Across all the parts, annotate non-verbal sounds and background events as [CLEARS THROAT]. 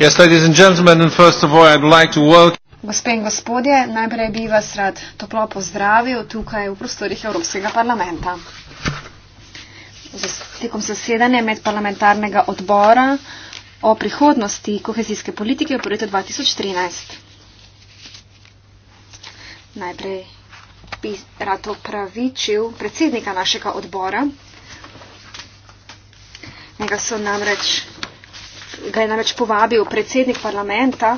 Yes, ladies and gentlemen, and first of all, I'd like to work... Gospe in gospodje, najprej bi vas rad toplo pozdravil tukaj v prostorih Evropskega parlamenta. Tekom zasedanja medparlamentarnega odbora o prihodnosti kohezijske politike v projetu 2013. Najprej bi rad opravičil predsednika našega odbora. Nega so namreč ga je namreč povabil predsednik parlamenta,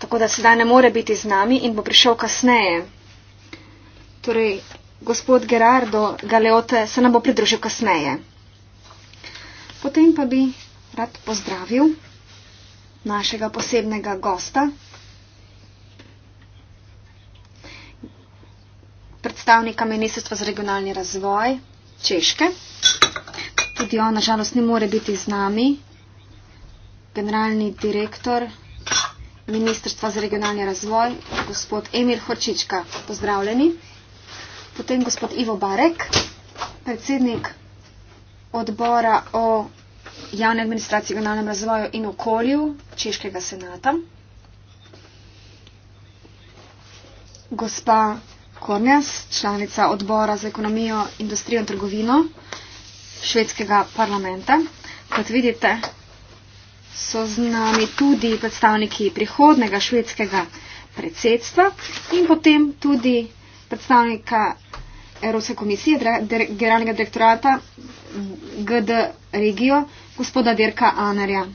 tako da sedaj ne more biti z nami in bo prišel kasneje. Torej, gospod Gerardo Galeote se nam bo pridružil kasneje. Potem pa bi rad pozdravil našega posebnega gosta. predstavnika Ministrstva za regionalni razvoj Češke. Tudi on, nažalost, ne more biti z nami, generalni direktor Ministrstva za regionalni razvoj, gospod Emir Horčička. Pozdravljeni. Potem gospod Ivo Barek, predsednik odbora o javne administracije regionalnem razvoju in okolju Češkega senata. Gospa Kornjas, članica odbora za ekonomijo, industrijo in trgovino švedskega parlamenta. Kot vidite, so z nami tudi predstavniki prihodnega švedskega predsedstva in potem tudi predstavnika Evropske komisije, generalnega direktorata GD Regio, gospoda Dirka Anarja.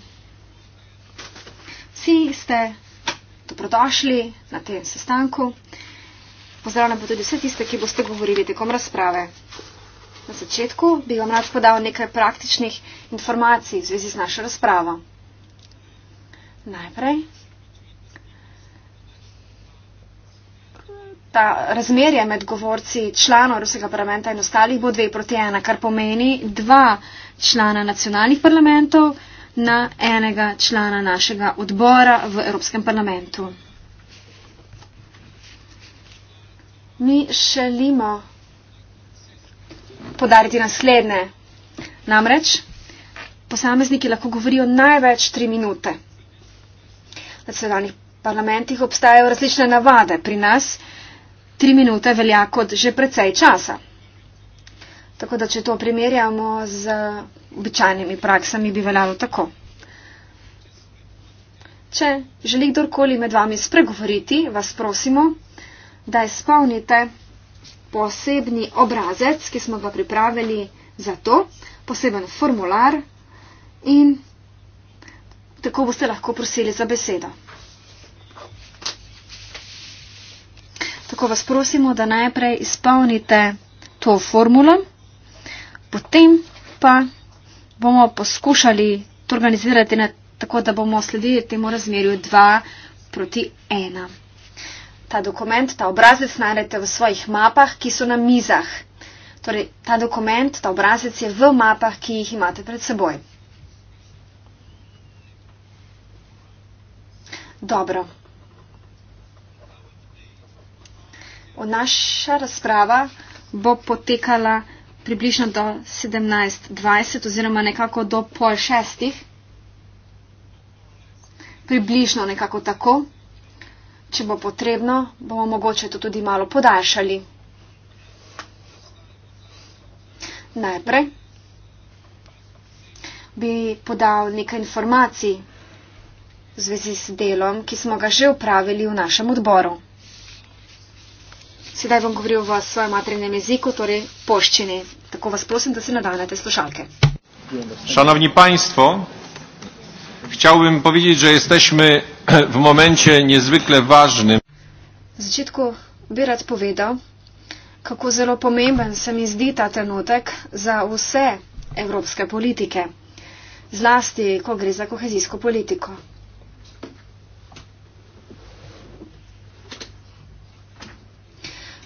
Vsi ste dobrodošli na tem sestanku. Pozdravljam pa tudi vse tiste, ki boste govorili tekom razprave. Na začetku bi vam rad podal nekaj praktičnih informacij v zvezi z našo razpravo najprej. Ta razmerje med govorci članov Evropskega parlamenta in ostalih bo dve proti ena, kar pomeni dva člana nacionalnih parlamentov na enega člana našega odbora v Evropskem parlamentu. Mi želimo podariti naslednje. Namreč posamezniki lahko govorijo največ tri minute nacionalnih parlamentih obstajajo različne navade. Pri nas tri minute velja kot že precej časa. Tako da, če to primerjamo z običajnimi praksami, bi veljalo tako. Če želi kdorkoli med vami spregovoriti, vas prosimo, da izpolnite posebni obrazec, ki smo ga pripravili za to, poseben formular in Tako boste lahko prosili za besedo. Tako vas prosimo, da najprej izpolnite to formulo, potem pa bomo poskušali to organizirati na, tako, da bomo sledili temu razmerju 2 proti 1. Ta dokument, ta obrazec najdete v svojih mapah, ki so na mizah. Torej, ta dokument, ta obrazec je v mapah, ki jih imate pred seboj. Dobro. O naša razprava bo potekala približno do 17.20 oziroma nekako do pol šestih. Približno nekako tako. Če bo potrebno, bomo mogoče to tudi malo podaljšali. Najprej bi podal nekaj informacij v zvezi s delom, ki smo ga že upravili v našem odboru. Sedaj bom govoril v svojem materinem jeziku, torej poščini. Tako vas prosim, da se nadaljate slušalke. Šanovni panjstvo, Chciałbym powiedzieć, że jesteśmy w momencie niezwykle ważnym. W początku by rad powiedział, jak bardzo pomemben se mi zdi ta trenutek za wszystkie europejskie polityki, zlasti, kogry za kohezijską politykę.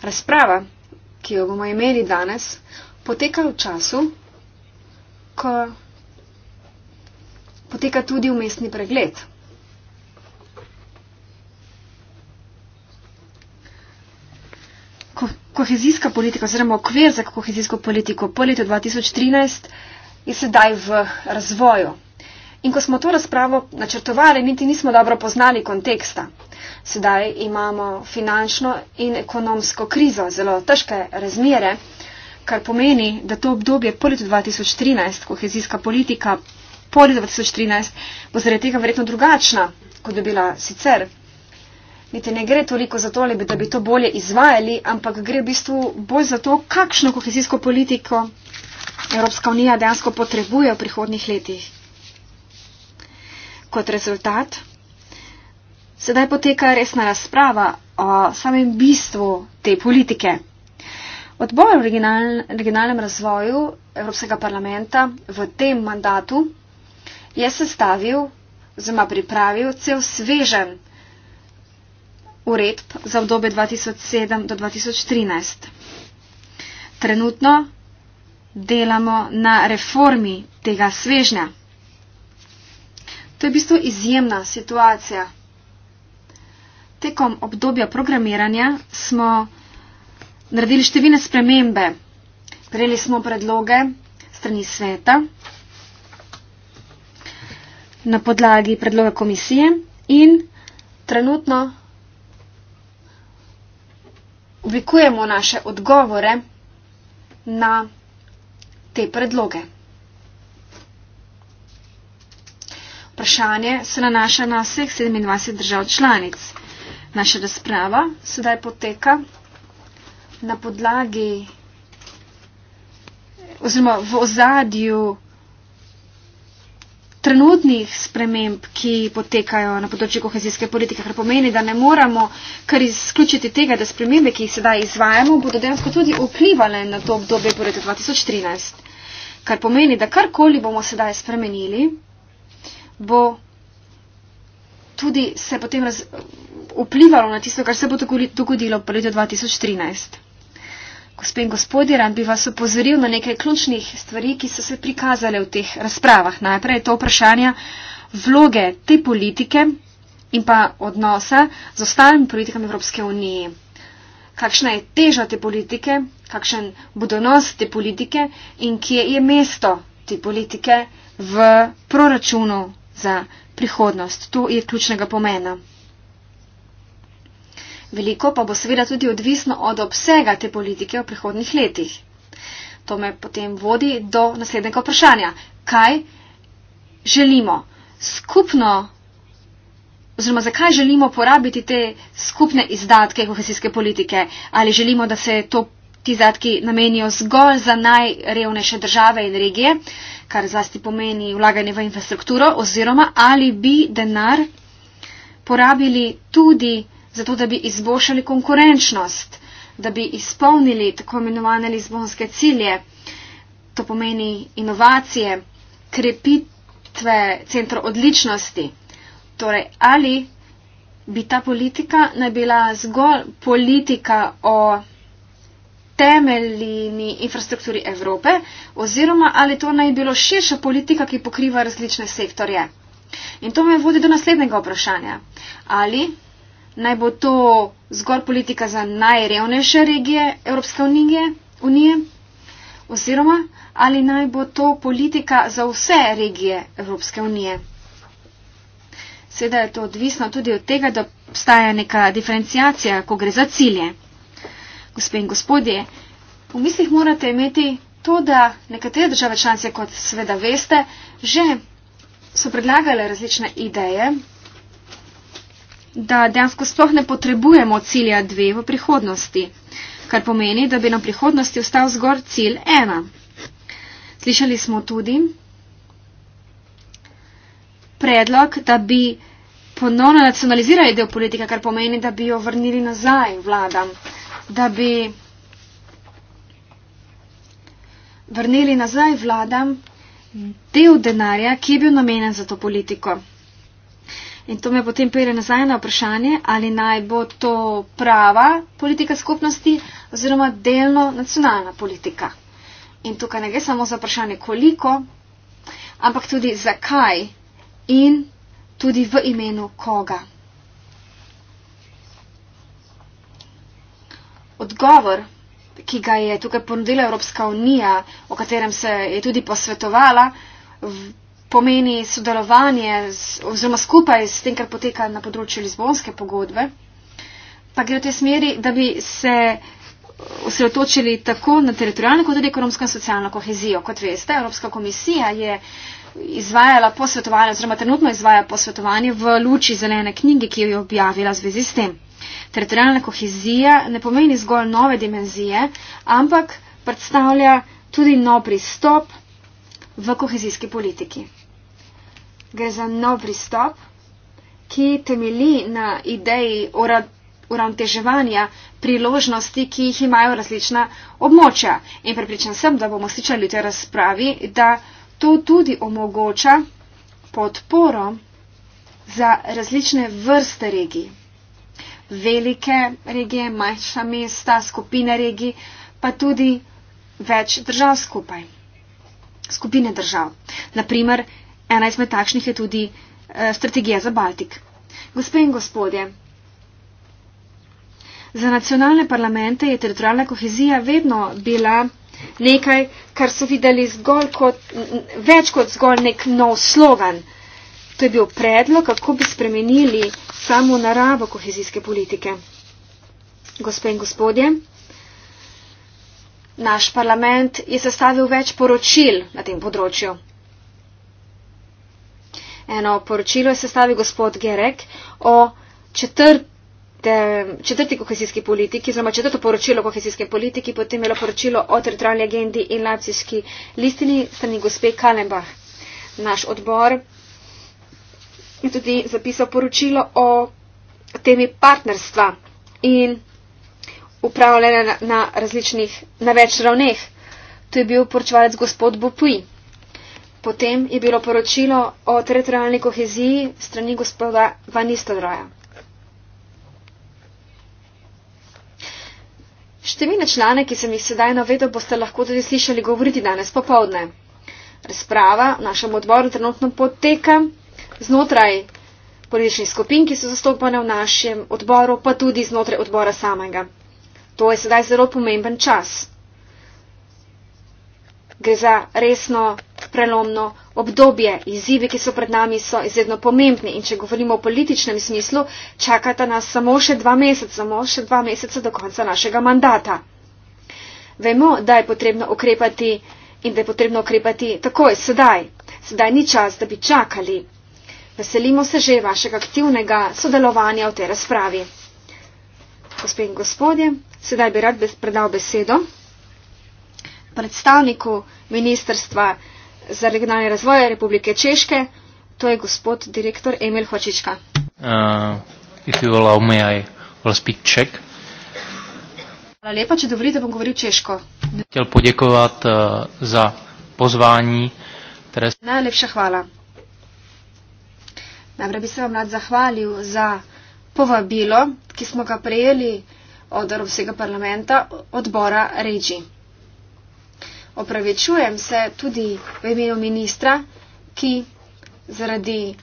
Razprava, ki jo bomo imeli danes, poteka v času, ko poteka tudi umestni pregled. Kohezijska politika oziroma okvir za kohezijsko politiko po letu 2013 je sedaj v razvoju. In ko smo to razpravo načrtovali, niti nismo dobro poznali konteksta. Sedaj imamo finančno in ekonomsko krizo, zelo težke razmere, kar pomeni, da to obdobje po letu 2013, kohezijska politika po letu 2013, bo zaradi tega verjetno drugačna, kot je bila sicer. Niti ne gre toliko za to, da bi to bolje izvajali, ampak gre v bistvu bolj za to, kakšno kohezijsko politiko Evropska unija dejansko potrebuje v prihodnih letih. Kot rezultat Sedaj poteka resna razprava o samem bistvu te politike. Odbor v original, regionalnem razvoju Evropskega parlamenta v tem mandatu je sestavil oziroma pripravil cel svežen uredb za obdobje 2007 do 2013. Trenutno delamo na reformi tega svežnja. To je v bistvu izjemna situacija tekom obdobja programiranja smo naredili številne spremembe. Prejeli smo predloge strani sveta na podlagi predloga komisije in trenutno oblikujemo naše odgovore na te predloge. Vprašanje se nanaša na vseh 27 držav članic. Naša razprava sedaj poteka na podlagi oziroma v ozadju trenutnih sprememb, ki potekajo na področju kohezijske politike, kar pomeni, da ne moramo kar izključiti tega, da spremembe, ki jih sedaj izvajamo, bodo dejansko tudi vplivale na to obdobje po letu 2013. Kar pomeni, da karkoli bomo sedaj spremenili, bo tudi se potem raz, vplivalo na tisto, kar se bo dogodilo v letu 2013. Gospe in gospodje, rad bi vas opozoril na nekaj ključnih stvari, ki so se prikazale v teh razpravah. Najprej je to vprašanje vloge te politike in pa odnosa z ostalim politikam Evropske unije. Kakšna je teža te politike, kakšen bo donos te politike in kje je mesto te politike v proračunu za prihodnost. To je ključnega pomena. Veliko pa bo seveda tudi odvisno od obsega te politike v prihodnih letih. To me potem vodi do naslednjega vprašanja. Kaj želimo skupno, oziroma zakaj želimo porabiti te skupne izdatke kohezijske politike? Ali želimo, da se to, ti izdatki namenijo zgolj za najrevnejše države in regije, kar zlasti pomeni vlaganje v infrastrukturo, oziroma ali bi denar porabili tudi zato da bi izboljšali konkurenčnost, da bi izpolnili tako imenovane lizbonske cilje, to pomeni inovacije, krepitve centra odličnosti. Torej, ali bi ta politika naj bila zgolj politika o temeljni infrastrukturi Evrope oziroma ali to naj bilo širša politika, ki pokriva različne sektorje. In to me vodi do naslednjega vprašanja. Ali naj bo to zgor politika za najrevnejše regije Evropske unije, unije oziroma ali naj bo to politika za vse regije Evropske unije. Seveda je to odvisno tudi od tega, da obstaja neka diferencijacija, ko gre za cilje. Gospe in gospodje, v mislih morate imeti to, da nekatere države članice, kot seveda veste, že so predlagale različne ideje da dejansko sploh ne potrebujemo cilja dve v prihodnosti, kar pomeni, da bi na prihodnosti ostal zgor cilj ena. Slišali smo tudi predlog, da bi ponovno nacionalizirali del politike, kar pomeni, da bi jo vrnili nazaj vladam, da bi vrnili nazaj vladam del denarja, ki je bil namenjen za to politiko. In to me potem pere nazaj na vprašanje, ali naj bo to prava politika skupnosti oziroma delno nacionalna politika. In tukaj ne gre samo za vprašanje koliko, ampak tudi zakaj in tudi v imenu koga. Odgovor, ki ga je tukaj ponudila Evropska unija, o katerem se je tudi posvetovala, pomeni sodelovanje z, oziroma skupaj s tem, kar poteka na področju Lizbonske pogodbe, pa gre v tej smeri, da bi se osredotočili tako na teritorijalno kot tudi ekonomsko in socialno kohezijo. Kot veste, Evropska komisija je izvajala posvetovanje oziroma trenutno izvaja posvetovanje v luči zelene knjige, ki jo je objavila v zvezi s tem. Teritorijalna kohezija ne pomeni zgolj nove dimenzije, ampak predstavlja tudi nov pristop v kohezijski politiki gre za nov pristop, ki temeli na ideji uravnoteževanja priložnosti, ki jih imajo različna območja. In pripričan sem, da bomo slišali te razpravi, da to tudi omogoča podporo za različne vrste regij. Velike regije, manjša mesta, skupine regij, pa tudi več držav skupaj. Skupine držav. Naprimer, Ena izmed takšnih je tudi eh, strategija za Baltik. Gospe in gospodje, za nacionalne parlamente je teritorijalna kohezija vedno bila nekaj, kar so videli kot, več kot zgolj nek nov slogan. To je bil predlog, kako bi spremenili samo naravo kohezijske politike. Gospe in gospodje, naš parlament je sestavil več poročil na tem področju eno poročilo je sestavil gospod Gerek o četrte, četrti kohezijski politiki, oziroma četrto poročilo o kohezijski politiki, potem je bilo poročilo o teritorijalni agendi in lacijski listini strani gospe Kalenbach. Naš odbor je tudi zapisal poročilo o temi partnerstva in upravljanja na, na, na, na več ravneh. To je bil poročevalec gospod Bopui. Potem je bilo poročilo o teritorijalni koheziji strani gospoda Van Nistelrooja. Številne člane, ki sem jih sedaj navedel, boste lahko tudi slišali govoriti danes popovdne. Razprava v našem odboru trenutno poteka znotraj političnih skupin, ki so zastopane v našem odboru, pa tudi znotraj odbora samega. To je sedaj zelo pomemben čas. Gre za resno prelomno obdobje. Izzivi, ki so pred nami, so izredno pomembni in če govorimo o političnem smislu, čakata nas samo še dva meseca, samo še dva meseca do konca našega mandata. Vemo, da je potrebno ukrepati in da je potrebno ukrepati takoj, sedaj. Sedaj ni čas, da bi čakali. Veselimo se že vašega aktivnega sodelovanja v tej razpravi. Gospod in gospodje, sedaj bi rad predal besedo predstavniku ministrstva za regionalni razvoj Republike Češke. To je gospod direktor Emil Hočička. Uh, if you allow me, I will speak Czech. Hvala lepa, če dovolite, bom govoril Češko. Htjel podjekovat uh, za pozvanji. Tere... Najlepša hvala. Najprej bi se vam rad zahvalil za povabilo, ki smo ga prejeli od Evropskega parlamenta, odbora Regi opravičujem se tudi v imenu ministra, ki zaradi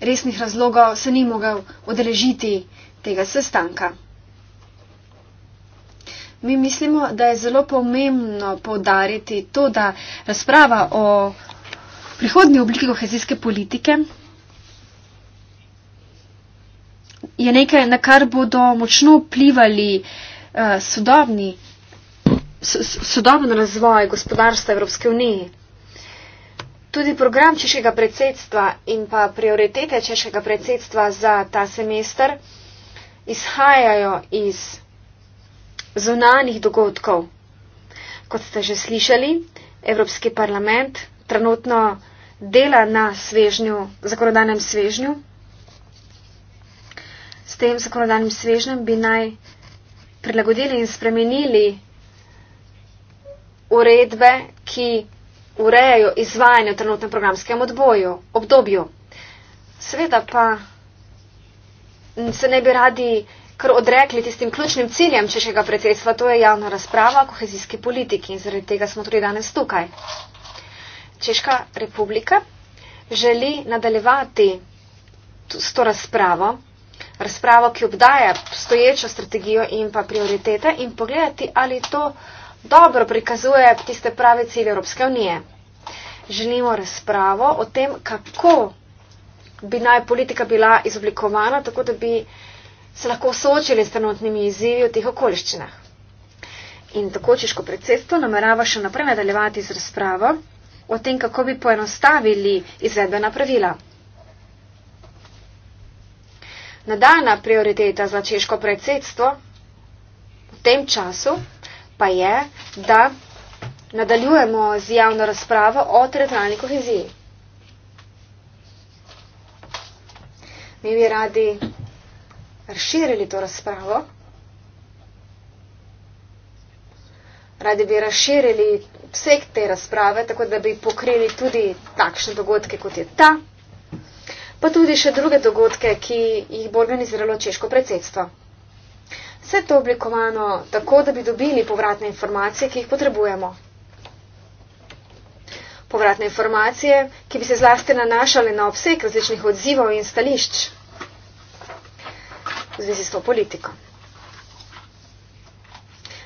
resnih razlogov se ni mogel odrežiti tega sestanka. Mi mislimo, da je zelo pomembno povdariti to, da razprava o prihodnji obliki kohezijske politike je nekaj, na kar bodo močno vplivali eh, sodobni sodoben razvoj gospodarstva Evropske unije. Tudi program češkega predsedstva in pa prioritete češkega predsedstva za ta semester izhajajo iz zunanih dogodkov. Kot ste že slišali, Evropski parlament trenutno dela na svežnju, zakonodajnem svežnju. S tem zakonodajnim svežnjem bi naj prilagodili in spremenili uredbe, ki urejajo izvajanje v trenutnem programskem odboju, obdobju. Sveda pa se ne bi radi kar odrekli tistim ključnim ciljem češega predsedstva, to je javna razprava o kohezijski politiki in zaradi tega smo tudi danes tukaj. Češka republika želi nadaljevati s to razpravo, razpravo, ki obdaja stoječo strategijo in pa prioritete in pogledati, ali to dobro prikazuje tiste prave cilje Evropske unije. Želimo razpravo o tem, kako bi naj politika bila izoblikovana, tako da bi se lahko soočili s trenutnimi izzivi v teh okoliščinah. In tako češko predsedstvo namerava še naprej nadaljevati z razpravo o tem, kako bi poenostavili izvedbena pravila. Nadaljna prioriteta za češko predsedstvo v tem času pa je, da nadaljujemo z javno razpravo o teritorijalni koheziji. Mi bi radi razširili to razpravo. Radi bi razširili vsek te razprave, tako da bi pokrili tudi takšne dogodke, kot je ta, pa tudi še druge dogodke, ki jih bo organiziralo češko predsedstvo. Vse to oblikovano tako, da bi dobili povratne informacije, ki jih potrebujemo. Povratne informacije, ki bi se zlasti nanašale na obseg različnih odzivov in stališč v zvezi s to politiko.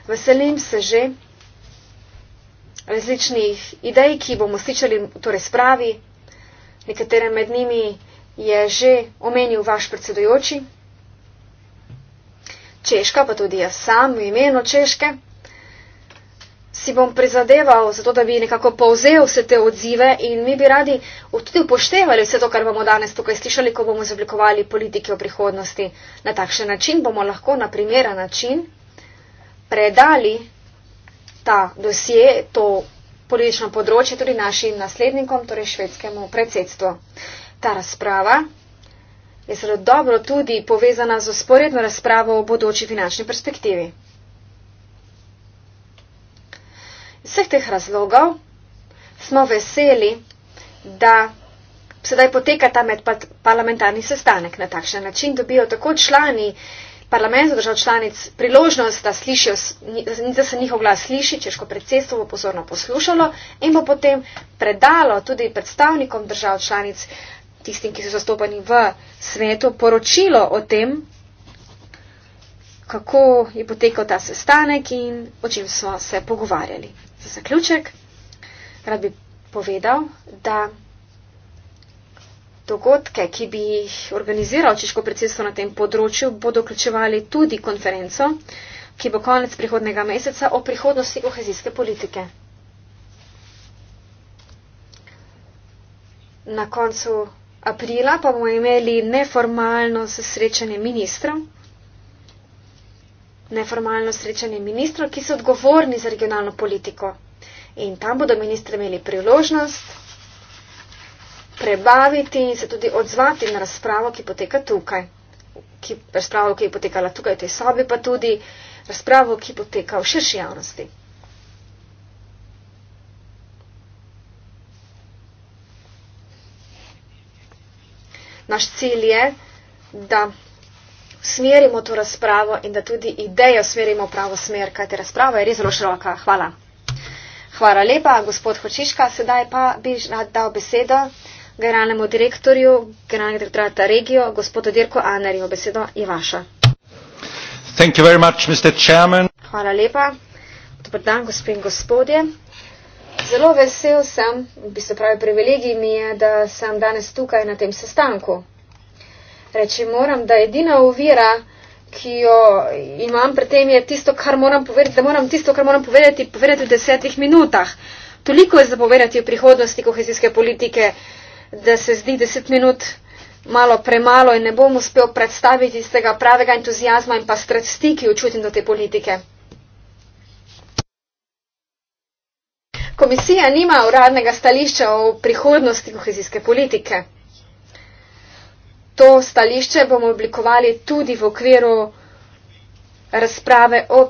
Veselim se že različnih idej, ki bomo sličali v to torej razpravi. Nekatere med njimi je že omenil vaš predsedojoči. Češka, pa tudi jaz sam v imenu Češke, si bom prizadeval za to, da bi nekako povzel vse te odzive in mi bi radi tudi upoštevali vse to, kar bomo danes tukaj slišali, ko bomo zoblikovali politike o prihodnosti. Na takšen način bomo lahko na primera način predali ta dosje, to politično področje tudi našim naslednikom, torej švedskemu predsedstvu. Ta razprava je seveda dobro tudi povezana z usporedno razpravo o bodoči finančni perspektivi. Iz vseh teh razlogov smo veseli, da sedaj poteka ta medparlamentarni sestanek na takšen način, dobijo tako člani parlamentov držav članic priložnost, da, slišijo, da se njihov glas sliši, češ ko predsedstvo bo pozorno poslušalo in bo potem predalo tudi predstavnikom držav članic tistim, ki so zastopani v svetu, poročilo o tem, kako je potekal ta sestanek in o čem smo se pogovarjali. Za zaključek rad bi povedal, da dogodke, ki bi jih organiziral češko predsedstvo na tem področju, bodo vključevali tudi konferenco, ki bo konec prihodnega meseca o prihodnosti kohezijske politike. Na koncu aprila pa bomo imeli neformalno srečanje ministrov, neformalno srečanje ministrov, ki so odgovorni za regionalno politiko. In tam bodo ministri imeli priložnost prebaviti in se tudi odzvati na razpravo, ki poteka tukaj. Ki, razpravo, ki je potekala tukaj v tej sobi, pa tudi razpravo, ki poteka v širši javnosti. naš cilj je, da smerimo to razpravo in da tudi idejo smerimo v pravo smer, kajte razprava je res zelo široka. Hvala. Hvala lepa, gospod Hočiška. Sedaj pa bi rad dal besedo generalnemu direktorju, generalnega direktorata regijo, gospodu Dirko Anerju. Besedo je vaša. Thank you very much, Mr. Chairman. Hvala lepa. Dobar dan, gospod in gospodje. Zelo vesel sem, v bistvu pravi privilegij mi je, da sem danes tukaj na tem sestanku. Reči moram, da edina ovira, ki jo imam pred tem, je tisto, kar moram povedati, da moram tisto, kar moram povedati, povedati v desetih minutah. Toliko je zapovedati o prihodnosti kohezijske politike, da se zdi deset minut malo premalo in ne bom uspel predstaviti iz tega pravega entuzijazma in pa strasti, ki jo čutim do te politike. Komisija nima uradnega stališča o prihodnosti kohezijske politike. To stališče bomo oblikovali tudi v okviru razprave o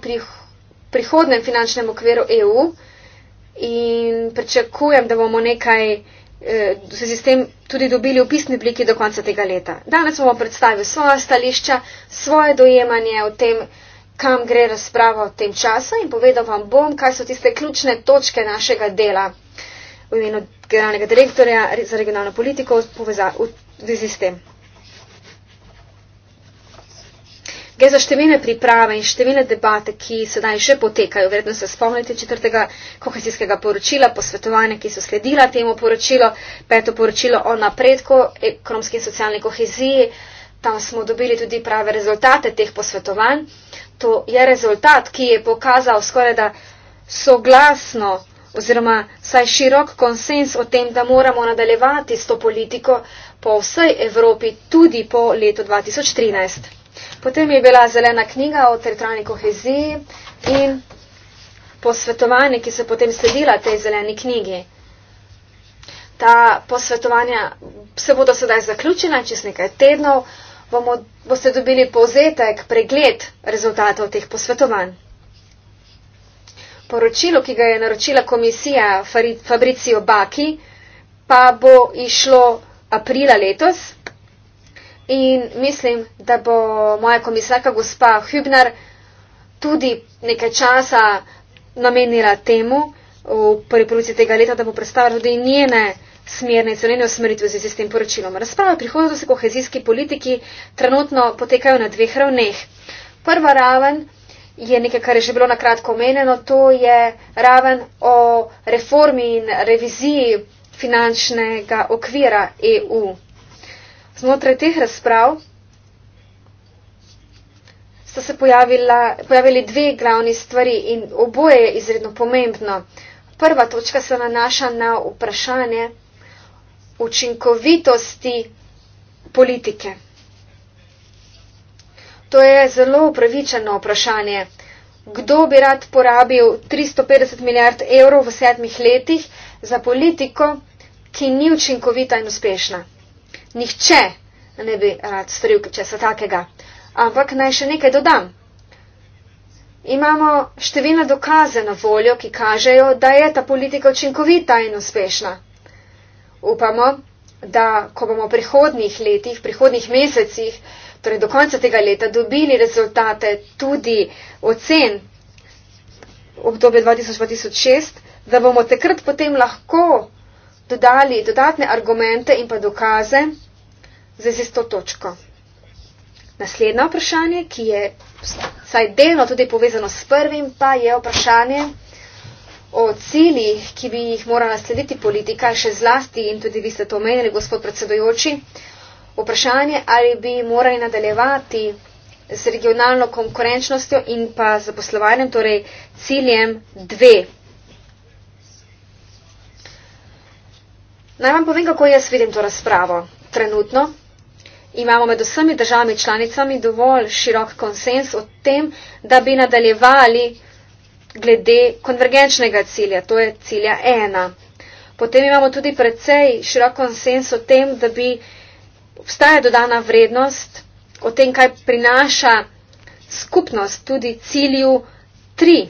prihodnem finančnem okviru EU in pričakujem, da bomo nekaj se eh, z tem tudi dobili v pisni obliki do konca tega leta. Danes bomo predstavili svoje stališča, svoje dojemanje o tem, kam gre razprava v tem času in povedal vam bom, kaj so tiste ključne točke našega dela v imenu generalnega direktorja za regionalno politiko v zvezi s tem. Gre za številne priprave in številne debate, ki sedaj še potekajo. Vredno se spomnite četrtega kohezijskega poročila, posvetovanja, ki so sledila temu poročilo, peto poročilo o napredku ekonomske in socialne koheziji. Tam smo dobili tudi prave rezultate teh posvetovanj to je rezultat, ki je pokazal skoraj da soglasno oziroma saj širok konsens o tem, da moramo nadaljevati s to politiko po vsej Evropi tudi po letu 2013. Potem je bila zelena knjiga o teritorijalni koheziji in posvetovanje, ki se potem sledila tej zeleni knjigi. Ta posvetovanja se bodo sedaj zaključena čez nekaj tednov bomo, boste dobili povzetek, pregled rezultatov teh posvetovanj. Poročilo, ki ga je naročila komisija Fabricio Baki, pa bo išlo aprila letos in mislim, da bo moja komisarka gospa Hübner tudi nekaj časa namenila temu v priporuci tega leta, da bo predstavila tudi njene smernice, njene usmeritve v zvezi s tem poročilom. Razprave o prihodnosti kohezijski politiki trenutno potekajo na dveh ravneh. Prva raven je nekaj, kar je že bilo nakratko omenjeno, to je raven o reformi in reviziji finančnega okvira EU. Znotraj teh razprav sta se pojavila, pojavili dve glavni stvari in oboje je izredno pomembno. Prva točka se nanaša na vprašanje, učinkovitosti politike. To je zelo upravičeno vprašanje. Kdo bi rad porabil 350 milijard evrov v sedmih letih za politiko, ki ni učinkovita in uspešna? Nihče ne bi rad stril česa takega. Ampak naj še nekaj dodam. Imamo številne dokaze na voljo, ki kažejo, da je ta politika učinkovita in uspešna upamo, da ko bomo v prihodnih letih, v prihodnih mesecih, torej do konca tega leta, dobili rezultate tudi ocen obdobje 2000-2006, da bomo takrat potem lahko dodali dodatne argumente in pa dokaze za z isto točko. Naslednje vprašanje, ki je vsaj delno tudi povezano s prvim, pa je vprašanje, o ciljih, ki bi jih morala slediti politika, še zlasti in tudi vi ste to omenili, gospod predsedujoči, vprašanje, ali bi morali nadaljevati z regionalno konkurenčnostjo in pa zaposlovanjem, torej ciljem dve. Naj vam povem, kako jaz vidim to razpravo. Trenutno imamo med vsemi državami članicami dovolj širok konsens o tem, da bi nadaljevali glede konvergenčnega cilja, to je cilja ena. Potem imamo tudi precej širok konsens o tem, da bi obstaja dodana vrednost o tem, kaj prinaša skupnost tudi cilju tri,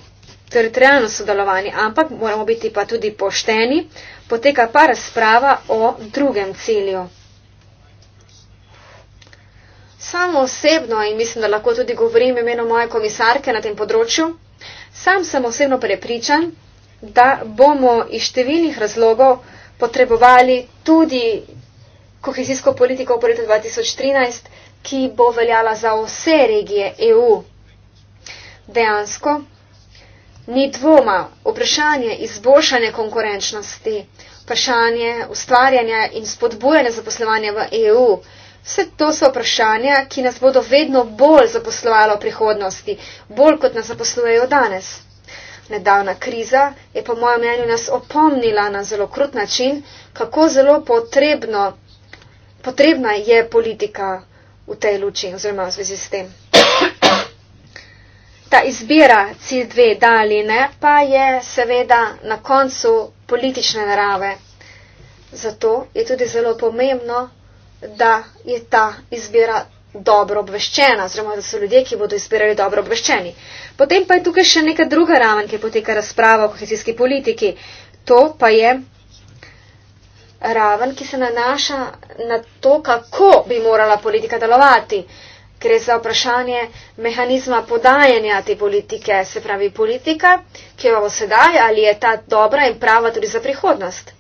teritorijalno sodelovanje, ampak moramo biti pa tudi pošteni, poteka pa razprava o drugem cilju. Samo osebno in mislim, da lahko tudi govorim imeno moje komisarke na tem področju. Sam sem osebno prepričan, da bomo iz številnih razlogov potrebovali tudi kohezijsko politiko v letu 2013, ki bo veljala za vse regije EU. Dejansko ni dvoma vprašanje izboljšanja konkurenčnosti, vprašanje ustvarjanja in spodbujanja zaposlovanja v EU. Vse to so vprašanja, ki nas bodo vedno bolj zaposlovalo v prihodnosti, bolj kot nas zaposlujejo danes. Nedavna kriza je po mojem mnenju nas opomnila na zelo krut način, kako zelo potrebno, potrebna je politika v tej luči oziroma v zvezi s tem. Ta izbira cilj dve, da ali ne, pa je seveda na koncu politične narave. Zato je tudi zelo pomembno, da je ta izbira dobro obveščena, oziroma da so ljudje, ki bodo izbirali, dobro obveščeni. Potem pa je tukaj še neka druga raven, ki poteka razprava o kohezijski politiki. To pa je raven, ki se nanaša na to, kako bi morala politika delovati. Gre za vprašanje mehanizma podajanja te politike, se pravi politika, ki jo imamo sedaj, ali je ta dobra in prava tudi za prihodnost.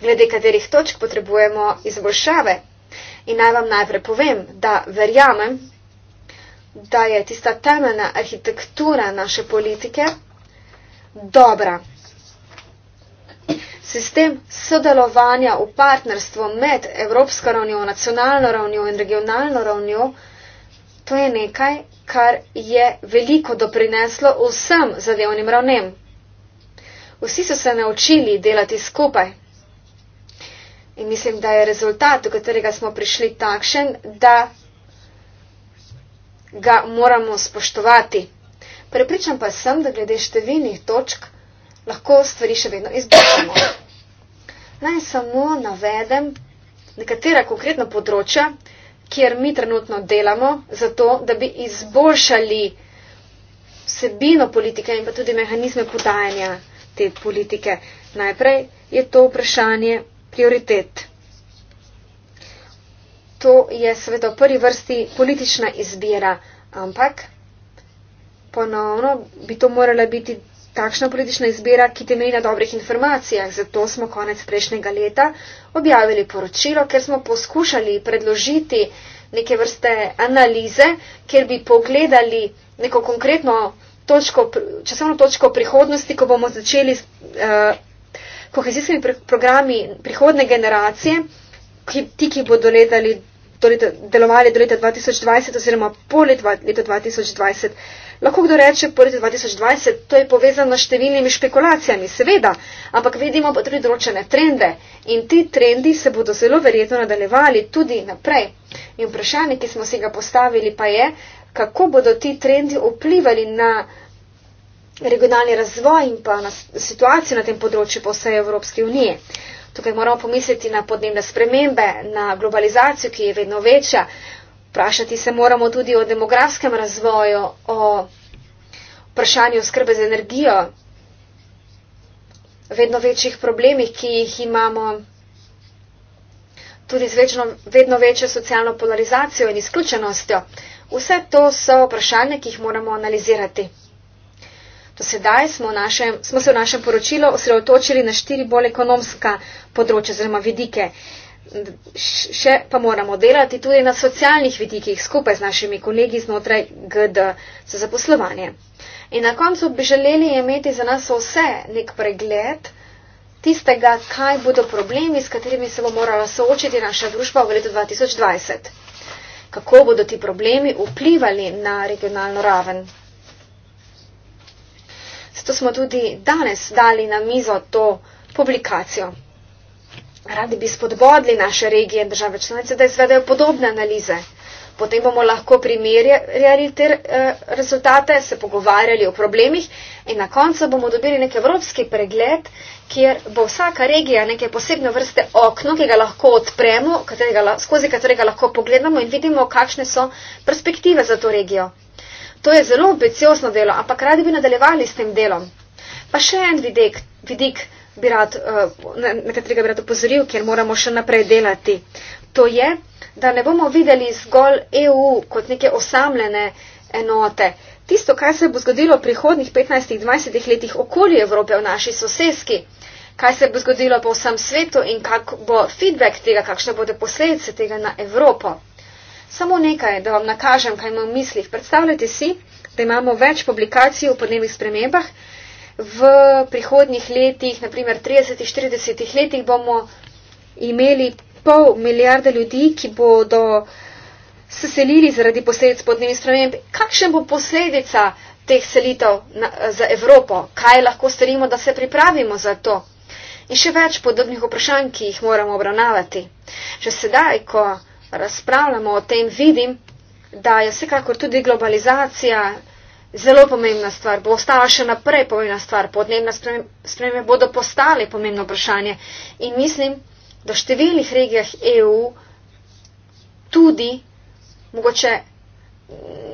Glede katerih točk potrebujemo izboljšave. In naj vam najprej povem, da verjamem, da je tista temeljna arhitektura naše politike dobra. Sistem sodelovanja v partnerstvu med Evropsko ravnjo, nacionalno ravnjo in regionalno ravnjo, to je nekaj, kar je veliko doprineslo vsem zadevnim ravnem. Vsi so se naučili delati skupaj, In mislim, da je rezultat, do katerega smo prišli, takšen, da ga moramo spoštovati. Prepričan pa sem, da glede številnih točk lahko stvari še vedno izboljšamo. Naj samo navedem nekatera konkretna področja, kjer mi trenutno delamo, zato da bi izboljšali vsebino politike in pa tudi mehanizme podajanja te politike. Najprej je to vprašanje prioritet. To je seveda v prvi vrsti politična izbira, ampak ponovno bi to morala biti takšna politična izbira, ki temelji na dobrih informacijah. Zato smo konec prejšnjega leta objavili poročilo, ker smo poskušali predložiti neke vrste analize, kjer bi pogledali neko konkretno točko, časovno točko prihodnosti, ko bomo začeli uh, kohezijskimi programi prihodne generacije, ki, ti, ki bodo ledali, do leta, delovali do leta 2020 oziroma po leta 2020. Lahko kdo reče po letu 2020, to je povezano s številnimi špekulacijami, seveda, ampak vidimo pa tudi določene trende in ti trendi se bodo zelo verjetno nadaljevali tudi naprej. In vprašanje, ki smo si ga postavili, pa je, kako bodo ti trendi vplivali na regionalni razvoj in pa na situacijo na tem področju po vsej Evropske unije. Tukaj moramo pomisliti na podnebne spremembe, na globalizacijo, ki je vedno večja. Vprašati se moramo tudi o demografskem razvoju, o vprašanju skrbe z energijo, vedno večjih problemih, ki jih imamo, tudi z večno, vedno večjo socialno polarizacijo in izključenostjo. Vse to so vprašanja, ki jih moramo analizirati. Do sedaj smo, našem, smo se v našem poročilu osredotočili na štiri bolj ekonomska področja oziroma vidike. Še pa moramo delati tudi na socialnih vidikih skupaj z našimi kolegi znotraj GD za zaposlovanje. In na koncu bi želeli imeti za nas vse nek pregled tistega, kaj bodo problemi, s katerimi se bo morala soočiti naša družba v letu 2020. Kako bodo ti problemi vplivali na regionalno raven? zato smo tudi danes dali na mizo to publikacijo. Radi bi spodbodli naše regije in države članice, da izvedajo podobne analize. Potem bomo lahko primerjali te eh, rezultate, se pogovarjali o problemih in na koncu bomo dobili nek evropski pregled, kjer bo vsaka regija neke posebne vrste okno, ki ga lahko odpremo, katerega, skozi katerega lahko pogledamo in vidimo, kakšne so perspektive za to regijo. To je zelo ambiciozno delo, ampak radi bi nadaljevali s tem delom. Pa še en vidik, vidik bi rad, eh, na katerega bi rad upozoril, kjer moramo še naprej delati. To je, da ne bomo videli zgolj EU kot neke osamljene enote. Tisto, kaj se bo zgodilo v prihodnih 15-20 letih okoli Evrope v naši soseski, kaj se bo zgodilo po vsem svetu in kak bo feedback tega, kakšne bodo posledice tega na Evropo. Samo nekaj, da vam nakažem, kaj imam v mislih. Predstavljate si, da imamo več publikacij o podnebnih spremembah. V prihodnjih letih, naprimer 30-40 letih, bomo imeli pol milijarde ljudi, ki bodo se selili zaradi posledic podnebnih sprememb. Kakšen bo posledica teh selitev na, za Evropo? Kaj lahko storimo, da se pripravimo za to? In še več podobnih vprašanj, ki jih moramo obravnavati. Že sedaj, ko razpravljamo o tem, vidim, da je vsekakor tudi globalizacija zelo pomembna stvar, bo ostala še naprej pomembna stvar, podnebna spremembe bodo postale pomembno vprašanje in mislim, da v številnih regijah EU tudi, mogoče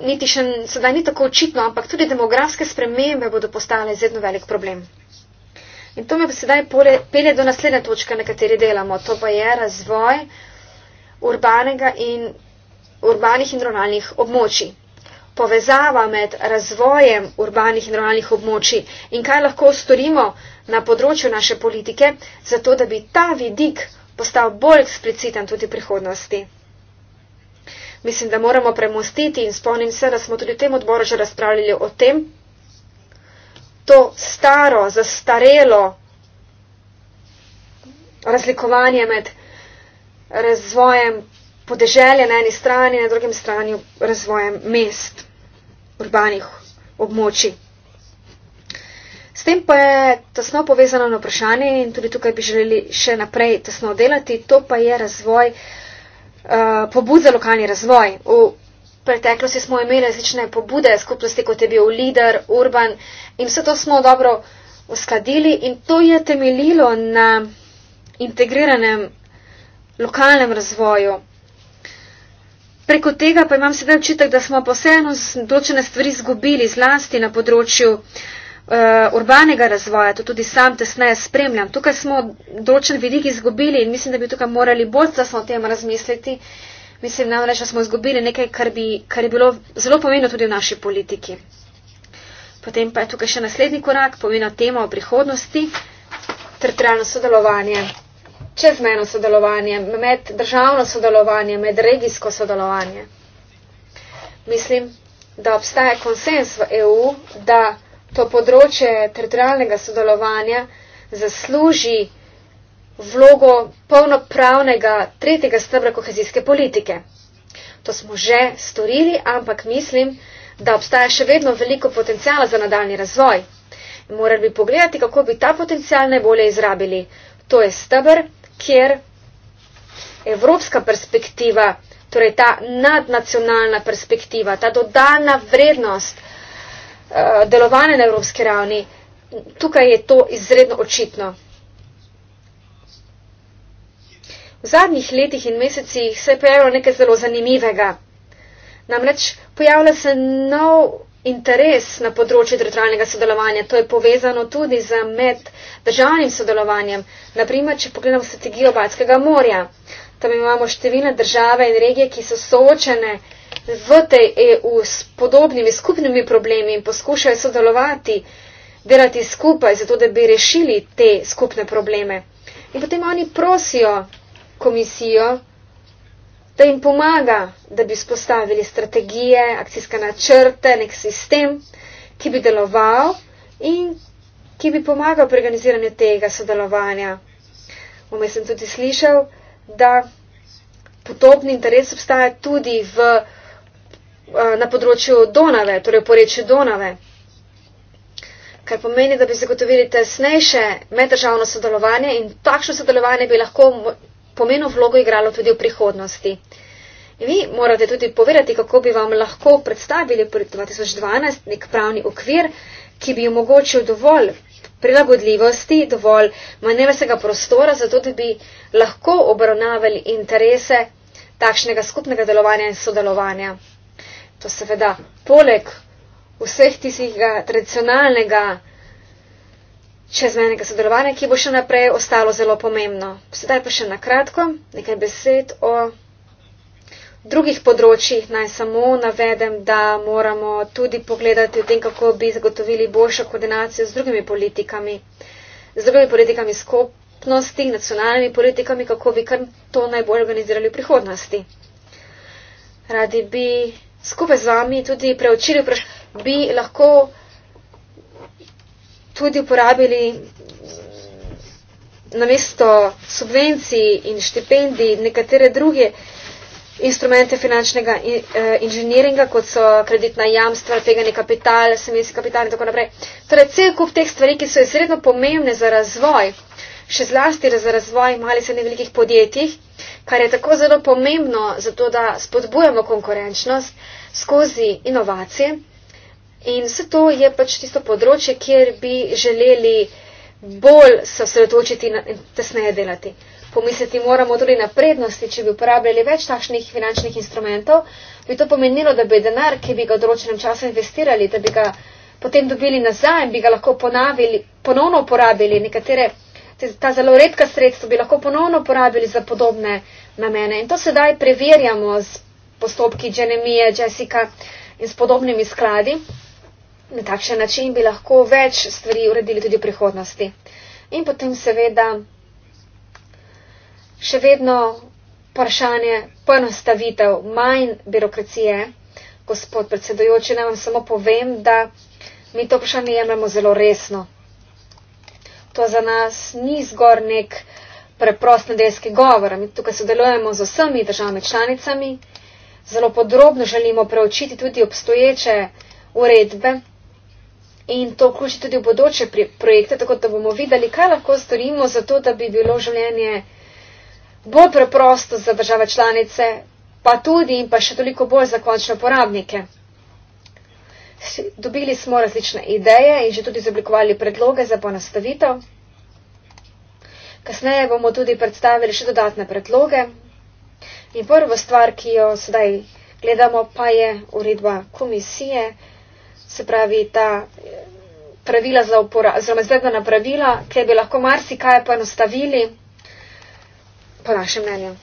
niti še sedaj ni tako očitno, ampak tudi demografske spremembe bodo postale izredno velik problem. In to me sedaj pelje do naslednje točke, na kateri delamo. To pa je razvoj urbanega in urbanih in ruralnih območij. Povezava med razvojem urbanih in ruralnih območij in kaj lahko storimo na področju naše politike, zato da bi ta vidik postal bolj ekspliciten tudi v prihodnosti. Mislim, da moramo premostiti in spomnim se, da smo tudi v tem odboru že razpravljali o tem, to staro, zastarelo razlikovanje med razvojem podeželja na eni strani, na drugem strani razvojem mest, urbanih območij. S tem pa je tesno povezano na vprašanje in tudi tukaj bi želeli še naprej tesno delati, to pa je razvoj, eh, pobud za lokalni razvoj. V preteklosti smo imeli različne pobude skupnosti, kot je bil Lider, Urban in vse to smo dobro uskladili in to je temeljilo na integriranem lokalnem razvoju. Preko tega pa imam sedaj občutek, da smo pa vseeno določene stvari zgubili zlasti na področju uh, urbanega razvoja, to tudi sam tesneje spremljam. Tukaj smo določen vidik izgubili in mislim, da bi tukaj morali bolj časno o tem razmisliti. Mislim namreč, da smo izgubili nekaj, kar, bi, kar je bilo zelo pomembno tudi v naši politiki. Potem pa je tukaj še naslednji korak, pomembna tema o prihodnosti, trtrajno sodelovanje čezmeno sodelovanje, med državno sodelovanje, med regijsko sodelovanje. Mislim, da obstaja konsens v EU, da to področje teritorijalnega sodelovanja zasluži vlogo polnopravnega tretjega stebra kohezijske politike. To smo že storili, ampak mislim, da obstaja še vedno veliko potencijala za nadaljni razvoj. Morali bi pogledati, kako bi ta potencial najbolje izrabili. To je stebr kjer evropska perspektiva, torej ta nadnacionalna perspektiva, ta dodana vrednost eh, delovanja na evropski ravni, tukaj je to izredno očitno. V zadnjih letih in mesecih se je pojavilo nekaj zelo zanimivega. Namreč pojavlja se nov interes na področju teritorijalnega sodelovanja, to je povezano tudi z meddržavnim sodelovanjem. Naprimer, če pogledamo strategijo Balskega morja, tam imamo številne države in regije, ki so soočene v tej EU s podobnimi skupnimi problemi in poskušajo sodelovati, delati skupaj, zato da bi rešili te skupne probleme. In potem oni prosijo komisijo, da jim pomaga, da bi spostavili strategije, akcijske načrte, nek sistem, ki bi deloval in ki bi pomagal pri organiziranju tega sodelovanja. Vmes sem tudi slišal, da podobni interes obstaja tudi v, eh, na področju Donave, torej v poreči Donave, kar pomeni, da bi zagotovili tesnejše meddržavno sodelovanje in takšno sodelovanje bi lahko pomenu vlogo igralo tudi v prihodnosti. Vi morate tudi povedati, kako bi vam lahko predstavili pred 2012 nek pravni okvir, ki bi omogočil dovolj prilagodljivosti, dovolj manevrskega prostora, zato da bi lahko obravnavali interese takšnega skupnega delovanja in sodelovanja. To seveda poleg vseh tistih eh, tradicionalnega čezmenega sodelovanja, ki bo še naprej ostalo zelo pomembno. Sedaj pa še na kratko nekaj besed o drugih področjih. Naj samo navedem, da moramo tudi pogledati o tem, kako bi zagotovili boljšo koordinacijo z drugimi politikami, z drugimi politikami skupnosti, nacionalnimi politikami, kako bi kar to najbolj organizirali v prihodnosti. Radi bi skupaj z vami tudi preučili, bi lahko tudi uporabili namesto subvencij in štipendij nekatere druge instrumente finančnega eh, inženiringa, kot so kreditna jamstva, tvegani kapital, semenski kapital in tako naprej. Torej, cel kup teh stvari, ki so izredno pomembne za razvoj, še zlasti za razvoj malih in velikih podjetij, kar je tako zelo pomembno za to, da spodbujamo konkurenčnost skozi inovacije. In vse to je pač tisto področje, kjer bi želeli bolj se osredotočiti in tesneje delati. Pomisliti moramo tudi na prednosti, če bi uporabljali več takšnih finančnih instrumentov, bi to pomenilo, da bi denar, ki bi ga v določenem času investirali, da bi ga potem dobili nazaj in bi ga lahko ponavili, ponovno uporabili, nekatere, ta zelo redka sredstva bi lahko ponovno uporabili za podobne namene. In to sedaj preverjamo z postopki Genemije, Jessica in s podobnimi skladi na takšen način bi lahko več stvari uredili tudi v prihodnosti. In potem seveda še vedno vprašanje ponostavitev, manj birokracije. Gospod predsedujoči, naj vam samo povem, da mi to vprašanje jemljemo zelo resno. To za nas ni zgor nek preprost nedeljski govor. Mi tukaj sodelujemo z vsemi državami članicami, zelo podrobno želimo preučiti tudi obstoječe uredbe in to vključi tudi v bodoče projekte, tako da bomo videli, kaj lahko storimo za to, da bi bilo življenje bolj preprosto za države članice, pa tudi in pa še toliko bolj za končne uporabnike. Dobili smo različne ideje in že tudi zablikovali predloge za ponastavitev. Kasneje bomo tudi predstavili še dodatne predloge. In prva stvar, ki jo sedaj gledamo, pa je uredba komisije se pravi, ta eh, pravila za uporabo, oziroma izvedbena pravila, ki bi lahko marsikaj poenostavili, po našem mnenju.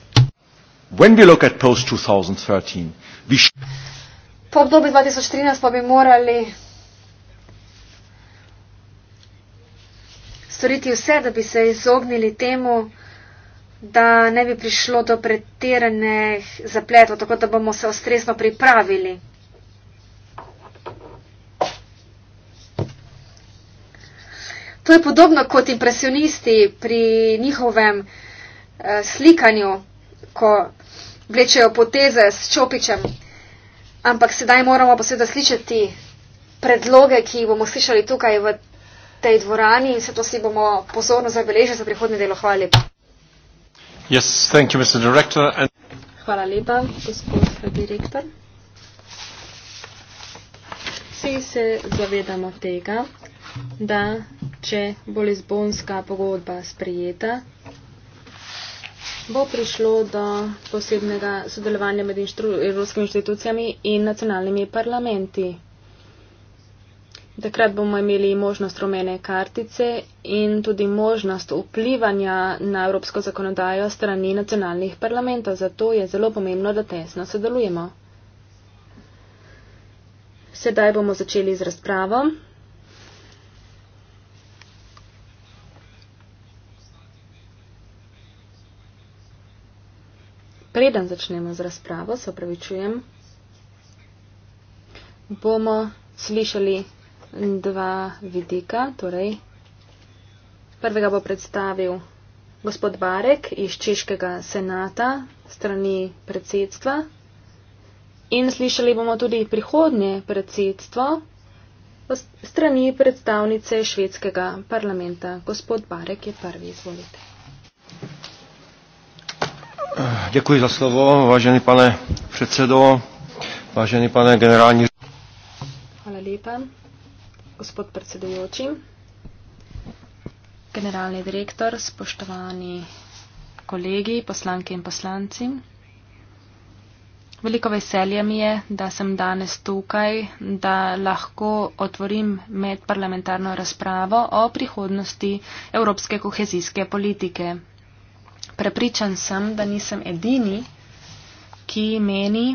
Po obdobju 2013 pa bi morali storiti vse, da bi se izognili temu, da ne bi prišlo do pretiranih zapletov, tako da bomo se ustrezno pripravili. To je podobno kot impresionisti pri njihovem eh, slikanju, ko vlečejo poteze s čopičem. Ampak sedaj moramo pa seveda slišati predloge, ki jih bomo slišali tukaj v tej dvorani in se to si bomo pozorno zabeležili za prihodne delo. Hvala lepa. Yes, you, director, and... Hvala lepa, gospod direktor. Vsi se zavedamo tega, da če bo Lizbonska pogodba sprijeta, bo prišlo do posebnega sodelovanja med evropskimi inštitucijami in nacionalnimi parlamenti. Takrat bomo imeli možnost rumene kartice in tudi možnost vplivanja na evropsko zakonodajo strani nacionalnih parlamentov. Zato je zelo pomembno, da tesno sodelujemo. Sedaj bomo začeli z razpravo. Preden začnemo z razpravo, se opravičujem, bomo slišali dva vidika. Torej, prvega bo predstavil gospod Barek iz Češkega senata strani predsedstva in slišali bomo tudi prihodnje predsedstvo strani predstavnice švedskega parlamenta. Gospod Barek je prvi, izvolite. Děkuji za slovo, vážený pane předsedo, vážený pane generální. Hvala lepa, gospod predsedujoči, generalni direktor, spoštovani kolegi, poslanke in poslanci. Veliko veselje mi je, da sem danes tukaj, da lahko otvorim medparlamentarno razpravo o prihodnosti evropske kohezijske politike prepričan sem, da nisem edini, ki meni,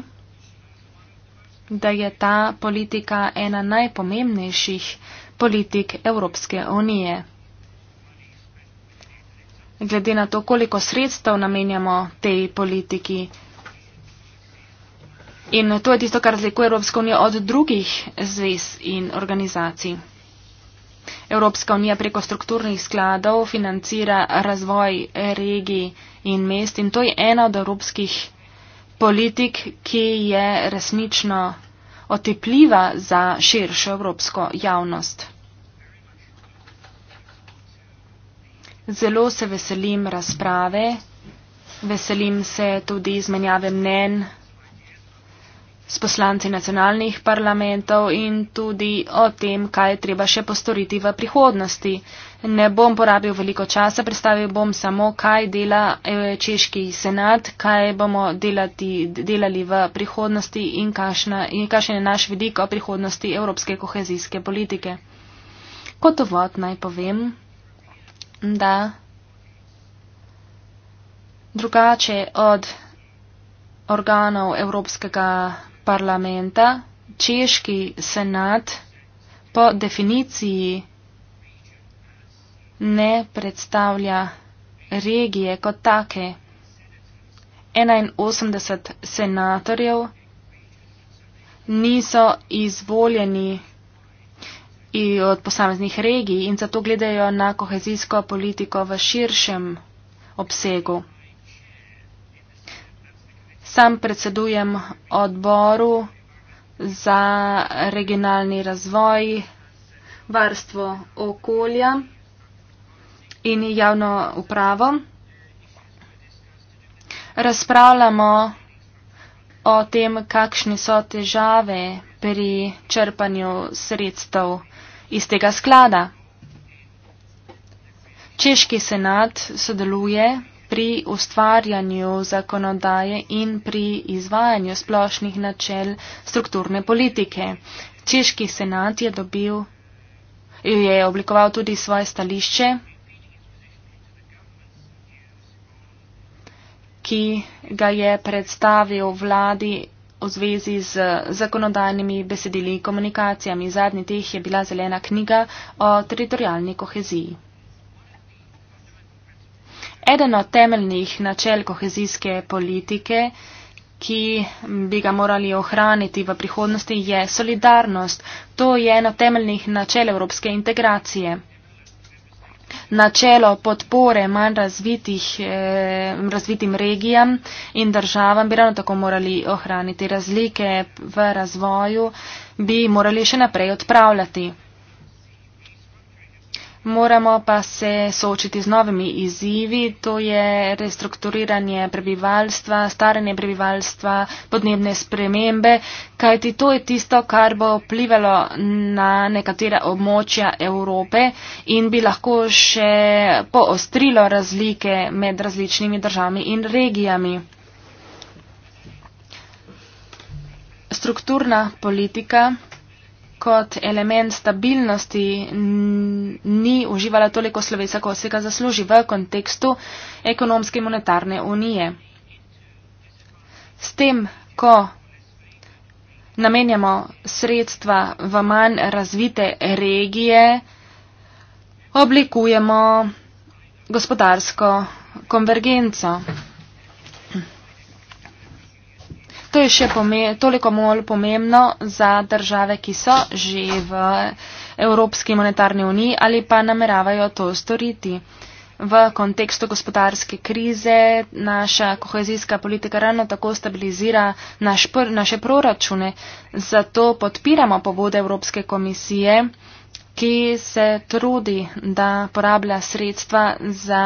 da je ta politika ena najpomembnejših politik Evropske unije. Glede na to, koliko sredstev namenjamo tej politiki. In to je tisto, kar razlikuje Evropsko unijo od drugih zvez in organizacij. Evropska unija preko strukturnih skladov financira razvoj regij in mest in to je ena od evropskih politik, ki je resnično otepljiva za širšo evropsko javnost. Zelo se veselim razprave, veselim se tudi izmenjave mnen s poslanci nacionalnih parlamentov in tudi o tem, kaj je treba še postoriti v prihodnosti. Ne bom porabil veliko časa, predstavil bom samo, kaj dela e, Češki senat, kaj bomo delati, delali v prihodnosti in kakšen je naš vidik o prihodnosti evropske kohezijske politike. Kot uvod naj povem, da drugače od organov Evropskega parlamenta, parlamenta, češki senat po definiciji ne predstavlja regije kot take. 81 senatorjev niso izvoljeni od posameznih regij in zato gledajo na kohezijsko politiko v širšem obsegu. Sam predsedujem odboru za regionalni razvoj, varstvo okolja in javno upravo. Razpravljamo o tem, kakšne so težave pri črpanju sredstev iz tega sklada. Češki senat sodeluje pri ustvarjanju zakonodaje in pri izvajanju splošnih načel strukturne politike. Češki senat je dobil, je oblikoval tudi svoje stališče, ki ga je predstavil vladi v zvezi z zakonodajnimi besedili in komunikacijami. Zadnji teh je bila zelena knjiga o teritorijalni koheziji eden od temeljnih načel kohezijske politike, ki bi ga morali ohraniti v prihodnosti, je solidarnost. To je eno temeljnih načel evropske integracije. Načelo podpore manj razvitih, eh, razvitim regijam in državam bi ravno tako morali ohraniti. Razlike v razvoju bi morali še naprej odpravljati. Moramo pa se soočiti z novimi izzivi, to je restrukturiranje prebivalstva, staranje prebivalstva, podnebne spremembe, kajti to je tisto, kar bo vplivalo na nekatera območja Evrope in bi lahko še poostrilo razlike med različnimi državami in regijami. Strukturna politika kot element stabilnosti ni uživala toliko slovesa, kot se ga zasluži v kontekstu ekonomske in monetarne unije. S tem, ko namenjamo sredstva v manj razvite regije, oblikujemo gospodarsko konvergenco. to je še pome toliko bolj pomembno za države, ki so že v Evropski monetarni uniji ali pa nameravajo to storiti. V kontekstu gospodarske krize naša kohezijska politika ravno tako stabilizira naš pr naše proračune, zato podpiramo pobude Evropske komisije, ki se trudi, da porablja sredstva za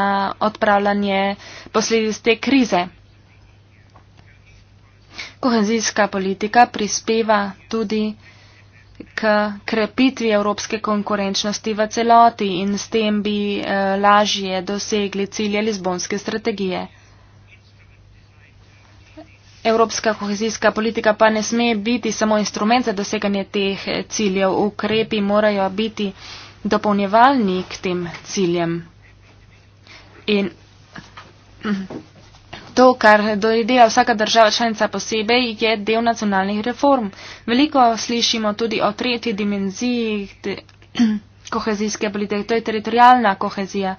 odpravljanje posledic te krize kohezijska politika prispeva tudi k krepitvi evropske konkurenčnosti v celoti in s tem bi eh, lažje dosegli cilje Lizbonske strategije. Evropska kohezijska politika pa ne sme biti samo instrument za doseganje teh eh, ciljev. Ukrepi morajo biti dopolnjevalni k tem ciljem. In, mhm. To, kar dodela vsaka država članica posebej, je del nacionalnih reform. Veliko slišimo tudi o tretji dimenziji te, [CLEARS THROAT] kohezijske politike, to je teritorijalna kohezija.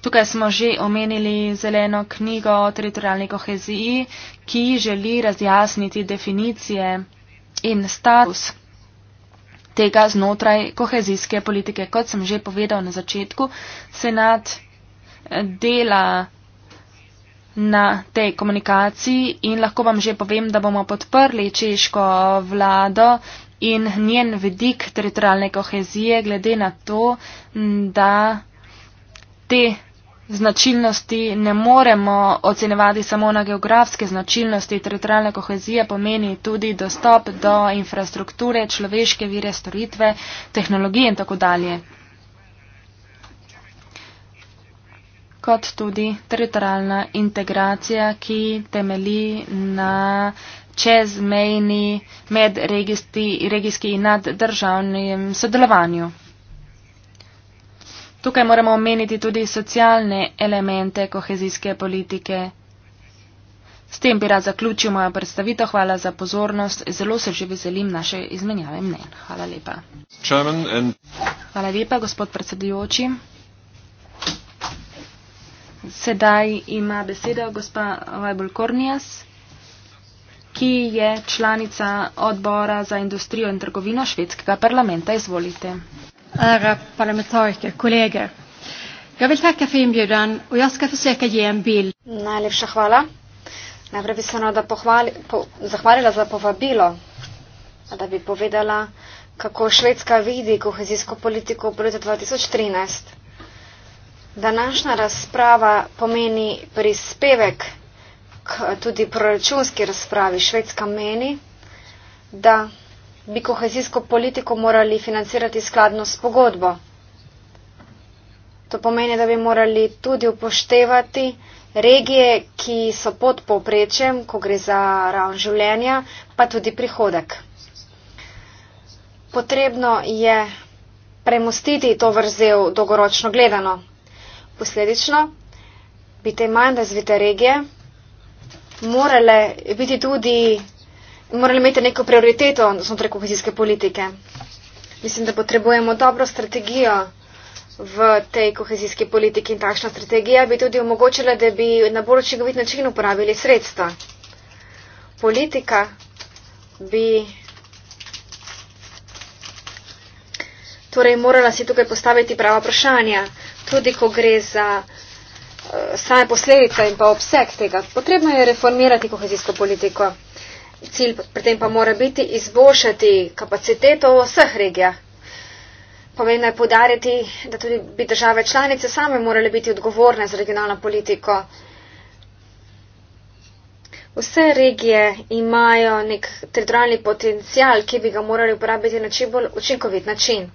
Tukaj smo že omenili zeleno knjigo o teritorijalni koheziji, ki želi razjasniti definicije in status tega znotraj kohezijske politike. Kot sem že povedal na začetku, senat eh, dela na tej komunikaciji in lahko vam že povem, da bomo podprli češko vlado in njen vidik teritorijalne kohezije glede na to, da te značilnosti ne moremo ocenevati samo na geografske značilnosti. Teritorijalna kohezija pomeni tudi dostop do infrastrukture, človeške vire, storitve, tehnologije in tako dalje. kot tudi teritorijalna integracija, ki temeli na čezmejni medregijski in naddržavnem sodelovanju. Tukaj moramo omeniti tudi socialne elemente kohezijske politike. S tem bi rad zaključil mojo predstavitev. Hvala za pozornost. Zelo se že veselim naše izmenjave mnen. Hvala lepa. Hvala lepa, gospod predsedujoči. Sedaj ima besedo gospa Vajbol Kornijas, ki je članica odbora za industrijo in trgovino švedskega parlamenta. Izvolite. Ära parlamentarike, kolege. Jaz bil tako fejmbjudan, v jaz ga poseka je en bil. Najlepša hvala. Najprej bi se rada po, zahvalila za povabilo, da bi povedala, kako Švedska vidi kohezijsko politiko v letu 2013. Današnja razprava pomeni prispevek k tudi proračunski razpravi. Švedska meni, da bi kohezijsko politiko morali financirati skladno s pogodbo. To pomeni, da bi morali tudi upoštevati regije, ki so pod povprečjem, ko gre za ravn življenja, pa tudi prihodek. Potrebno je premustiti to vrzel dolgoročno gledano posledično bi te manj razvite regije morale biti tudi, morale imeti neko prioriteto znotraj kohezijske politike. Mislim, da potrebujemo dobro strategijo v tej kohezijski politiki in takšna strategija bi tudi omogočila, da bi na bolj učinkovit način uporabili sredstva. Politika bi torej morala si tukaj postaviti prava vprašanja, tudi ko gre za eh, same posledice in pa obseg tega. Potrebno je reformirati kohezijsko politiko. Cilj pri tem pa mora biti izboljšati kapaciteto v vseh regijah. Pomembno je podariti, da tudi bi države članice same morale biti odgovorne za regionalno politiko. Vse regije imajo nek teritorijalni potencial, ki bi ga morali uporabiti na čim bolj učinkovit način.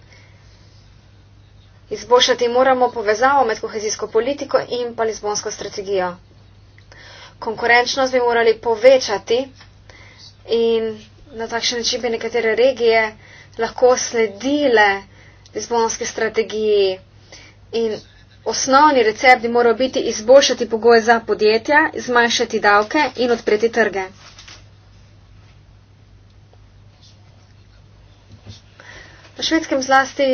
Izboljšati moramo povezavo med kohezijsko politiko in pa Lizbonsko strategijo. Konkurenčnost bi morali povečati in na takšen način bi nekatere regije lahko sledile Lizbonske strategiji. In osnovni recept bi moral biti izboljšati pogoje za podjetja, zmanjšati davke in odpreti trge. Na švedskem zlasti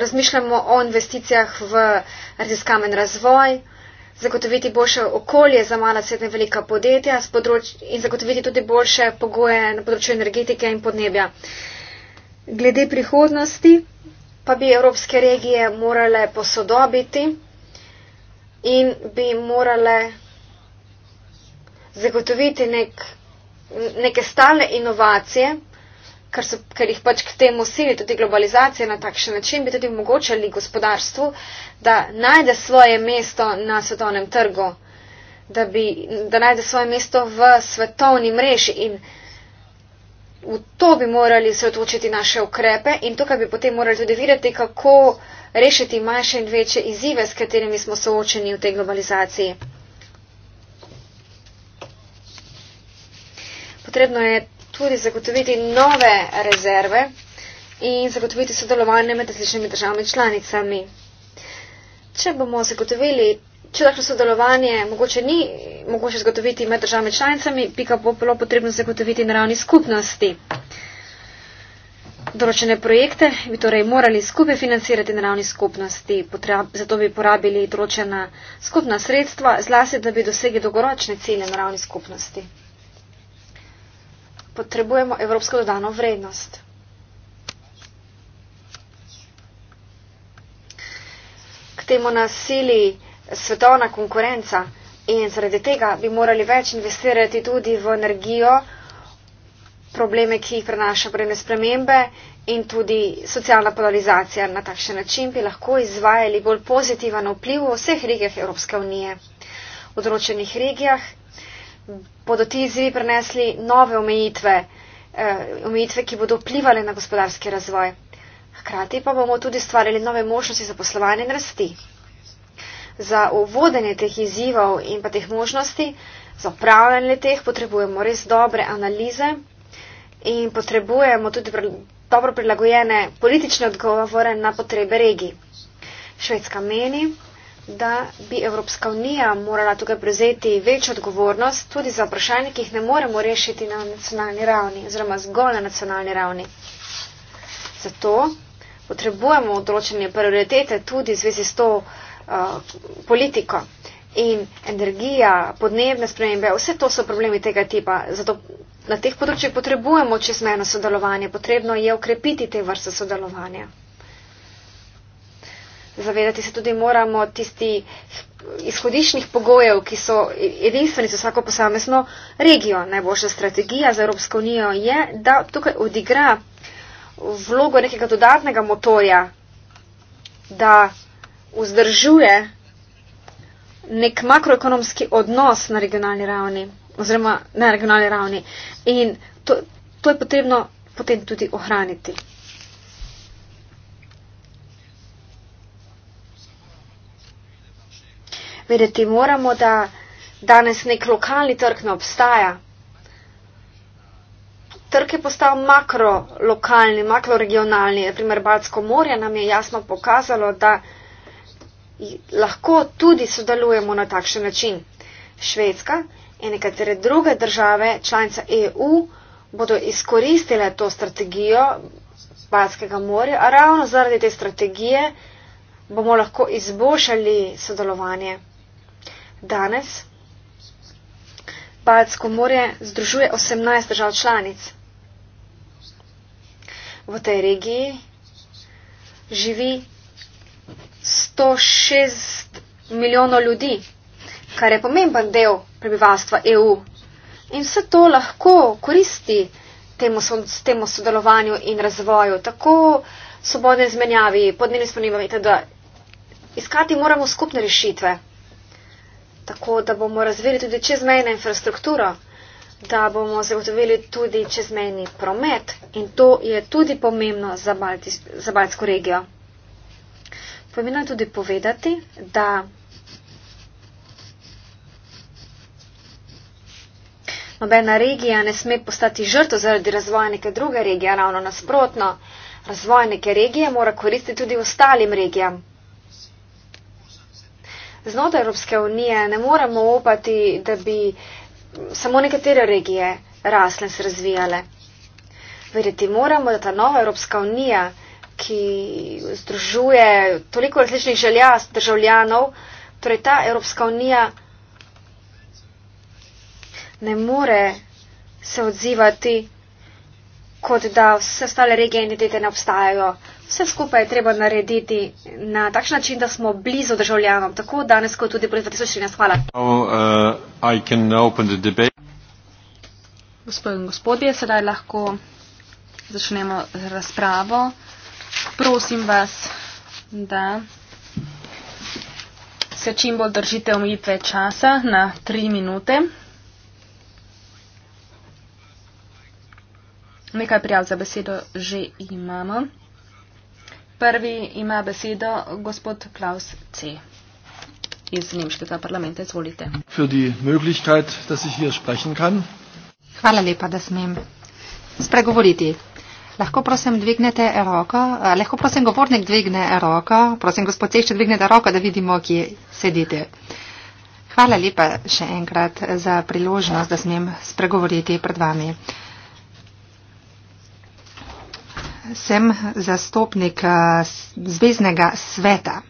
razmišljamo o investicijah v raziskamen razvoj, zagotoviti boljše okolje za mala srednja velika podjetja področ, in zagotoviti tudi boljše pogoje na področju energetike in podnebja. Glede prihodnosti pa bi evropske regije morale posodobiti in bi morale zagotoviti nek, neke stale inovacije, ker, so, ker jih pač k temu sili tudi globalizacija na takšen način, bi tudi omogočali gospodarstvu, da najde svoje mesto na svetovnem trgu, da, bi, da najde svoje mesto v svetovni mreži in v to bi morali se odločiti naše ukrepe in tukaj bi potem morali tudi videti, kako rešiti manjše in večje izzive, s katerimi smo soočeni v tej globalizaciji. Potrebno je tudi zagotoviti nove rezerve in zagotoviti sodelovanje med različnimi državami članicami. Če bomo zagotovili, če takšno sodelovanje mogoče ni mogoče zagotoviti med državami članicami, bi ga bo bilo potrebno zagotoviti na ravni skupnosti. Določene projekte bi torej morali skupaj financirati na ravni skupnosti, zato bi porabili določena skupna sredstva, zlasti da bi dosegli dolgoročne cilje na ravni skupnosti potrebujemo evropsko dodano vrednost. K temu nas sili svetovna konkurenca in zaradi tega bi morali več investirati tudi v energijo, probleme, ki jih prenaša podnebne spremembe in tudi socialna polarizacija. Na takšen način bi lahko izvajali bolj pozitiven vpliv v vseh regijah Evropske unije. V določenih regijah bodo ti izzivi prinesli nove omejitve, eh, omejitve, ki bodo vplivali na gospodarski razvoj. Hkrati pa bomo tudi stvarili nove možnosti za poslovanje in rasti. Za uvodenje teh izzivov in pa teh možnosti, za upravljanje teh potrebujemo res dobre analize in potrebujemo tudi dobro prilagojene politične odgovore na potrebe regij. Švedska meni, da bi Evropska unija morala tukaj prevzeti večjo odgovornost tudi za vprašanje, ki jih ne moremo rešiti na nacionalni ravni oziroma zgolj na nacionalni ravni. Zato potrebujemo odročene prioritete tudi v zvezi s to uh, politiko in energija, podnebne spremembe, vse to so problemi tega tipa. Zato na teh področjih potrebujemo čezmejno sodelovanje, potrebno je ukrepiti te vrste sodelovanja zavedati se tudi moramo tistih izhodišnih pogojev, ki so edinstveni za vsako posamezno regijo. Najboljša strategija za Evropsko unijo je, da tukaj odigra vlogo nekega dodatnega motorja, da vzdržuje nek makroekonomski odnos na regionalni ravni oziroma na regionalni ravni. In to, to je potrebno potem tudi ohraniti. Vedeti moramo, da danes nek lokalni trg ne obstaja. Trg je postal makrolokalni, makroregionalni. Primer Balsko morje nam je jasno pokazalo, da lahko tudi sodelujemo na takšen način. Švedska in nekatere druge države, članica EU, bodo izkoristile to strategijo Balskega morja, a ravno zaradi te strategije bomo lahko izboljšali sodelovanje. Danes Baltsko morje združuje 18 držav članic. V tej regiji živi 106 milijonov ljudi, kar je pomemben del prebivalstva EU. In vse to lahko koristi temu, temu sodelovanju in razvoju, tako svobodne izmenjavi, podnebne spremembe, da iskati moramo skupne rešitve tako da bomo razvili tudi čezmejno infrastrukturo, da bomo zagotovili tudi čezmejni promet in to je tudi pomembno za, Balti, za Baltsko regijo. Pomembno je tudi povedati, da nobena regija ne sme postati žrtev zaradi razvoja neke druge regije, ravno nasprotno, razvoj neke regije mora koristiti tudi ostalim regijam znotraj Evropske unije ne moremo upati, da bi samo nekatere regije rasle in se razvijale. Verjeti moramo, da ta nova Evropska unija, ki združuje toliko različnih želja državljanov, torej ta Evropska unija ne more se odzivati, kot da vse ostale regije in entitete ne obstajajo. Vse skupaj je treba narediti na takšen način, da smo blizu državljanom, tako danes, kot tudi pred 2013. Hvala. Oh, uh, Gospod in gospodje, sedaj lahko začnemo razpravo. Prosim vas, da se čim bolj držite omejitve časa na tri minute. Nekaj prijav za besedo že imamo. Prvi ima besedo gospod Klaus C. iz Nemškega parlamenta. Izvolite. Hvala lepa, da smem spregovoriti. Lahko prosim, dvignete roko. Lahko prosim, govornik dvigne roko. Prosim, gospod Cešče, dvignete roko, da vidimo, kje sedite. Hvala lepa še enkrat za priložnost, da smem spregovoriti pred vami. Uh, sem zastopnik eh, Zvezdnega sveta.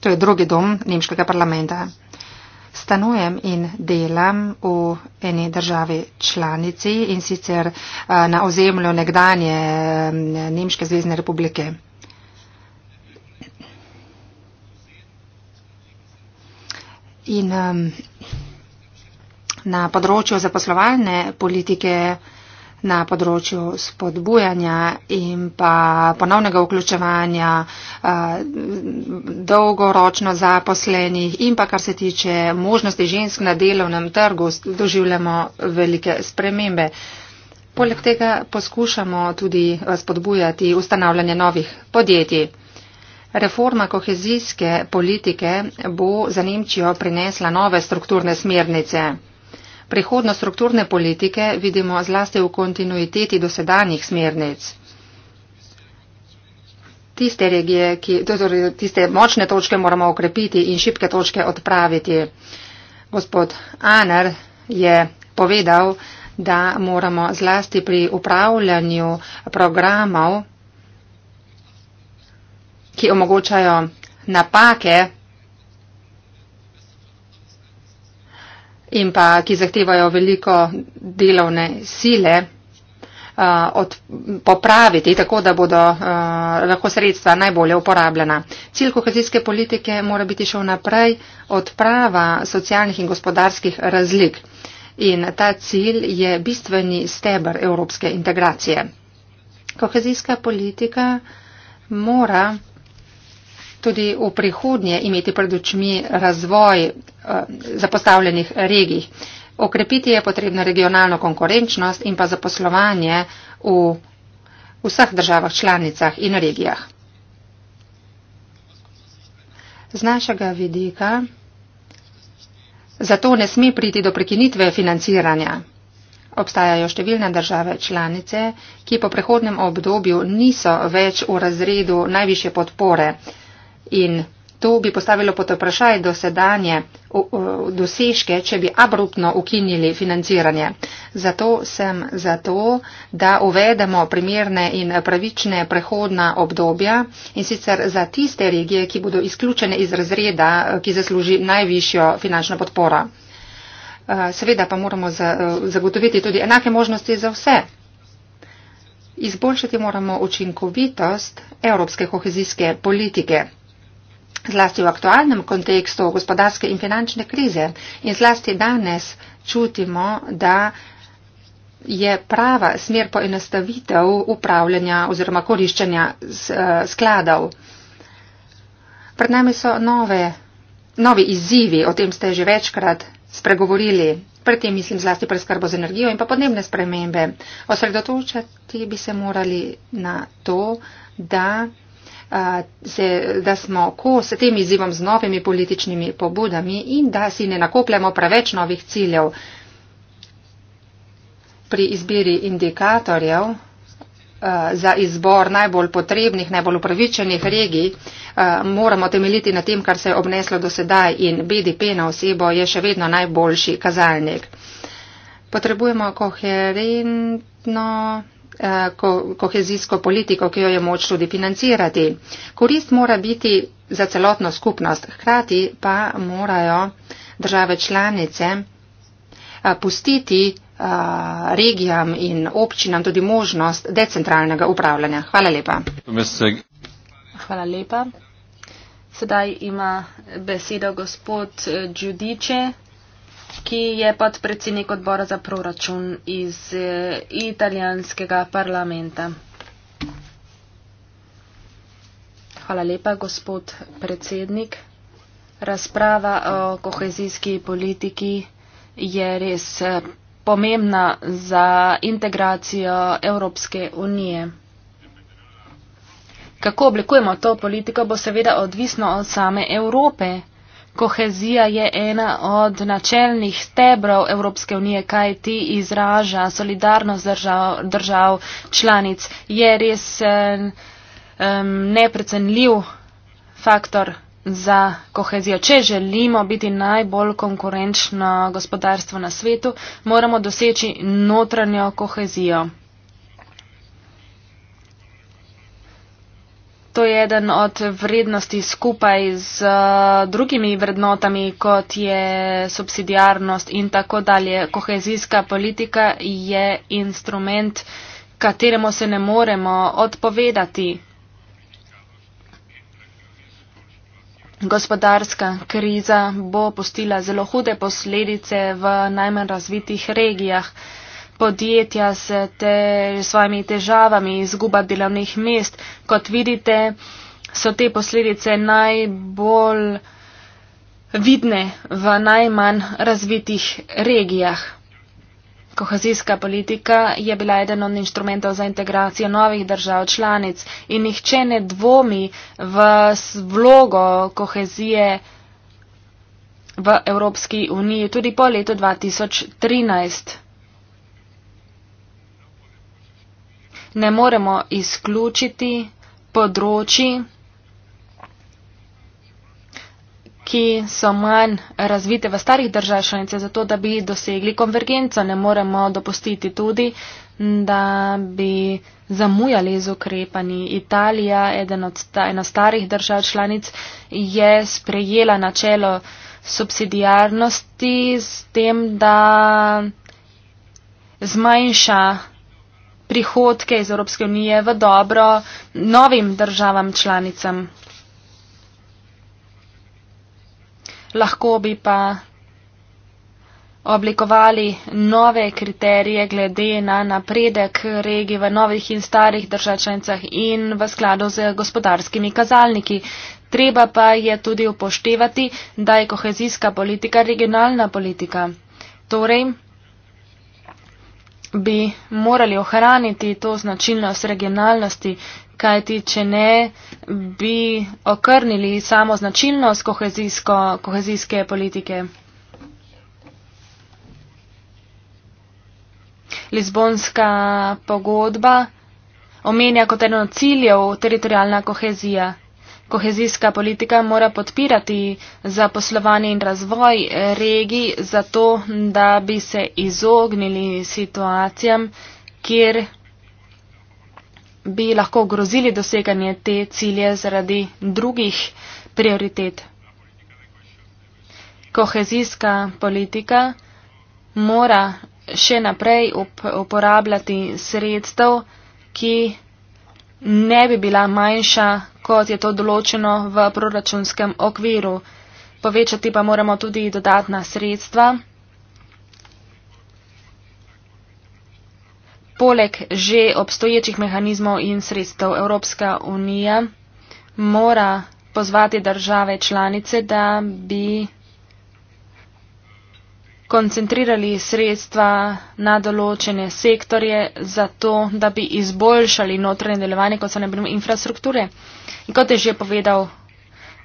To je drugi dom nemškega parlamenta. Stanujem in delam v eni državi članici in sicer eh, na ozemlju nekdanje eh, Nemške zvezdne republike. In um, na področju zaposlovalne politike uh, na področju spodbujanja in pa ponovnega vključevanja eh, dolgoročno zaposlenih in pa kar se tiče možnosti žensk na delovnem trgu, doživljamo velike spremembe. Poleg tega poskušamo tudi eh, spodbujati ustanavljanje novih podjetij. Reforma kohezijske politike bo za Nemčijo prinesla nove strukturne smernice prihodnost strukturne politike vidimo zlasti v kontinuiteti dosedanjih smernic. Tiste, regije, ki, torej, tiste močne točke moramo okrepiti in šibke točke odpraviti. Gospod Aner je povedal, da moramo zlasti pri upravljanju programov, ki omogočajo napake, in pa ki zahtevajo veliko delovne sile od popraviti, tako da bodo uh, lahko sredstva najbolje uporabljena. Cilj kohezijske politike mora biti še vnaprej odprava socialnih in gospodarskih razlik. In ta cilj je bistveni stebr evropske integracije. Kohezijska politika mora tudi v prihodnje imeti pred očmi razvoj eh, zapostavljenih regij. Okrepiti je potrebno regionalno konkurenčnost in pa zaposlovanje v vseh državah, članicah in regijah. Z našega vidika zato ne sme priti do prekinitve financiranja. Obstajajo številne države članice, ki po prehodnem obdobju niso več v razredu najviše podpore. In to bi postavilo pod vprašaj dosedanje dosežke, če bi abruptno ukinili financiranje. Zato sem za to, da uvedemo primerne in pravične prehodna obdobja in sicer za tiste regije, ki bodo izključene iz razreda, ki zasluži najvišjo finančno podporo. Eh, seveda pa moramo eh, zagotoviti tudi enake možnosti za vse. Izboljšati moramo učinkovitost evropske kohezijske politike zlasti v aktualnem kontekstu gospodarske in finančne krize in zlasti danes čutimo, da je prava smer poenostavitev upravljanja oziroma koriščenja eh, skladov. Pred nami so nove, novi izzivi, o tem ste že večkrat spregovorili. Predtem mislim zlasti preskrbo z energijo in pa podnebne spremembe. Osredotočati bi se morali na to, da se, da smo ko s tem izzivom z novimi političnimi pobudami in da si ne nakopljamo preveč novih ciljev pri izbiri indikatorjev za izbor najbolj potrebnih, najbolj upravičenih regij, moramo temeljiti na tem, kar se je obneslo do sedaj in BDP na osebo je še vedno najboljši kazalnik. Potrebujemo koherentno Eh, kohezijsko politiko, ki jo je moč tudi financirati. Korist mora biti za celotno skupnost, hkrati pa morajo države članice eh, pustiti eh, regijam in občinam tudi možnost decentralnega upravljanja. Hvala lepa. Hvala lepa. Sedaj ima besedo gospod Đudiče ki je podpredsednik odbora za proračun iz eh, italijanskega parlamenta. Hvala lepa, gospod predsednik. Razprava o kohezijski politiki je res eh, pomembna za integracijo Evropske unije. Kako oblikujemo to politiko, bo seveda odvisno od same Evrope. Kohezija je ena od načelnih stebrov Evropske unije, kaj ti izraža solidarnost držav, držav članic. Je res um, neprecenljiv faktor za kohezijo. Če želimo biti najbolj konkurenčno gospodarstvo na svetu, moramo doseči notranjo kohezijo. To je eden od vrednosti skupaj z eh, drugimi vrednotami, kot je subsidijarnost in tako dalje. Kohezijska politika je instrument, kateremu se ne moremo odpovedati. Gospodarska kriza bo postila zelo hude posledice v najmanj razvitih regijah podjetja se te svojimi težavami, izguba delovnih mest. Kot vidite, so te posledice najbolj vidne v najmanj razvitih regijah. Kohezijska politika je bila eden od inštrumentov za integracijo novih držav članic in nihče ne dvomi v vlogo kohezije v Evropski uniji tudi po letu 2013. ne moremo izključiti področji, ki so manj razvite v starih državah članice, zato da bi dosegli konvergenco. Ne moremo dopustiti tudi, da bi zamujali z ukrepanji. Italija, eden od ena starih držav članic, je sprejela načelo subsidijarnosti s tem, da zmanjša prihodke iz Evropske unije v dobro novim državam članicam. Lahko bi pa oblikovali nove kriterije glede na napredek regij v novih in starih držav članicah in v skladu z gospodarskimi kazalniki. Treba pa je tudi upoštevati, da je kohezijska politika regionalna politika. Torej, bi morali ohraniti to značilnost regionalnosti, kajti če ne, bi okrnili samo značilnost kohezijske politike. Lizbonska pogodba omenja kot eno od ciljev teritorijalna kohezija kohezijska politika mora podpirati zaposlovanje in razvoj regij, zato da bi se izognili situacijam, kjer bi lahko grozili doseganje te cilje zaradi drugih prioritet. Kohezijska politika mora še naprej uporabljati sredstev, ki ne bi bila manjša, kot je to določeno v proračunskem okviru. Povečati pa moramo tudi dodatna sredstva. Poleg že obstoječih mehanizmov in sredstev Evropska unija mora pozvati države članice, da bi koncentrirali sredstva na določene sektorje za to, da bi izboljšali notranje delovanje, kot so ne bilo infrastrukture. In kot je že povedal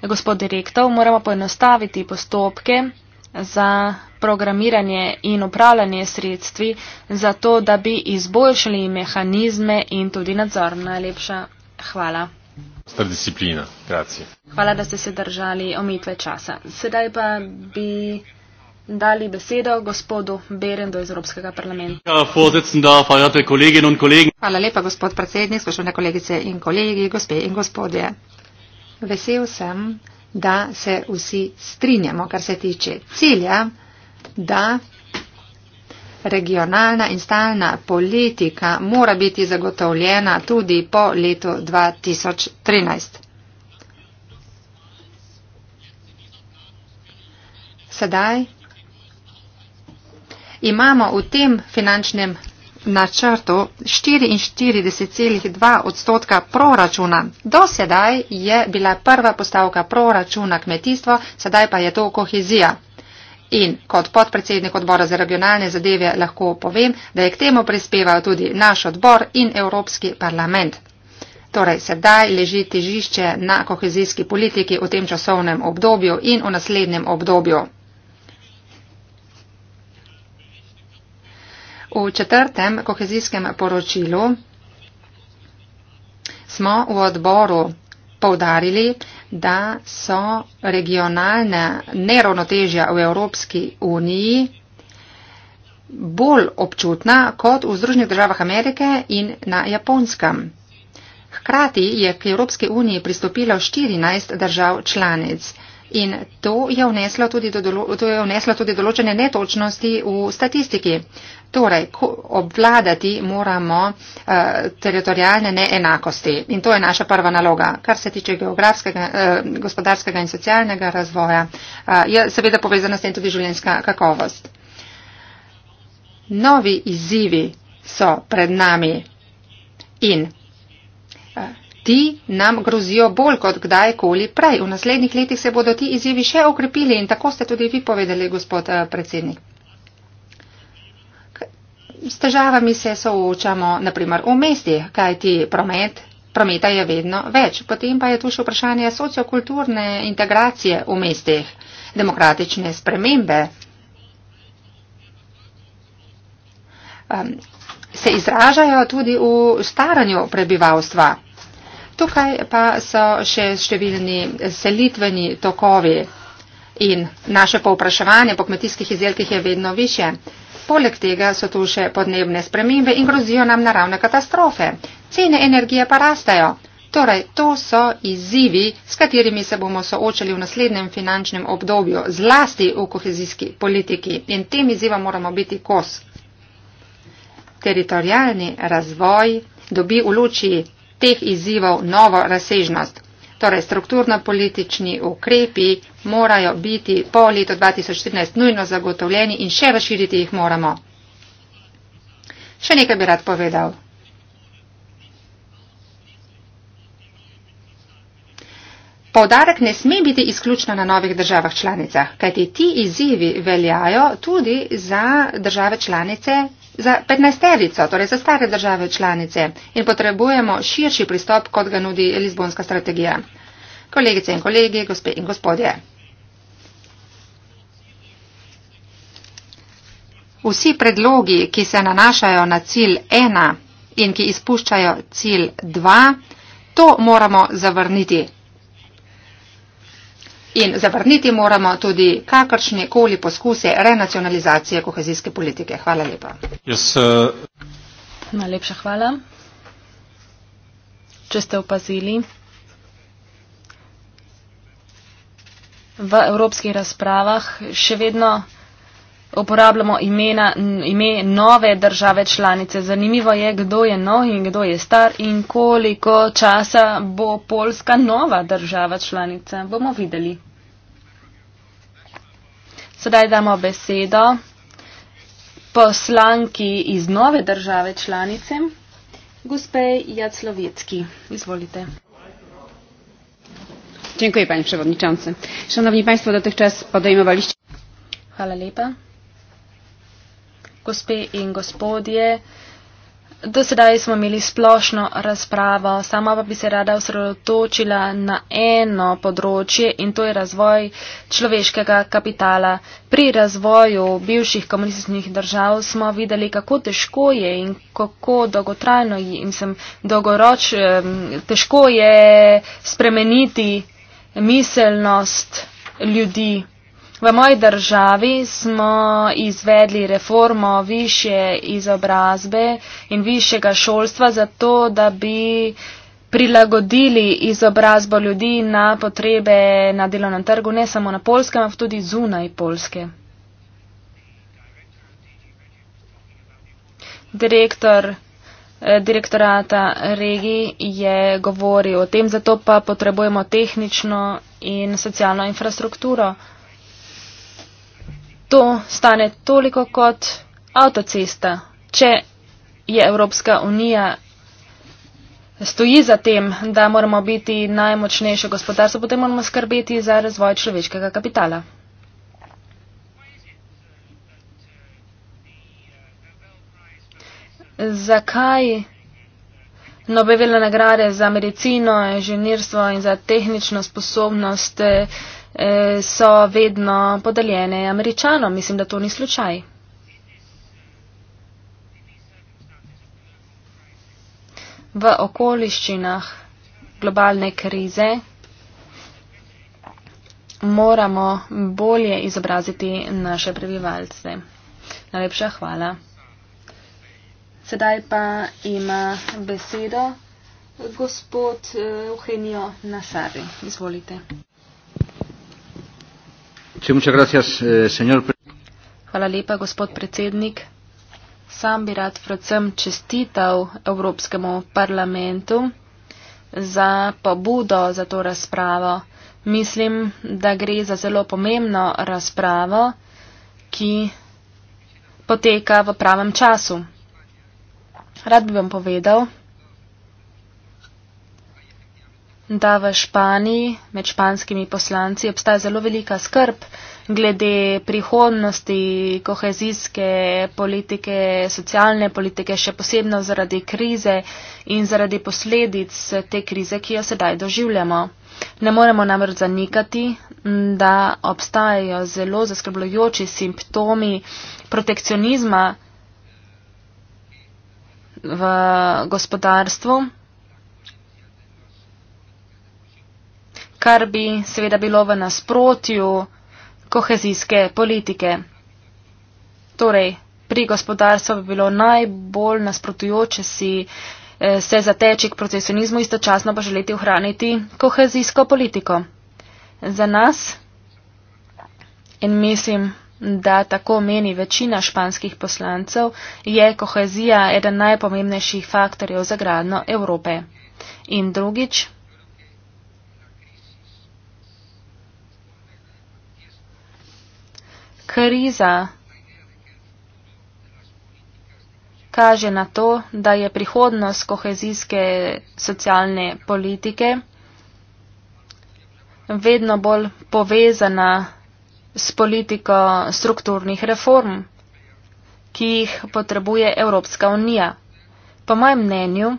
gospod direktor, moramo poenostaviti postopke za programiranje in upravljanje sredstvi za to, da bi izboljšali mehanizme in tudi nadzor. Najlepša hvala. Hvala, da ste se držali omitve časa. Sedaj pa bi dali besedo gospodu Berendu iz Evropskega parlamenta. Hvala lepa, gospod predsednik, spoštovane kolegice in kolegi, gospe in gospodje. Vesel sem, da se vsi strinjamo, kar se tiče cilja, da regionalna in stalna politika mora biti zagotovljena tudi po letu 2013. Sedaj imamo v tem finančnem načrtu 44,2 odstotka proračuna. Do sedaj je bila prva postavka proračuna kmetijstvo, sedaj pa je to kohezija. In kot podpredsednik odbora za regionalne zadeve lahko povem, da je k temu prispeval tudi naš odbor in Evropski parlament. Torej, sedaj leži težišče na kohezijski politiki v tem časovnem obdobju in v naslednjem obdobju. V četrtem kohezijskem poročilu smo v odboru povdarili, da so regionalne neravnotežja v Evropski uniji bolj občutna kot v Združenih državah Amerike in na Japonskem. Hkrati je k Evropski uniji pristopilo 14 držav članic. In to je vneslo tudi, do, je vneslo tudi določene netočnosti v statistiki. Torej, obvladati moramo uh, teritorijalne neenakosti in to je naša prva naloga. Kar se tiče geografskega, uh, gospodarskega in socialnega razvoja, uh, je seveda povezana s tem tudi življenjska kakovost. Novi izzivi so pred nami in uh, Ti nam grozijo bolj kot kdajkoli prej. V naslednjih letih se bodo ti izjivi še okrepili in tako ste tudi vi povedali, gospod eh, predsednik. S težavami se soočamo, naprimer, v mesti, kaj ti promet, prometa je vedno več. Potem pa je tu še vprašanje sociokulturne integracije v mestih, demokratične spremembe. Um, se izražajo tudi v staranju prebivalstva. Tukaj pa so še številni selitveni tokovi in naše povpraševanje po kmetijskih izdelkih je vedno više. Poleg tega so tu še podnebne spremembe in grozijo nam naravne katastrofe. Cene energije pa rastajo. Torej, to so izzivi, s katerimi se bomo soočali v naslednjem finančnem obdobju, zlasti v kohezijski politiki. In tem izzivom moramo biti kos. Teritorijalni razvoj dobi v luči teh izzivov novo razsežnost. Torej, strukturno-politični ukrepi morajo biti po letu 2014 nujno zagotovljeni in še razširiti jih moramo. Še nekaj bi rad povedal. Povdarek ne sme biti izključno na novih državah članicah, kajti ti izzivi veljajo tudi za države članice za petnajsterico, torej za stare države članice in potrebujemo širši pristop, kot ga nudi Lizbonska strategija. Kolegice in kolegi, gospe in gospodje. Vsi predlogi, ki se nanašajo na cilj 1 in ki izpuščajo cilj 2, to moramo zavrniti in zavrniti moramo tudi kakršne koli poskuse renacionalizacije kohezijske politike. Hvala lepa. Yes, uh... Najlepša hvala. Če ste opazili, v evropskih razpravah še vedno uporabljamo imena, ime nove države članice. Zanimivo je, kdo je nov in kdo je star in koliko časa bo Poljska nova država članica. Bomo videli. Sedaj damo besedo poslanki iz nove države članice, gospe Jaclovecki. Izvolite. Dziękuję, panie przewodniczący. Szanowni państwo, dotychczas podejmowaliście. Hvala lepa gospe in gospodje. Do sedaj smo imeli splošno razpravo, sama pa bi se rada osredotočila na eno področje in to je razvoj človeškega kapitala. Pri razvoju bivših komunističnih držav smo videli, kako težko je in kako dolgotrajno jim sem dolgoroč, težko je spremeniti miselnost ljudi. V moji državi smo izvedli reformo više izobrazbe in višjega šolstva zato, da bi prilagodili izobrazbo ljudi na potrebe na delovnem trgu, ne samo na polskem, ampak tudi zunaj polske. Direktor eh, direktorata regiji je govoril o tem, zato pa potrebujemo tehnično in socialno infrastrukturo to stane toliko kot avtocesta, če je Evropska unija stoji za tem, da moramo biti najmočnejše gospodarstvo, potem moramo skrbeti za razvoj človeškega kapitala. Zakaj Nobelove nagrade za medicino, inženirstvo in za tehnično sposobnost eh, E, so vedno podeljene američanom. Mislim, da to ni slučaj. V okoliščinah globalne krize moramo bolje izobraziti naše prebivalce. Najlepša hvala. Sedaj pa ima besedo gospod eh, Eugenijo Nasari. Izvolite. Eh, Hvala lepa, gospod predsednik. Sam bi rad predvsem čestital Evropskemu parlamentu za pobudo za to razpravo. Mislim, da gre za zelo pomembno razpravo, ki poteka v pravem času. Rad bi vam povedal, da v Španiji med španskimi poslanci obstaja zelo velika skrb glede prihodnosti kohezijske politike, socialne politike, še posebno zaradi krize in zaradi posledic te krize, ki jo sedaj doživljamo. Ne moremo namreč zanikati, da obstajajo zelo zaskrbljujoči simptomi protekcionizma v gospodarstvu kar bi seveda bilo v nasprotju kohezijske politike. Torej, pri gospodarstvu bi bilo najbolj nasprotujoče si eh, se zateči k procesionizmu, istočasno pa želiti ohraniti kohezijsko politiko. Za nas in mislim, da tako meni večina španskih poslancev, je kohezija eden najpomembnejših faktorjev za gradno Evrope. In drugič, kriza kaže na to, da je prihodnost kohezijske socialne politike vedno bolj povezana s politiko strukturnih reform, ki jih potrebuje Evropska unija. Po mojem mnenju,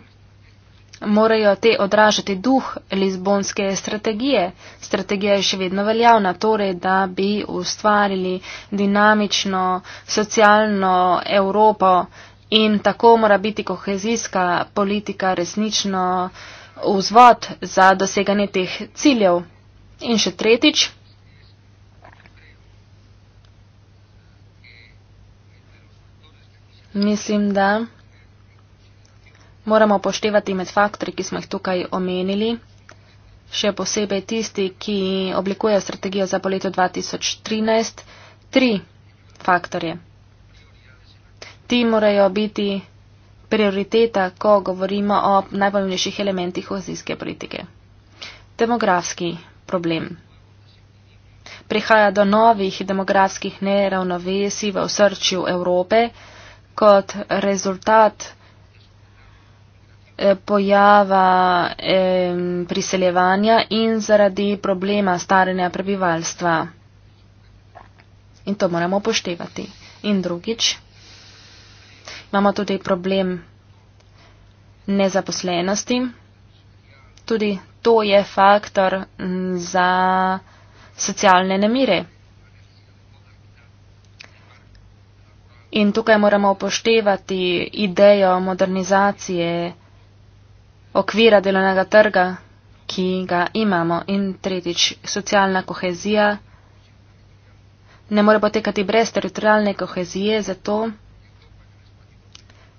morajo te odražati duh lizbonske strategije. Strategija je še vedno veljavna, torej, da bi ustvarili dinamično socialno Evropo in tako mora biti kohezijska politika resnično vzvod za doseganje teh ciljev. In še tretjič. Mislim, da moramo poštevati med faktori, ki smo jih tukaj omenili, še posebej tisti, ki oblikujejo strategijo za poletje 2013, tri faktorje. Ti morajo biti prioriteta, ko govorimo o najpomembnejših elementih ozijske politike. Demografski problem. Prihaja do novih demografskih neravnovesij v srčju Evrope kot rezultat Eh, pojava priseljevanja in zaradi problema staranja prebivalstva. In to moramo upoštevati. In drugič, imamo tudi problem nezaposlenosti. Tudi to je faktor za socialne nemire. In tukaj moramo upoštevati idejo modernizacije okvira delovnega trga, ki ga imamo, in tretjič, socialna kohezija ne more potekati brez teritorijalne kohezije, zato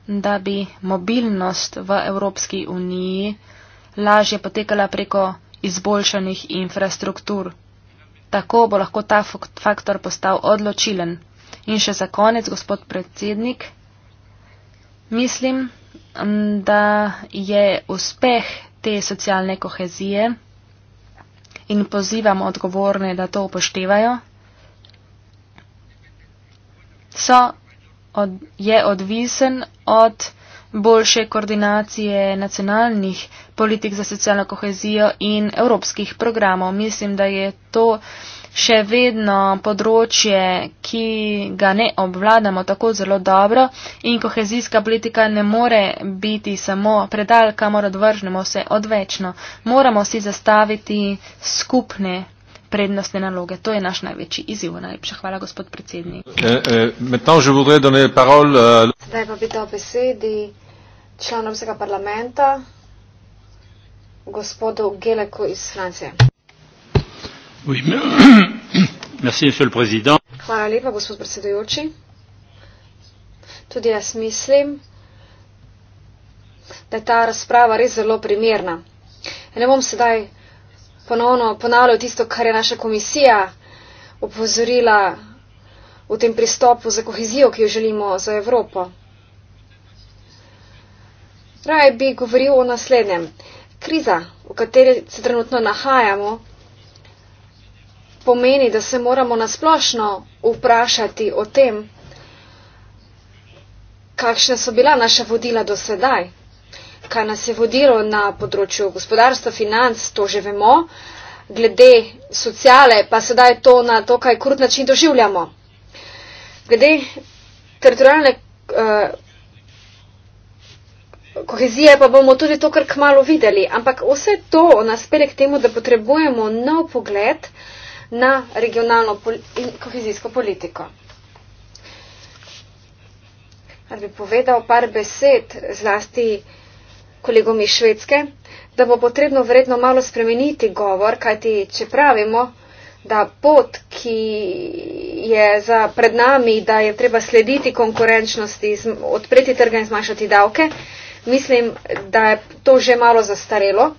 da bi mobilnost v Evropski uniji lažje potekala preko izboljšanih infrastruktur. Tako bo lahko ta faktor postal odločilen. In še za konec, gospod predsednik, mislim, da je uspeh te socialne kohezije in pozivam odgovorne, da to upoštevajo, so, od, je odvisen od boljše koordinacije nacionalnih politik za socialno kohezijo in evropskih programov. Mislim, da je to še vedno področje, ki ga ne obvladamo tako zelo dobro in kohezijska politika ne more biti samo predal, kamor odvržnemo vse odvečno. Moramo si zastaviti skupne prednostne naloge. To je naš največji izziv. Najlepša hvala, gospod predsednik. Eh, eh, euh, Zdaj pa bi dal besedi članovskega parlamenta, gospodu Geleku iz Francije. [COUGHS] Hvala lepa, gospod predsedujoči. Tudi jaz mislim, da je ta razprava res zelo primerna. Ne bom sedaj ponovno ponavljal tisto, kar je naša komisija opozorila v tem pristopu za kohezijo, ki jo želimo za Evropo. Raj bi govoril o naslednjem. Kriza, v kateri se trenutno nahajamo, pomeni, da se moramo nasplošno vprašati o tem, kakšne so bila naša vodila do sedaj, kaj nas je vodilo na področju gospodarstva, financ, to že vemo, glede sociale pa sedaj to na to, kaj krut način doživljamo. Glede teritorijalne uh, kohezije pa bomo tudi to, kar kmalo videli, ampak vse to nas pele k temu, da potrebujemo nov pogled, uh, na regionalno in kohezijsko politiko. Ali bi povedal par besed zlasti kolegom iz Švedske, da bo potrebno vredno malo spremeniti govor, kajti če pravimo, da pot, ki je za pred nami, da je treba slediti konkurenčnosti, odpreti trga in zmanjšati davke, mislim, da je to že malo zastarelo.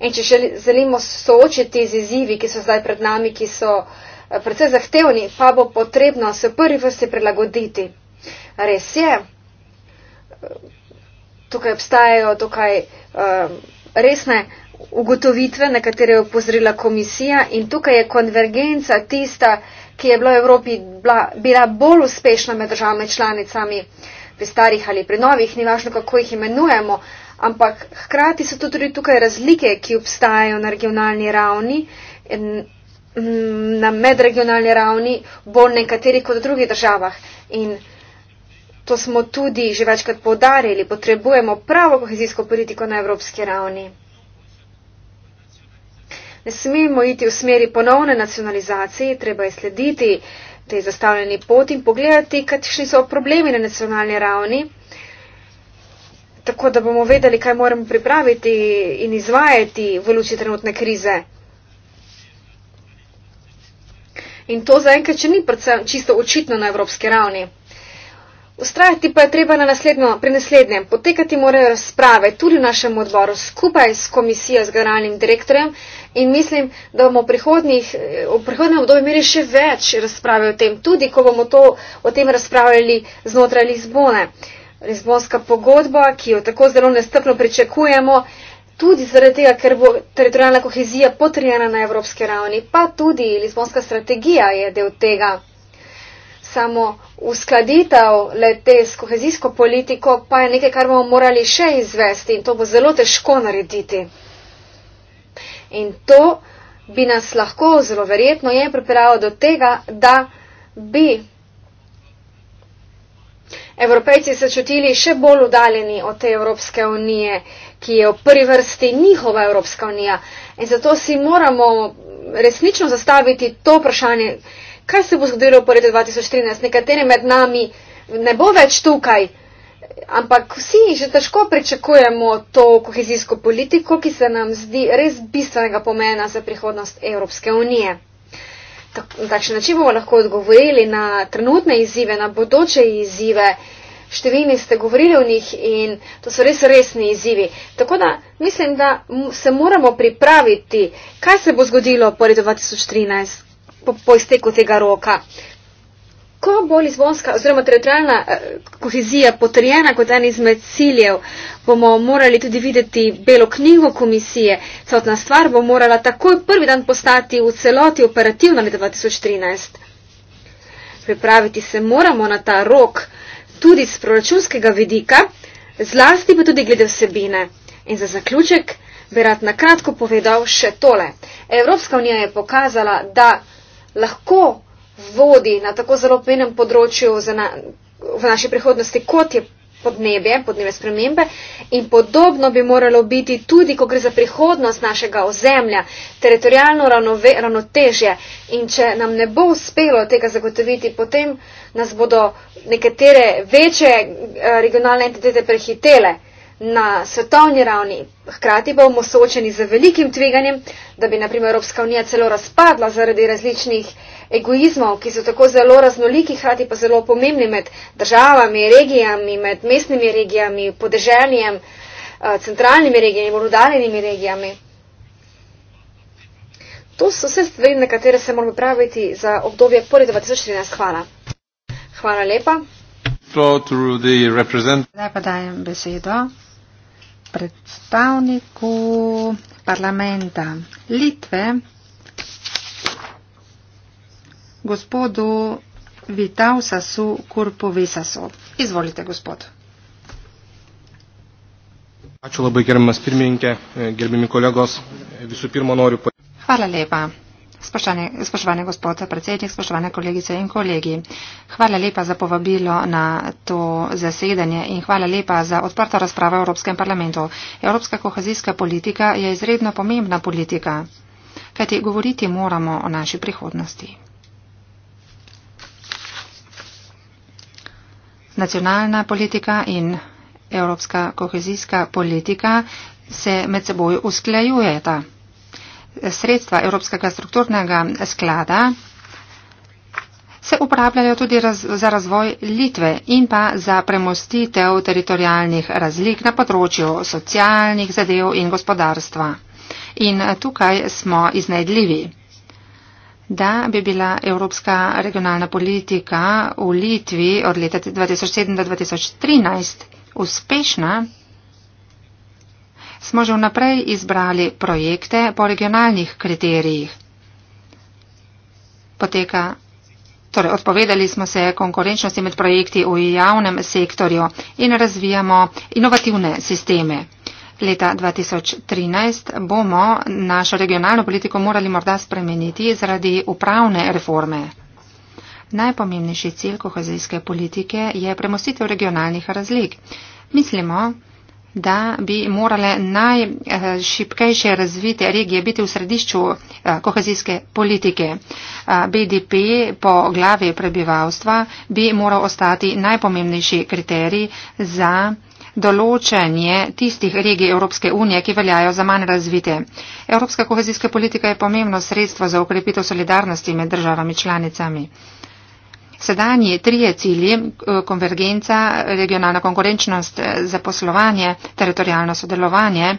In če želimo soočiti z izzivi, ki so zdaj pred nami, ki so eh, predvsej zahtevni, pa bo potrebno se v prvi vrsti prilagoditi. Res je, tukaj obstajajo tukaj eh, resne ugotovitve, na katere je upozorila komisija in tukaj je konvergenca tista, ki je bila v Evropi bila, bila bolj uspešna med državami članicami pri starih ali pri novih, ni važno, kako jih imenujemo, ampak hkrati so tudi tukaj razlike, ki obstajajo na regionalni ravni. In, mm, na medregionalni ravni bo nekateri kot v drugih državah. In to smo tudi že večkrat povdarjali, potrebujemo pravo kohezijsko politiko na evropski ravni. Ne smemo iti v smeri ponovne nacionalizacije, treba je slediti tej zastavljeni poti in pogledati, kakšni so problemi na nacionalni ravni. Uh, tako da bomo vedeli, kaj moramo pripraviti in izvajati v luči trenutne krize. In to zaenkrat, če ni predvsem čisto očitno na evropski ravni. Ustrajati pa je treba na naslednjo, pri naslednjem. Potekati morajo razprave tudi v našem odboru skupaj s komisijo, z generalnim direktorjem in mislim, da bomo v prihodnem obdobju imeli še več razprave o tem, tudi ko bomo to, o tem razpravljali znotraj Lizbone. Uh, Lizbonska pogodba, ki jo tako zelo nestrpno pričakujemo, tudi zaradi tega, ker bo teritorijalna kohezija potrjena na evropske ravni, pa tudi Lizbonska strategija je del tega. Samo uskladitev lete s kohezijsko politiko pa je nekaj, kar bomo morali še izvesti in to bo zelo težko narediti. In to bi nas lahko zelo verjetno je pripravilo do tega, da bi Evropejci se čutili še bolj udaljeni od te Evropske unije, ki je v prvi vrsti njihova Evropska unija. In zato si moramo resnično zastaviti to vprašanje, kaj se bo zgodilo po letu 2013. Nekateri med nami ne bo več tukaj, ampak vsi že težko pričakujemo to kohezijsko politiko, ki se nam zdi res bistvenega pomena za prihodnost Evropske unije na kakšen način bomo lahko odgovorili na trenutne izzive, na bodoče izzive. Številni ste govorili o njih in to so res resni izzivi. Tako da mislim, da se moramo pripraviti, kaj se bo zgodilo po letu 2013, po, po izteku tega roka. Ko bo lizbonska oziroma teritorijalna eh, kohezija potrjena kot en izmed ciljev, bomo morali tudi videti belo knjigo komisije. Celotna stvar bo morala takoj prvi dan postati v celoti operativna leta 2013. Pripraviti se moramo na ta rok tudi z proračunskega vidika, zlasti pa tudi glede vsebine. In za zaključek bi rad na kratko povedal še tole. Evropska unija je pokazala, da lahko vodi na tako zelo pomenem področju na, v naši prihodnosti, kot je podnebje, podnebne spremembe in podobno bi moralo biti tudi, ko gre za prihodnost našega ozemlja, teritorijalno ravnotežje in če nam ne bo uspelo tega zagotoviti, potem nas bodo nekatere večje eh, regionalne entitete prehitele na svetovni ravni. Hkrati pa bomo soočeni z velikim tveganjem, da bi naprimer Evropska unija celo razpadla zaradi različnih egoizmov, ki so tako zelo raznoliki, hkrati pa zelo pomembni med državami, regijami, med mestnimi regijami, podeželjem, eh, centralnimi regijami, oddaljenimi regijami. To so vse stvari, na katere se moramo praviti za obdobje pored 2014. Hvala. Hvala lepa. Zdaj pa dajem besedo predstavniku parlamenta Litve, gospodu Vitausasu Kurpovisasu. Izvolite, gospod. Ačiū labai gerbimas pirmininkė, gerbimi kolegos. Visų pirma, noriu. Hvala lepa. Spoštovani, spoštovani gospod predsednik, spoštovane kolegice in kolegi, hvala lepa za povabilo na to zasedanje in hvala lepa za odprto razpravo v Evropskem parlamentu. Evropska kohezijska politika je izredno pomembna politika, kajti govoriti moramo o naši prihodnosti. Nacionalna politika in evropska kohezijska politika se med seboj usklajujeta sredstva Evropskega strukturnega sklada se uporabljajo tudi raz, za razvoj Litve in pa za premostitev teritorijalnih razlik na področju socialnih zadev in gospodarstva. In eh, tukaj smo iznajdljivi, da bi bila Evropska regionalna politika v Litvi od leta 2007 do 2013 uspešna smo že vnaprej izbrali projekte po regionalnih kriterijih. Poteka, torej odpovedali smo se konkurenčnosti med projekti v javnem sektorju in razvijamo inovativne sisteme. Leta 2013 bomo našo regionalno politiko morali morda spremeniti zaradi upravne reforme. Najpomembnejši cilj kohezijske politike je premostitev regionalnih razlik. Mislimo, da bi morale najšipkejše razvite regije biti v središču eh, kohezijske politike. Eh, BDP po glavi prebivalstva bi moral ostati najpomembnejši kriterij za določanje tistih regij Evropske unije, ki veljajo za manj razvite. Evropska kohezijska politika je pomembno sredstvo za ukrepitev solidarnosti med državami članicami. Sedanji trije cilji, eh, konvergenca, regionalna konkurenčnost eh, za poslovanje, teritorijalno sodelovanje,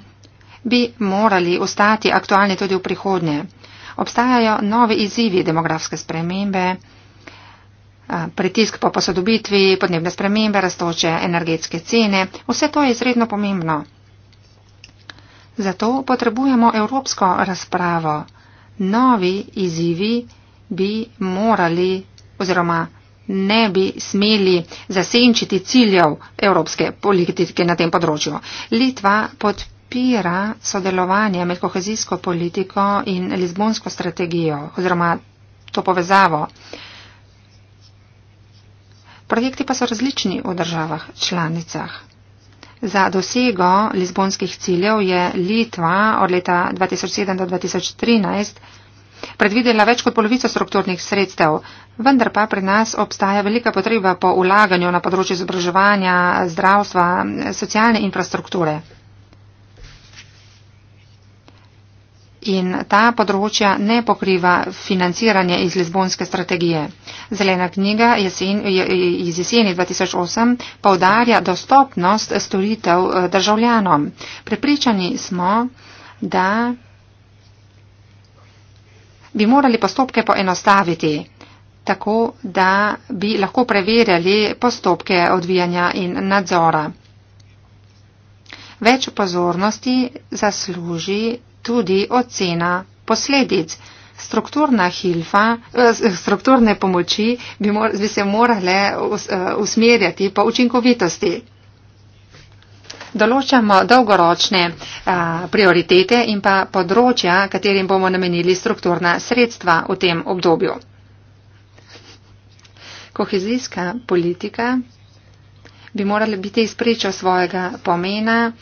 bi morali ostati aktualni tudi v prihodnje. Obstajajo nove izzivi demografske spremembe, eh, pritisk po posodobitvi, podnebne spremembe, raztoče energetske cene. Vse to je izredno pomembno. Zato potrebujemo evropsko razpravo. Novi izzivi bi morali oziroma ne bi smeli zasenčiti ciljev evropske politike na tem področju. Litva podpira sodelovanje med kohezijsko politiko in lizbonsko strategijo oziroma to povezavo. Projekti pa so različni v državah članicah. Za dosego lizbonskih ciljev je Litva od leta 2007 do 2013 predvidela več kot polovico strukturnih sredstev, vendar pa pri nas obstaja velika potreba po ulaganju na področju izobraževanja, zdravstva, socialne infrastrukture. In ta področja ne pokriva financiranje iz Lizbonske strategije. Zelena knjiga jesen, iz jeseni 2008 povdarja dostopnost storitev eh, državljanom. Prepričani smo, da bi morali postopke poenostaviti, tako da bi lahko preverjali postopke odvijanja in nadzora. Več pozornosti zasluži tudi ocena posledic. Strukturna hilfa, eh, strukturne pomoči bi, mor, bi se morale eh, eh, usmerjati po učinkovitosti določamo dolgoročne a, prioritete in pa področja, katerim bomo namenili strukturna sredstva v tem obdobju. Kohezijska politika bi morala biti izpričo svojega pomena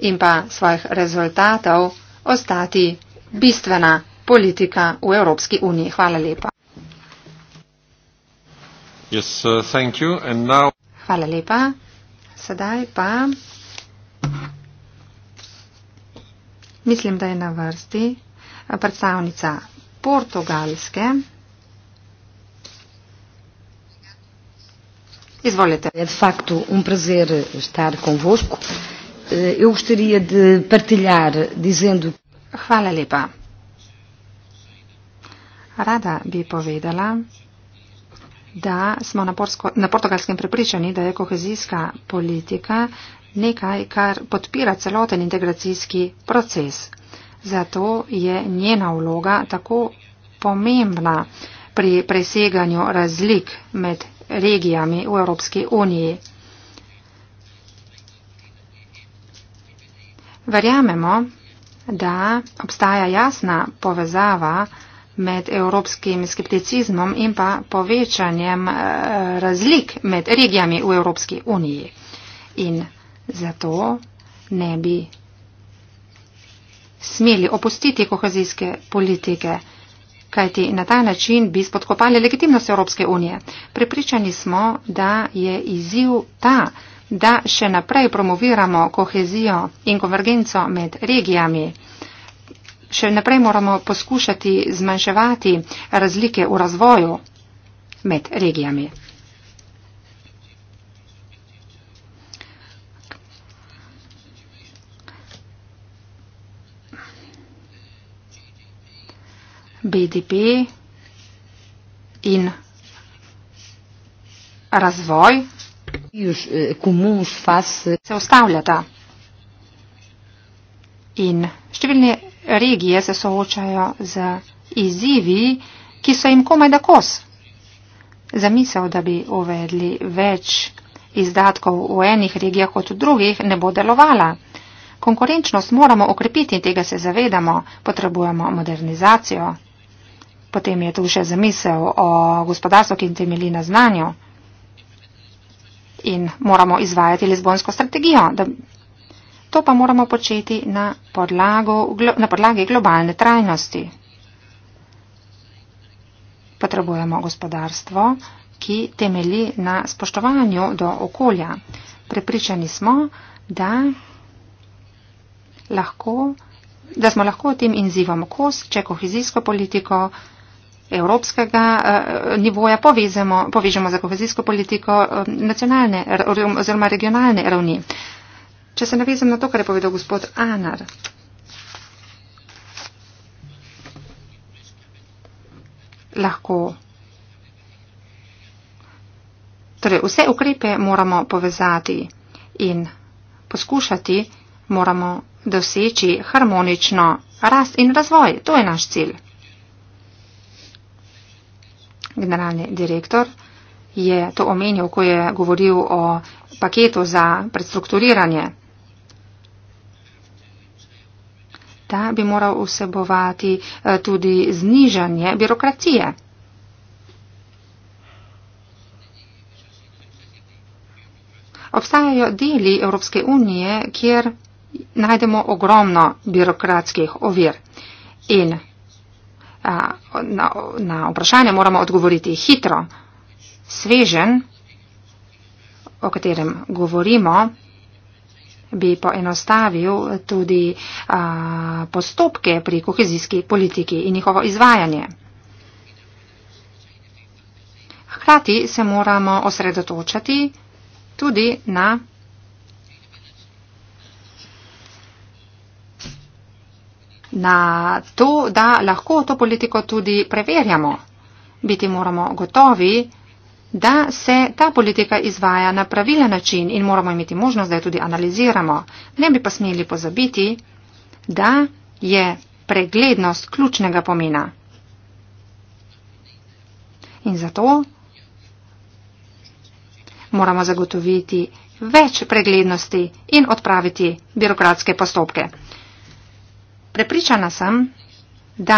in pa svojih rezultatov ostati bistvena politika v Evropski uniji. Hvala lepa. Yes, uh, thank you. And now... Hvala lepa. Sedaj pa. Mislim, da je na vrsti predstavnica portugalske. Izvolite. Je de facto um prazer estar convosco. Eh, eu gostaria de partilhar dizendo... Hvala lepa. Rada bi povedala, da smo na, porsko, na portugalskem prepričani, da je kohezijska politika nekaj, kar podpira celoten integracijski proces. Zato je njena vloga tako pomembna pri preseganju razlik med regijami v Evropski uniji. Verjamemo, da obstaja jasna povezava med evropskim skepticizmom in pa povečanjem eh, razlik med regijami v Evropski uniji. In Zato ne bi smeli opustiti kohezijske politike, kajti na ta način bi spodkopali legitimnost Evropske unije. Pripričani smo, da je izziv ta, da še naprej promoviramo kohezijo in konvergenco med regijami. Še naprej moramo poskušati zmanjševati razlike v razvoju med regijami. BDP in razvoj e eh, se ustavljata. In številne regije se soočajo z izzivi, ki so jim komaj da kos. Zamisel, da bi uvedli več izdatkov v enih regijah kot v drugih, ne bo delovala. Konkurenčnost moramo okrepiti in tega se zavedamo. Potrebujemo modernizacijo. Potem je tu še zamisel o gospodarstvu, ki temelji na znanju. In moramo izvajati lizbonsko strategijo. To pa moramo početi na, podlago, na podlagi globalne trajnosti. Potrebujemo gospodarstvo, ki temelji na spoštovanju do okolja. Prepričani smo, da, lahko, da smo lahko tem inzivom kos, če kohezijsko politiko evropskega eh, nivoja povežemo, povežemo za kohezijsko politiko eh, nacionalne oziroma regionalne ravni. Če se navezem na to, kar je povedal gospod Anar. Lahko. Torej, vse ukrepe moramo povezati in poskušati moramo doseči harmonično rast in razvoj. To je naš cilj generalni direktor je to omenil, ko je govoril o paketu za predstrukturiranje. Ta bi moral vsebovati eh, tudi znižanje birokracije. Obstajajo deli Evropske unije, kjer najdemo ogromno birokratskih ovir. In na, na vprašanje moramo odgovoriti hitro. Svežen, o katerem govorimo, bi poenostavil tudi a, postopke pri kohezijski politiki in njihovo izvajanje. Hkrati se moramo osredotočati tudi na na to, da lahko to politiko tudi preverjamo. Biti moramo gotovi, da se ta politika izvaja na pravilen način in moramo imeti možnost, da jo tudi analiziramo. Ne bi pa smeli pozabiti, da je preglednost ključnega pomena. In zato moramo zagotoviti več preglednosti in odpraviti birokratske postopke. Prepričana sem, da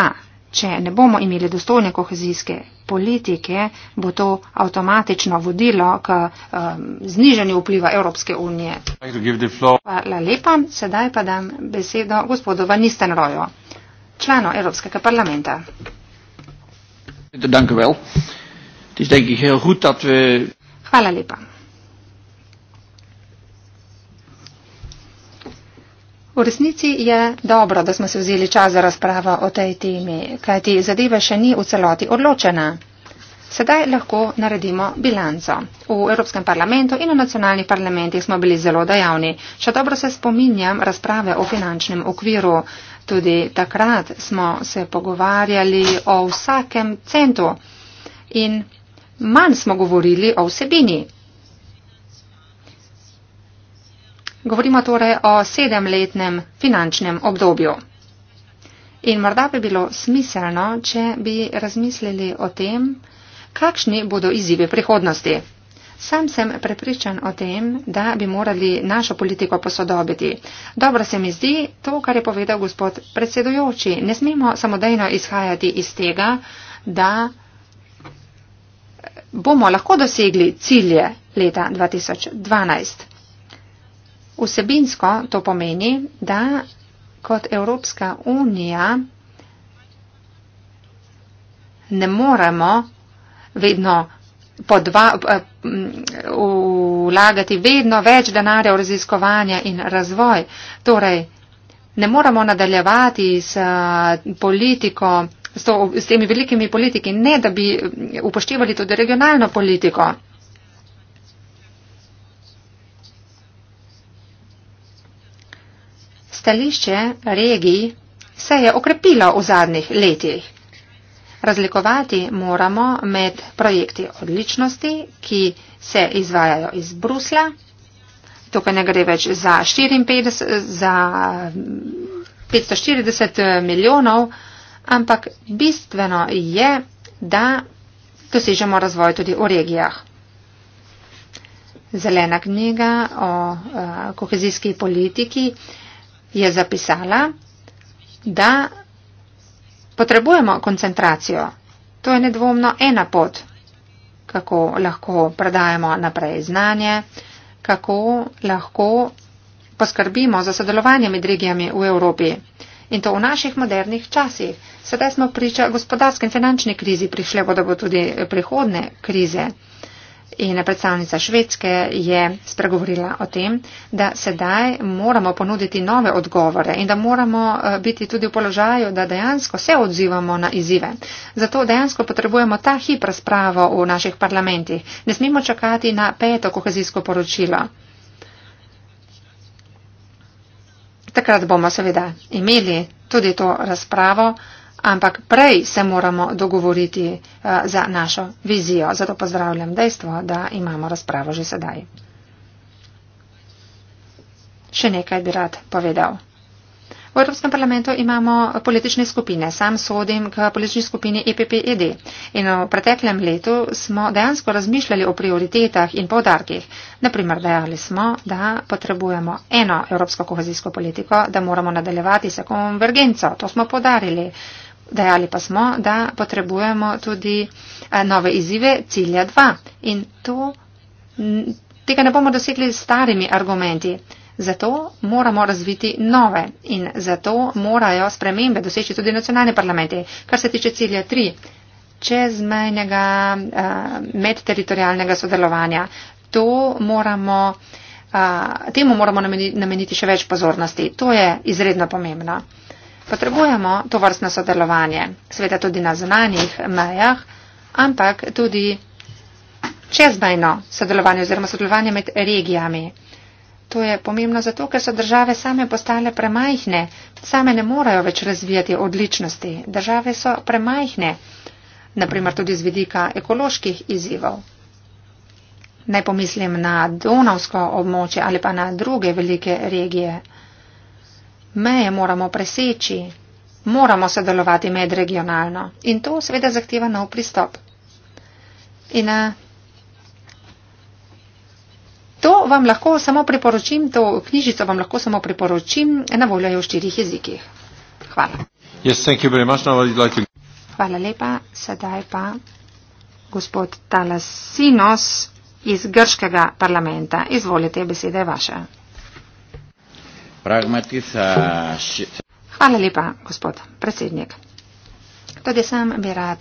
če ne bomo imeli dostojne kohezijske politike, bo to avtomatično vodilo k um, znižanju vpliva Evropske unije. Hvala lepa, sedaj pa dam besedo gospodu Van Nistenrojo, članu Evropskega parlamenta. Dank u wel. Het is denk ik heel goed dat we. Hvala lepa. V resnici je dobro, da smo se vzeli čas za razpravo o tej temi, kajti zadeva še ni v celoti odločena. Sedaj lahko naredimo bilanco. V Evropskem parlamentu in v nacionalnih parlamentih smo bili zelo dejavni. Še dobro se spominjam razprave o finančnem okviru. Tudi takrat smo se pogovarjali o vsakem centu in manj smo govorili o vsebini. Govorimo torej o sedemletnem finančnem obdobju. In morda bi bilo smiselno, če bi razmislili o tem, kakšni bodo izzivi prihodnosti. Sam sem prepričan o tem, da bi morali našo politiko posodobiti. Dobro se mi zdi to, kar je povedal gospod predsedujoči. Ne smemo samodejno izhajati iz tega, da bomo lahko dosegli cilje leta 2012. Vsebinsko to pomeni, da kot Evropska unija ne moremo vedno podva, eh, mm, vlagati vedno več denarja v raziskovanje in razvoj. Torej, ne moremo nadaljevati s eh, politiko, s, to, s temi velikimi politiki, ne da bi mm, upoštevali tudi regionalno politiko. stališče regij se je okrepilo v zadnjih letih. Razlikovati moramo med projekti odličnosti, ki se izvajajo iz Brusla. Tukaj ne gre več za, 54, za 540 eh, milijonov, ampak bistveno je, da dosežemo razvoj tudi v regijah. Zelena knjiga o eh, kohezijski politiki je zapisala, da potrebujemo koncentracijo. To je nedvomno ena pot, kako lahko predajemo naprej znanje, kako lahko poskrbimo za sodelovanje med regijami v Evropi. In to v naših modernih časih. Sedaj smo priča gospodarske in finančne krizi, prišle bodo tudi prihodne krize. Uh, In predstavnica Švedske je spregovorila o tem, da sedaj moramo ponuditi nove odgovore in da moramo eh, biti tudi v položaju, da dejansko se odzivamo na izive. Zato dejansko potrebujemo ta hip razpravo v naših parlamentih. Ne smemo čakati na peto kohezijsko poročilo. Takrat bomo seveda imeli tudi to razpravo ampak prej se moramo dogovoriti eh, za našo vizijo. Zato pozdravljam dejstvo, da imamo razpravo že sedaj. Še nekaj bi rad povedal. V Evropskem parlamentu imamo politične skupine. Sam sodim k politični skupini EPPED. In v preteklem letu smo dejansko razmišljali o prioritetah in povdarkih. Naprimer, dejali smo, da potrebujemo eno evropsko kohezijsko politiko, da moramo nadaljevati se konvergenco. To smo podarili. Uh, dejali pa smo, da potrebujemo tudi eh, nove izive cilja 2. In to, tega ne bomo dosegli s starimi argumenti. Zato moramo razviti nove in zato morajo spremembe doseči tudi nacionalni parlamenti. Kar se tiče cilja 3, čezmejnega eh, medteritorijalnega sodelovanja, to moramo. Eh, temu moramo nameniti še več pozornosti. To je izredno pomembno. Potrebujemo to vrstno sodelovanje, sveda tudi na znanih mejah, ampak tudi čezmejno sodelovanje oziroma sodelovanje med regijami. To je pomembno zato, ker so države same postale premajhne, same ne morejo več razvijati odličnosti. Države so premajhne, naprimer tudi z vidika ekoloških izzivov. Naj pomislim na Donavsko območje ali pa na druge velike regije. Meje moramo preseči, moramo sodelovati medregionalno in to seveda zahteva nov pristop. In eh, to vam lahko samo priporočim, to knjižico vam lahko samo priporočim, na voljo je v štirih jezikih. Hvala. Yes, thank you very much. Now I'd like to... Hvala lepa. Sedaj pa gospod Talasinos iz Grškega parlamenta. Izvolite, beseda je vaša pragmati sa... Hvala lepa, gospod predsednik. Tudi sam bi rad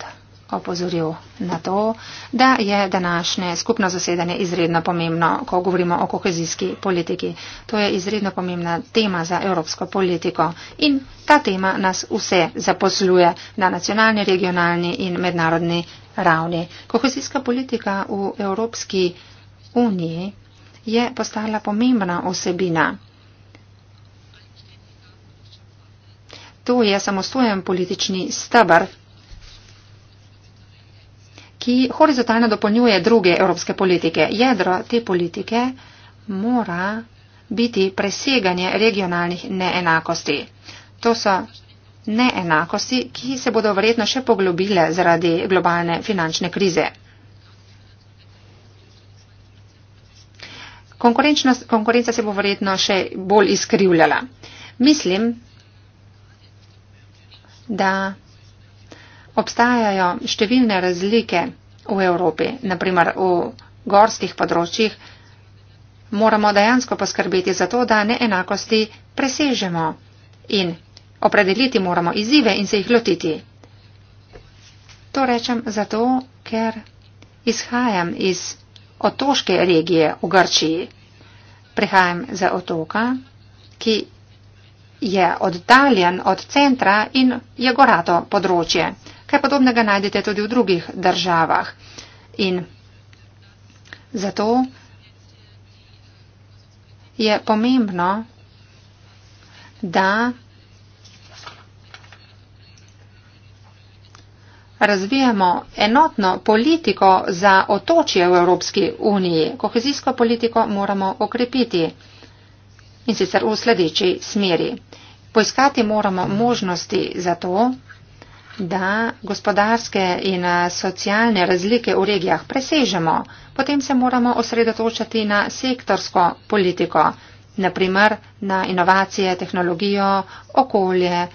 opozoril na to, da je današnje skupno zasedanje izredno pomembno, ko govorimo o kohezijski politiki. To je izredno pomembna tema za evropsko politiko in ta tema nas vse zaposluje na nacionalni, regionalni in mednarodni ravni. Kohezijska politika v Evropski uniji je postala pomembna osebina. Tu je samostojen politični stebr, ki horizontalno dopolnjuje druge evropske politike. Jedro te politike mora biti preseganje regionalnih neenakosti. To so neenakosti, ki se bodo verjetno še poglobile zaradi globalne finančne krize. Konkurenca se bo verjetno še bolj izkrivljala. Mislim, da obstajajo številne razlike v Evropi, naprimer v gorskih področjih, moramo dejansko poskrbeti za to, da neenakosti presežemo in opredeliti moramo izzive in se jih lotiti. To rečem zato, ker izhajam iz otoške regije v Grčiji. Prihajam za otoka, ki je oddaljen od centra in je gorato področje. Kaj podobnega najdete tudi v drugih državah. In zato je pomembno, da razvijamo enotno politiko za otočje v Evropski uniji. Kohezijsko politiko moramo okrepiti in sicer v sledeči smeri. Poiskati moramo možnosti za to, da gospodarske in socialne razlike v regijah presežemo. Potem se moramo osredotočati na sektorsko politiko, naprimer na inovacije, tehnologijo, okolje.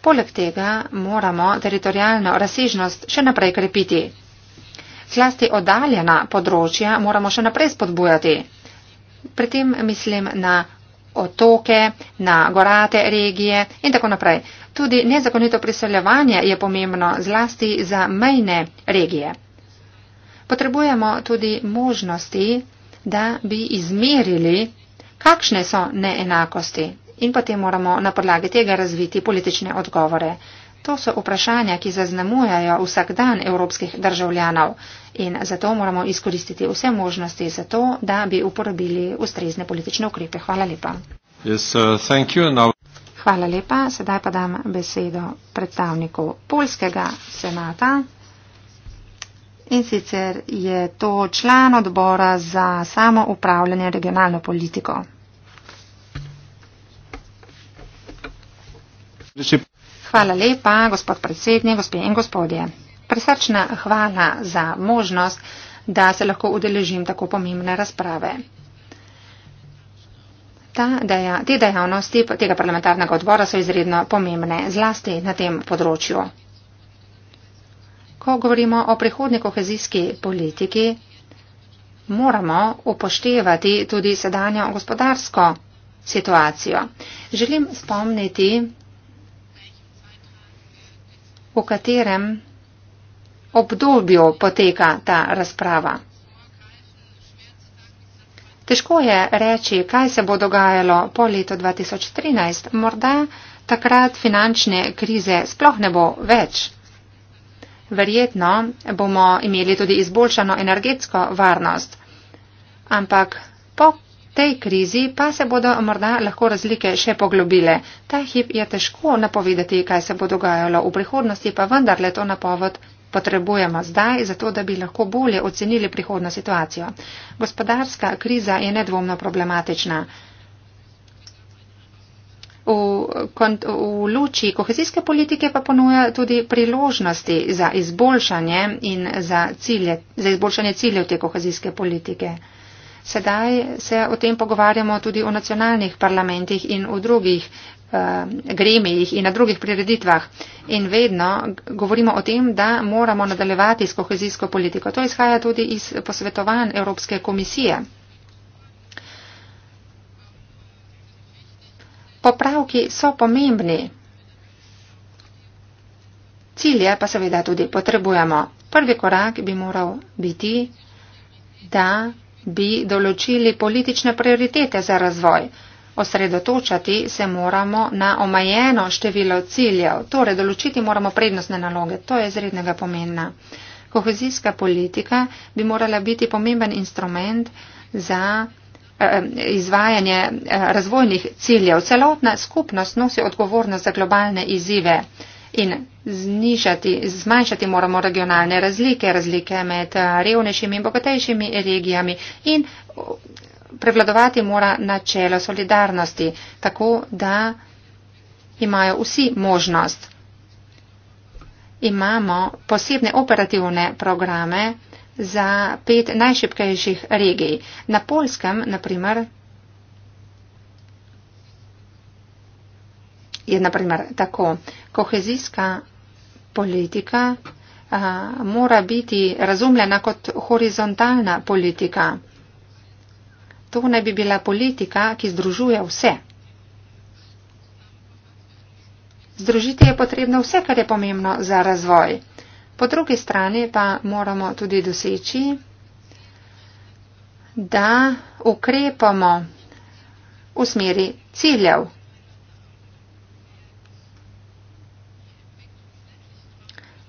Poleg tega moramo teritorijalno razsežnost še naprej krepiti. Zlasti oddaljena področja moramo še naprej spodbujati. Pri tem mislim na otoke, na gorate regije in tako naprej. Tudi nezakonito priseljevanje je pomembno zlasti za mejne regije. Potrebujemo tudi možnosti, da bi izmerili, kakšne so neenakosti in potem moramo na podlagi tega razviti politične odgovore. To so vprašanja, ki zaznamujajo vsak dan evropskih državljanov in zato moramo izkoristiti vse možnosti za to, da bi uporabili ustrezne politične ukrepe. Hvala lepa. Yes, uh, Now... Hvala lepa. Sedaj pa dam besedo predstavniku Polskega senata. In sicer je to član odbora za samo upravljanje regionalno politiko. Deci... Hvala lepa, gospod predsednik, gospe in gospodje. Presrčna hvala za možnost, da se lahko udeležim tako pomembne razprave. Ta deja, te dejavnosti tega parlamentarnega odbora so izredno pomembne, zlasti na tem področju. Ko govorimo o prihodni kohezijski politiki, moramo upoštevati tudi sedanjo gospodarsko situacijo. Želim spomniti v katerem obdobju poteka ta razprava. Težko je reči, kaj se bo dogajalo po letu 2013. Morda takrat finančne krize sploh ne bo več. Verjetno bomo imeli tudi izboljšano energetsko varnost. Ampak po tej krizi pa se bodo morda lahko razlike še poglobile. Ta hip je težko napovedati, kaj se bo dogajalo v prihodnosti, pa vendarle to napoved potrebujemo zdaj, zato da bi lahko bolje ocenili prihodno situacijo. Gospodarska kriza je nedvomno problematična. V, kont, v luči kohezijske politike pa ponuja tudi priložnosti za izboljšanje, za cilje, za izboljšanje ciljev te kohezijske politike. Sedaj se o tem pogovarjamo tudi v nacionalnih parlamentih in v drugih eh, gremijih in na drugih prireditvah. In vedno govorimo o tem, da moramo nadaljevati s kohezijsko politiko. To izhaja tudi iz posvetovanj Evropske komisije. Popravki so pomembni. Cilje pa seveda tudi potrebujemo. Prvi korak bi moral biti, da bi določili politične prioritete za razvoj. Osredotočati se moramo na omajeno število ciljev, torej določiti moramo prednostne naloge. To je izrednega pomena. Kohezijska politika bi morala biti pomemben instrument za eh, izvajanje eh, razvojnih ciljev. Celotna skupnost nosi odgovornost za globalne izzive. In znižati, zmanjšati moramo regionalne razlike, razlike med eh, revnejšimi in bogatejšimi regijami in prevladovati mora načelo solidarnosti, tako da imajo vsi možnost. Imamo posebne operativne programe za pet najšipkejših regij. Na Polskem, naprimer, je naprimer tako, kohezijska politika a, mora biti razumljena kot horizontalna politika. To ne bi bila politika, ki združuje vse. Združiti je potrebno vse, kar je pomembno za razvoj. Po drugi strani pa moramo tudi doseči, da ukrepamo v smeri ciljev,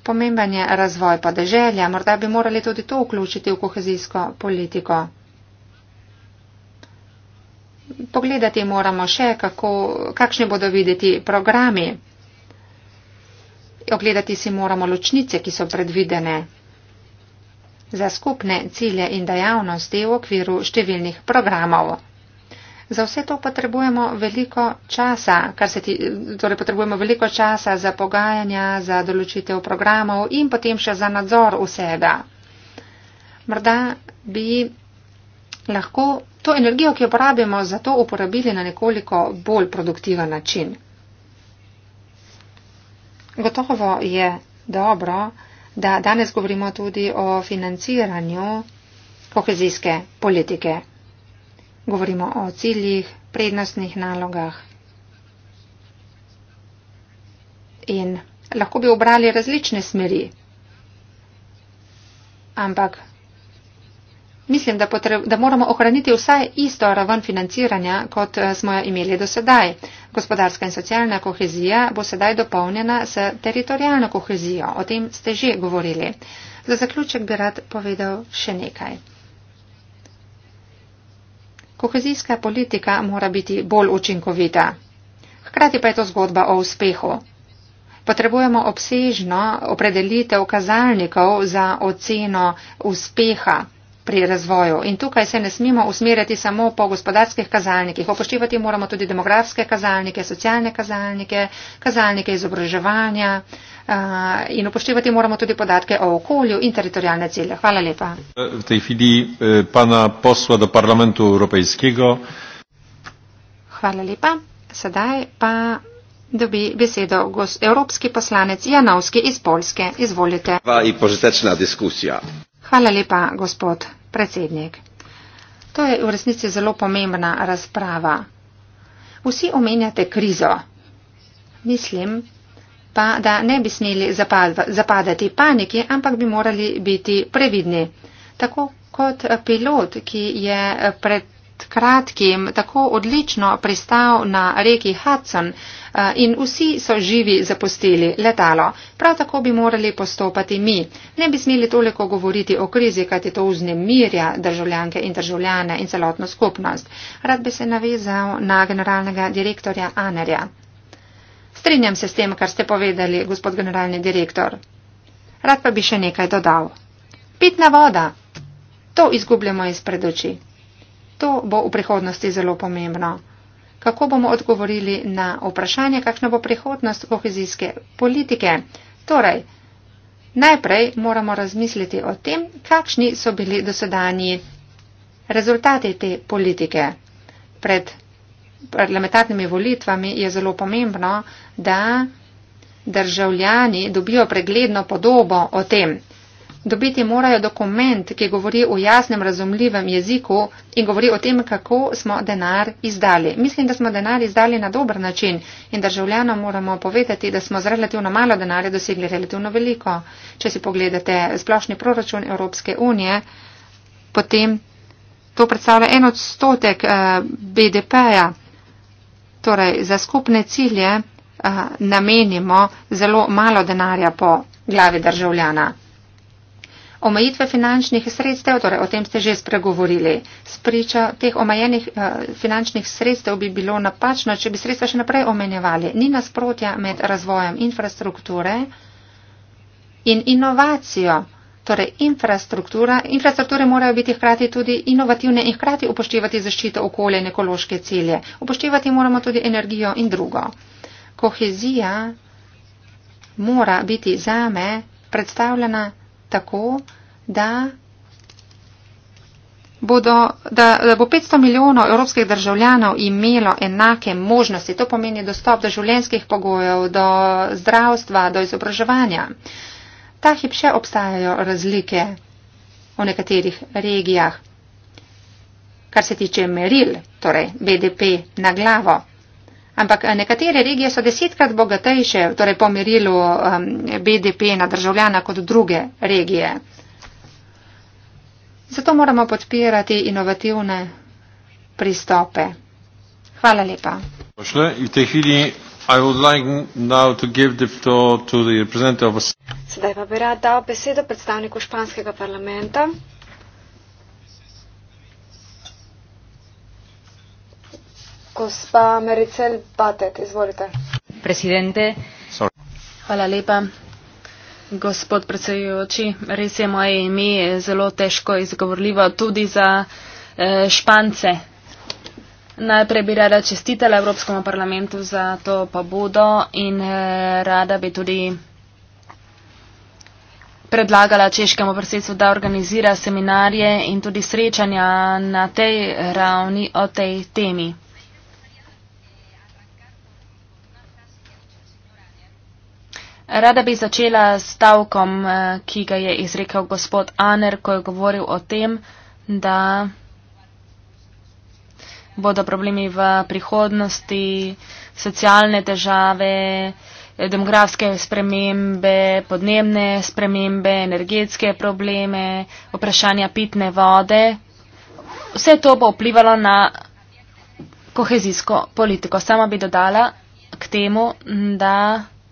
Pomemben je razvoj podeželja, morda bi morali tudi to vključiti v kohezijsko politiko. Pogledati moramo še, kako, kakšne bodo videti programi. Ogledati si moramo ločnice, ki so predvidene za skupne cilje in dejavnosti v okviru številnih programov. Za vse to potrebujemo veliko časa, kar se ti, torej potrebujemo veliko časa za pogajanja, za določitev programov in potem še za nadzor vsega. Morda bi lahko to energijo, ki jo porabimo, zato uporabili na nekoliko bolj produktiven način. Gotovo je dobro, da danes govorimo tudi o financiranju kohezijske politike govorimo o ciljih, prednostnih nalogah. In lahko bi obrali različne smeri, ampak mislim, da, potreb, da moramo ohraniti vsaj isto raven financiranja, kot eh, smo jo imeli do sedaj. Gospodarska in socialna kohezija bo sedaj dopolnjena s teritorijalno kohezijo. O tem ste že govorili. Za zaključek bi rad povedal še nekaj. Kohezijska politika mora biti bolj učinkovita. Hkrati pa je to zgodba o uspehu. Potrebujemo obsežno opredelitev kazalnikov za oceno uspeha pri razvoju. In tukaj se ne smemo usmerjati samo po gospodarskih kazalnikih. Opoštevati moramo tudi demografske kazalnike, socialne kazalnike, kazalnike izobraževanja uh, in opoštevati moramo tudi podatke o okolju in teritorijalne cilje. Hvala lepa. V tej fidi e, pana posla do parlamentu evropejskega. Hvala lepa. Sedaj pa dobi besedo evropski poslanec Janovski iz Polske. Izvolite. Hvala lepa, gospod predsednik. To je v resnici zelo pomembna razprava. Vsi omenjate krizo. Mislim pa, da ne bi smeli zapadati paniki, ampak bi morali biti previdni. Tako kot pilot, ki je pred kratkim tako odlično pristal na reki Hudson eh, in vsi so živi zapustili letalo. Prav tako bi morali postopati mi. Ne bi smeli toliko govoriti o krizi, kajti to vznemirja državljanke in državljane in celotno skupnost. Rad bi se navezal na generalnega direktorja Anerja. Strinjam se s tem, kar ste povedali, gospod generalni direktor. Rad pa bi še nekaj dodal. Pitna voda. To izgubljamo iz predoči. To bo v prihodnosti zelo pomembno. Kako bomo odgovorili na vprašanje, kakšna bo prihodnost kohezijske politike? Torej, najprej moramo razmisliti o tem, kakšni so bili dosedanji rezultati te politike. Pred parlamentarnimi volitvami je zelo pomembno, da državljani dobijo pregledno podobo o tem, Dobiti morajo dokument, ki govori v jasnem, razumljivem jeziku in govori o tem, kako smo denar izdali. Mislim, da smo denar izdali na dober način in državljanom moramo povedati, da smo z relativno malo denarja dosegli relativno veliko. Če si pogledate splošni proračun Evropske unije, potem to predstavlja en odstotek eh, BDP-ja. Torej, za skupne cilje eh, namenimo zelo malo denarja po glavi državljana omejitve finančnih sredstev, torej o tem ste že spregovorili. Spriča teh omejenih eh, finančnih sredstev bi bilo napačno, če bi sredstva še naprej omenjevali. Ni nasprotja med razvojem infrastrukture in inovacijo. Torej, infrastruktura. infrastrukture morajo biti hkrati tudi inovativne in hkrati upoštevati zaščito okolja in ekološke cilje. Upoštevati moramo tudi energijo in drugo. Kohezija mora biti zame predstavljena tako, da, bodo, da, da bo 500 milijonov evropskih državljanov imelo enake možnosti. To pomeni dostop do življenskih pogojev, do zdravstva, do izobraževanja. Ta hip še obstajajo razlike v nekaterih regijah, kar se tiče meril, torej BDP na glavo ampak eh, nekatere regije so desetkrat bogatejše, torej po merilu um, ehm, BDP na državljana kot druge regije. Zato moramo podpirati inovativne pristope. Hvala lepa. Sedaj pa bi rad dal besedo predstavniku španskega parlamenta. Gospa Mericel Batet, izvolite. Presidente. Hvala lepa. Gospod predsedujoči, res je moje ime je zelo težko izgovorljivo tudi za eh, špance. Najprej bi rada čestitala Evropskemu parlamentu za to pobudo in eh, rada bi tudi predlagala češkemu predsedstvu, da organizira seminarje in tudi srečanja na tej ravni o tej temi. Rada bi začela s stavkom, eh, ki ga je izrekel gospod Aner, ko je govoril o tem, da bodo problemi v prihodnosti, socialne težave, demografske spremembe, podnebne spremembe, energetske probleme, vprašanja pitne vode. Vse to bo vplivalo na kohezijsko politiko. Sama bi dodala k temu, da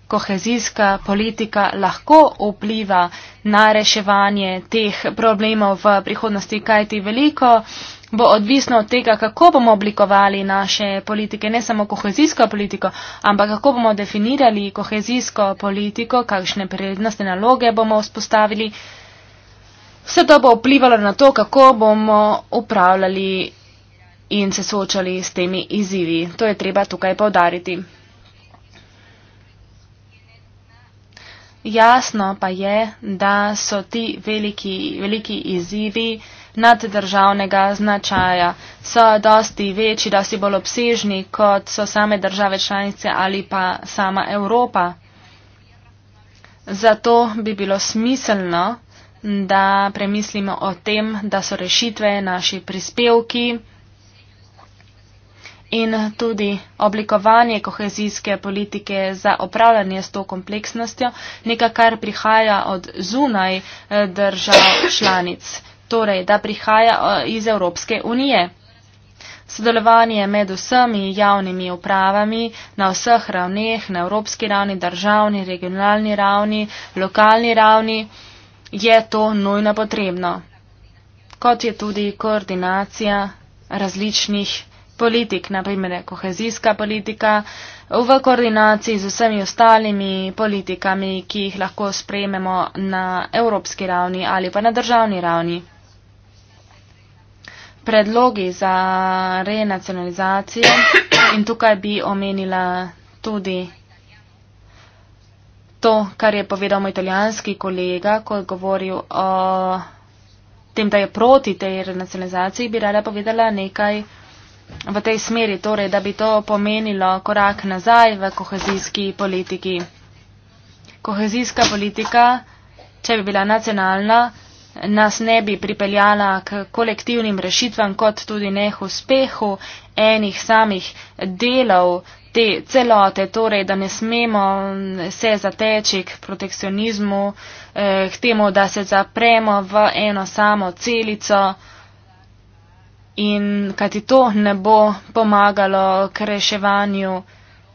kohezijska politika lahko vpliva na reševanje teh problemov v prihodnosti, kajti veliko bo odvisno od tega, kako bomo oblikovali naše politike, ne samo kohezijsko politiko, ampak kako bomo definirali kohezijsko politiko, kakšne prednostne naloge bomo vzpostavili. Vse to bo vplivalo na to, kako bomo upravljali in se soočali s temi izzivi. To je treba tukaj povdariti. Jasno pa je, da so ti veliki, veliki izzivi naddržavnega značaja. So dosti večji, dosti bolj obsežni, kot so same države članice ali pa sama Evropa. Zato bi bilo smiselno, da premislimo o tem, da so rešitve naši prispevki in tudi oblikovanje kohezijske politike za opravljanje s to kompleksnostjo, nekaj, kar prihaja od zunaj eh, držav članic, torej da prihaja eh, iz Evropske unije. Sodelovanje med vsemi javnimi upravami na vseh ravneh, na evropski ravni, državni, regionalni ravni, lokalni ravni, je to nujno potrebno. Kot je tudi koordinacija različnih politik, naprimer kohezijska politika, v koordinaciji z vsemi ostalimi politikami, ki jih lahko sprejmemo na evropski ravni ali pa na državni ravni. Predlogi za renacionalizacijo in tukaj bi omenila tudi to, kar je povedal moj italijanski kolega, ko je govoril o tem, da je proti tej renacionalizaciji, bi rada povedala nekaj v tej smeri, torej, da bi to pomenilo korak nazaj v kohezijski politiki. Kohezijska politika, če bi bila nacionalna, nas ne bi pripeljala k kolektivnim rešitvam, kot tudi ne k uspehu enih samih delov te celote, torej, da ne smemo se zateči k protekcionizmu, eh, k temu, da se zapremo v eno samo celico in kajti to ne bo pomagalo k reševanju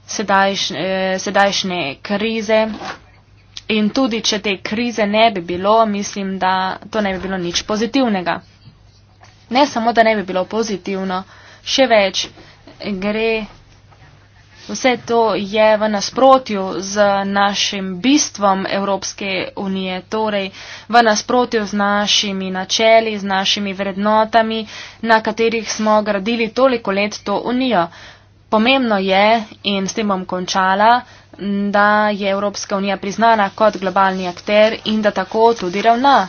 sedajš, eh, sedajšnje krize. In tudi, če te krize ne bi bilo, mislim, da to ne bi bilo nič pozitivnega. Ne samo, da ne bi bilo pozitivno, še več gre Vse to je v nasprotju z našim bistvom Evropske unije, torej v nasprotju z našimi načeli, z našimi vrednotami, na katerih smo gradili toliko let to unijo. Pomembno je, in s tem bom končala, da je Evropska unija priznana kot globalni akter in da tako tudi ravna.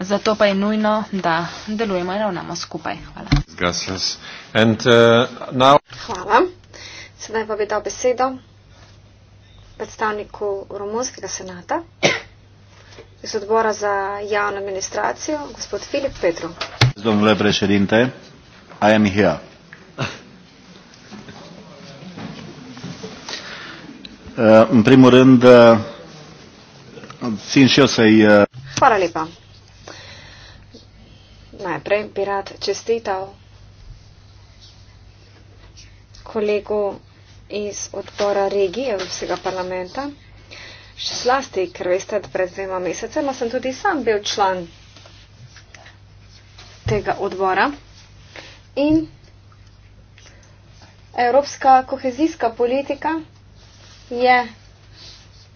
Zato pa je nujno, da delujemo in ravnamo skupaj. Hvala. And, uh, now... Hvala. Sedaj pa bi dal besedo predstavniku Romunskega senata iz odbora za javno administracijo, gospod Filip Petro. Zdom lepre šerinte, a jem jih eh, ja. V primu rend, sin eh, šel se eh, je... Hvala lepa. Najprej bi rad čestital kolegu iz odbora regije Evropskega parlamenta. Še slasti, ker veste, da pred dvema mesecema sem tudi sam bil član tega odbora. In evropska kohezijska politika je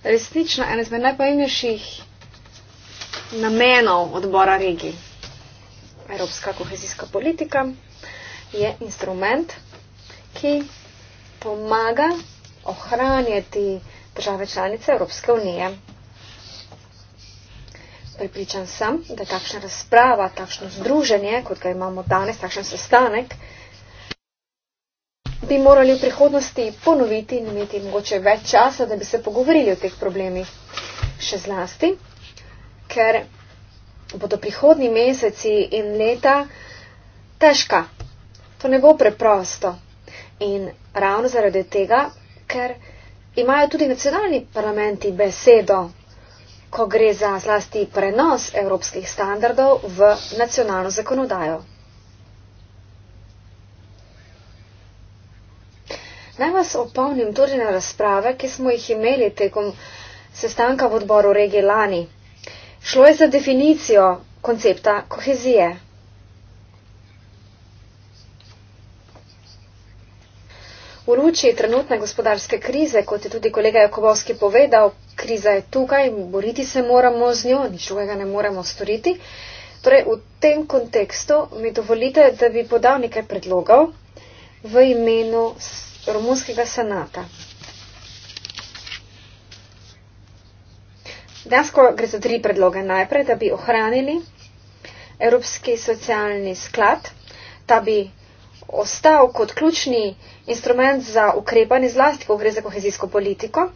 resnično en izmed najpomembnejših namenov odbora regij. Evropska kohezijska politika je instrument, ki pomaga ohranjati države članice Evropske unije. Pripričan sem, da takšna razprava, takšno združenje, kot ga imamo danes, takšen sestanek, bi morali v prihodnosti ponoviti in imeti mogoče več časa, da bi se pogovorili o teh problemih. Še zlasti, ker bodo prihodni meseci in leta težka. To ne bo preprosto. In ravno zaradi tega, ker imajo tudi nacionalni parlamenti besedo, ko gre za zlasti prenos evropskih standardov v nacionalno zakonodajo. Naj vas opomnim tudi na razprave, ki smo jih imeli tekom sestanka v odboru regije lani. Šlo je za definicijo koncepta kohezije. V luči trenutne gospodarske krize, kot je tudi kolega Jakobovski povedal, kriza je tukaj, boriti se moramo z njo, nič drugega ne moremo storiti. Torej, v tem kontekstu mi dovolite, da bi podal nekaj predlogov v imenu Romunskega senata. Dansko gre za tri predloge. Najprej, da bi ohranili Evropski socialni sklad, da bi ostal kot ključni instrument za ukrepanje zlasti, ko gre za kohezijsko politiko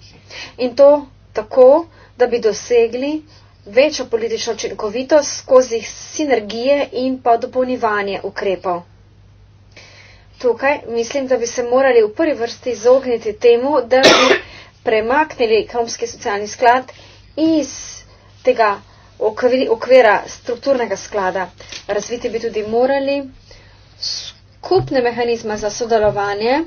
in to tako, da bi dosegli večjo politično učinkovitost skozi sinergije in pa dopolnjevanje ukrepov. Tukaj mislim, da bi se morali v prvi vrsti izogniti temu, da bi premaknili ekonomski socialni sklad iz tega okvira strukturnega sklada. Razviti bi tudi morali skupne mehanizme za sodelovanje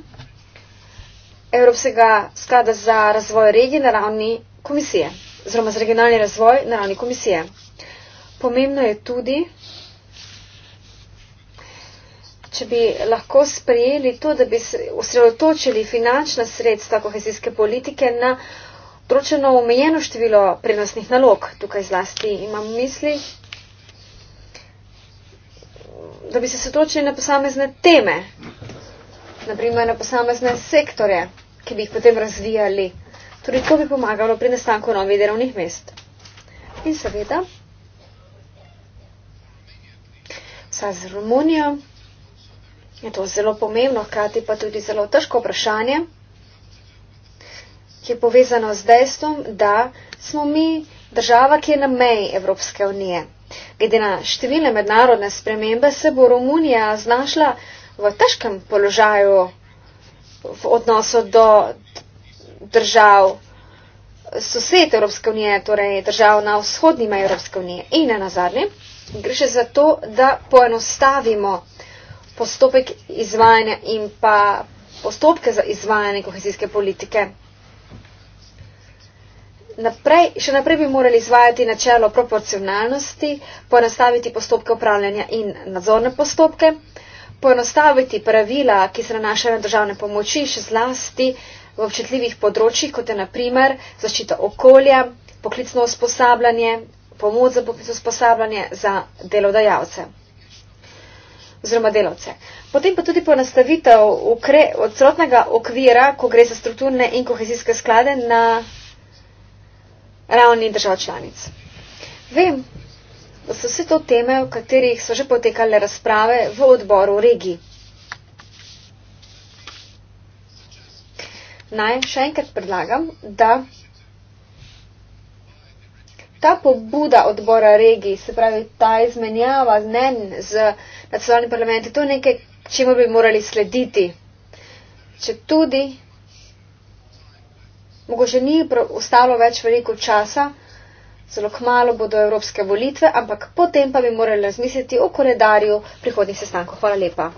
Evropskega sklada za razvoj regije na ravni komisije, oziroma za regionalni razvoj na ravni komisije. Pomembno je tudi, če bi lahko sprejeli to, da bi osredotočili finančna sredstva kohezijske politike na določeno omejeno število prednostnih nalog. Tukaj zlasti imam v mislih da bi se sotočili na posamezne teme, naprimer na posamezne sektorje, ki bi jih potem razvijali. Tudi to bi pomagalo pri nastanku novih delovnih mest. In seveda, vsaj z Romunijo, je to zelo pomembno, hkrati pa tudi zelo težko vprašanje, ki je povezano z dejstvom, da smo mi Država, ki je na meji Evropske unije. Glede na številne mednarodne spremembe se bo Romunija znašla v težkem položaju v odnosu do držav sosed Evropske unije, torej držav na vzhodni meji Evropske unije. In na zadnje, gre še za to, da poenostavimo postopek izvajanja in pa postopke za izvajanje kohezijske politike. Naprej, še naprej bi morali izvajati načelo proporcionalnosti, poenostaviti postopke upravljanja in nadzorne postopke, poenostaviti pravila, ki se nanašajo na državne pomoči, še zlasti v občutljivih področjih, kot je naprimer zaščita okolja, poklicno usposabljanje, pomoč za poklicno usposabljanje za delodajalce oziroma delavce. Potem pa tudi ponastavitev celotnega okvira, ko gre za strukturne in kohezijske sklade na ravni držav članic. Vem, da so vse to teme, v katerih so že potekale razprave v odboru regiji. Naj še enkrat predlagam, da ta pobuda odbora regiji, se pravi ta izmenjava mnen z nacionalnim parlamentom, to je nekaj, čemu bi morali slediti. Če tudi Mogoče ni ostalo več veliko časa, zelo kmalo bodo evropske volitve, ampak potem pa bi morali razmisliti o koledarju prihodnjih sestankov. Hvala lepa.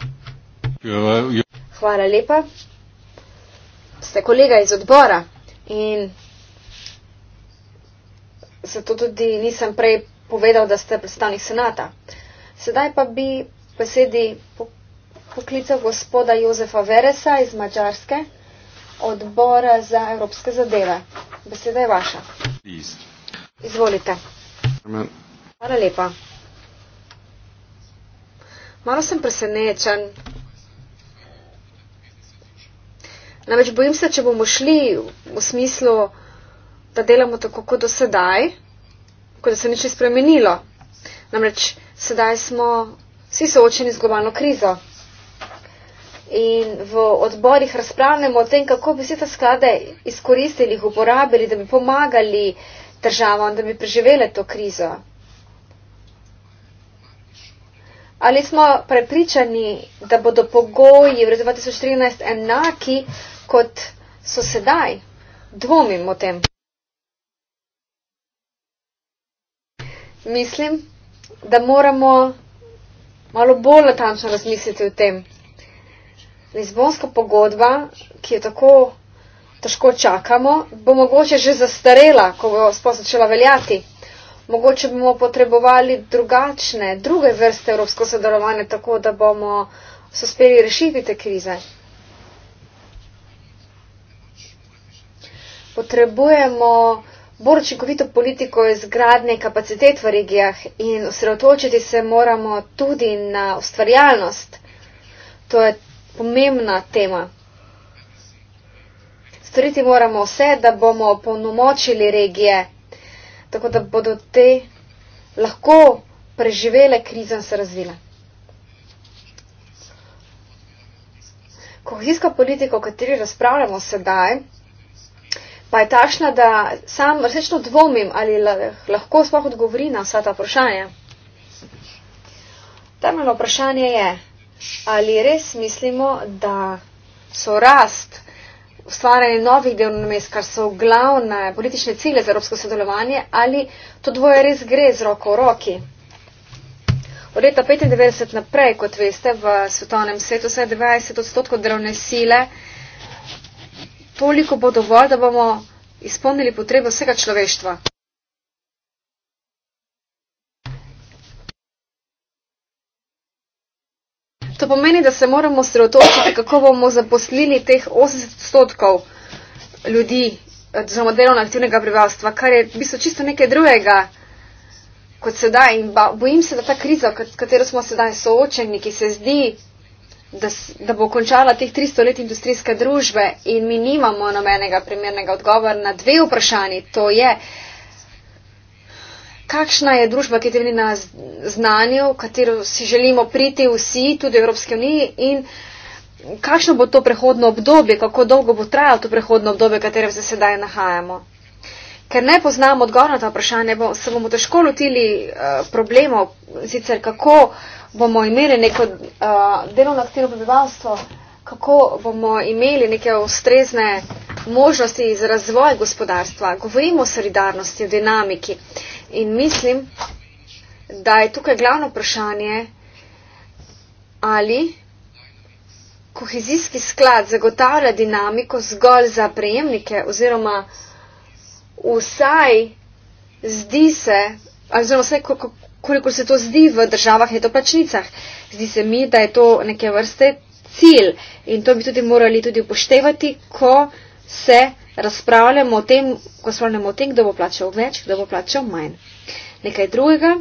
Hvala lepa. Ste kolega iz odbora in zato tudi nisem prej povedal, da ste predstavnik senata. Sedaj pa bi besedi poklical gospoda Jozefa Veresa iz Mačarske odbora za evropske zadeve. Beseda je vaša. Izvolite. Hvala lepa. Malo sem presenečen. Namreč bojim se, če bomo šli v smislu, da delamo tako kot do sedaj, kot da se nič ni spremenilo. Namreč sedaj smo vsi soočeni z globalno krizo in v odborih razpravljamo o tem, kako bi se te sklade izkoristili, jih uporabili, da bi pomagali državam, da bi preživele to krizo. Ali smo prepričani, da bodo pogoji v 2013 enaki, kot so sedaj? Dvomim o tem. Mislim, da moramo malo bolj natančno razmisliti o tem. Lizbonska pogodba, ki jo tako težko čakamo, bo mogoče že zastarela, ko bo sploh začela veljati. Mogoče bomo potrebovali drugačne, druge vrste evropsko sodelovanje, tako da bomo uspeli rešiti te krize. Potrebujemo bolj učinkovito politiko izgradnje kapacitet v regijah in osredotočiti se moramo tudi na ustvarjalnost. To je pomembna tema. Storiti moramo vse, da bomo polnomočili regije, tako da bodo te lahko preživele krizo in se razvile. Kohezijska politika, o kateri razpravljamo sedaj, pa je takšna, da sam resnično dvomim, ali lahko sploh odgovori na vsa ta vprašanja. Temeljno vprašanje je, ali res mislimo, da so rast, ustvarjanje novih delovnih mest, kar so glavne politične cilje za evropsko sodelovanje, ali to dvoje res gre z roko v roki. Od leta 1995 naprej, kot veste, v svetovnem svetu se je 20 odstotkov delovne sile, toliko bo dovolj, da bomo izpolnili potrebe vsega človeštva. To pomeni, da se moramo sredotočiti, kako bomo zaposlili teh 80 odstotkov ljudi, oziroma delovno aktivnega prebivalstva, kar je v bistvu čisto nekaj drugega kot sedaj. In bojim se, da ta kriza, s katero smo sedaj soočeni, ki se zdi, da, da bo končala teh 300 let industrijske družbe in mi nimamo nobenega primernega odgovora na dve vprašanje, to je, uh, kakšna je družba, ki temelji na znanju, v katero si želimo priti vsi, tudi Evropske unije in kakšno bo to prehodno obdobje, kako dolgo bo trajalo to prehodno obdobje, v katerem se sedaj nahajamo. Ker ne poznamo odgovor na ta vprašanje, bo, se bomo težko lotili uh, problemov, sicer kako bomo imeli neko uh, delovno aktivno prebivalstvo, kako bomo imeli neke ustrezne možnosti za razvoj gospodarstva. Govorimo o solidarnosti, o dinamiki. Uh, In mislim, da je tukaj glavno vprašanje, ali kohezijski sklad zagotavlja dinamiko zgolj za prejemnike oziroma vsaj zdi se, oziroma vsaj koliko se to zdi v državah netoplačnicah. Zdi se mi, da je to neke vrste cilj in to bi tudi morali tudi upoštevati, ko se razpravljamo o tem, ko spravljamo o tem, kdo bo plačal več, kdo bo plačal manj. Nekaj drugega,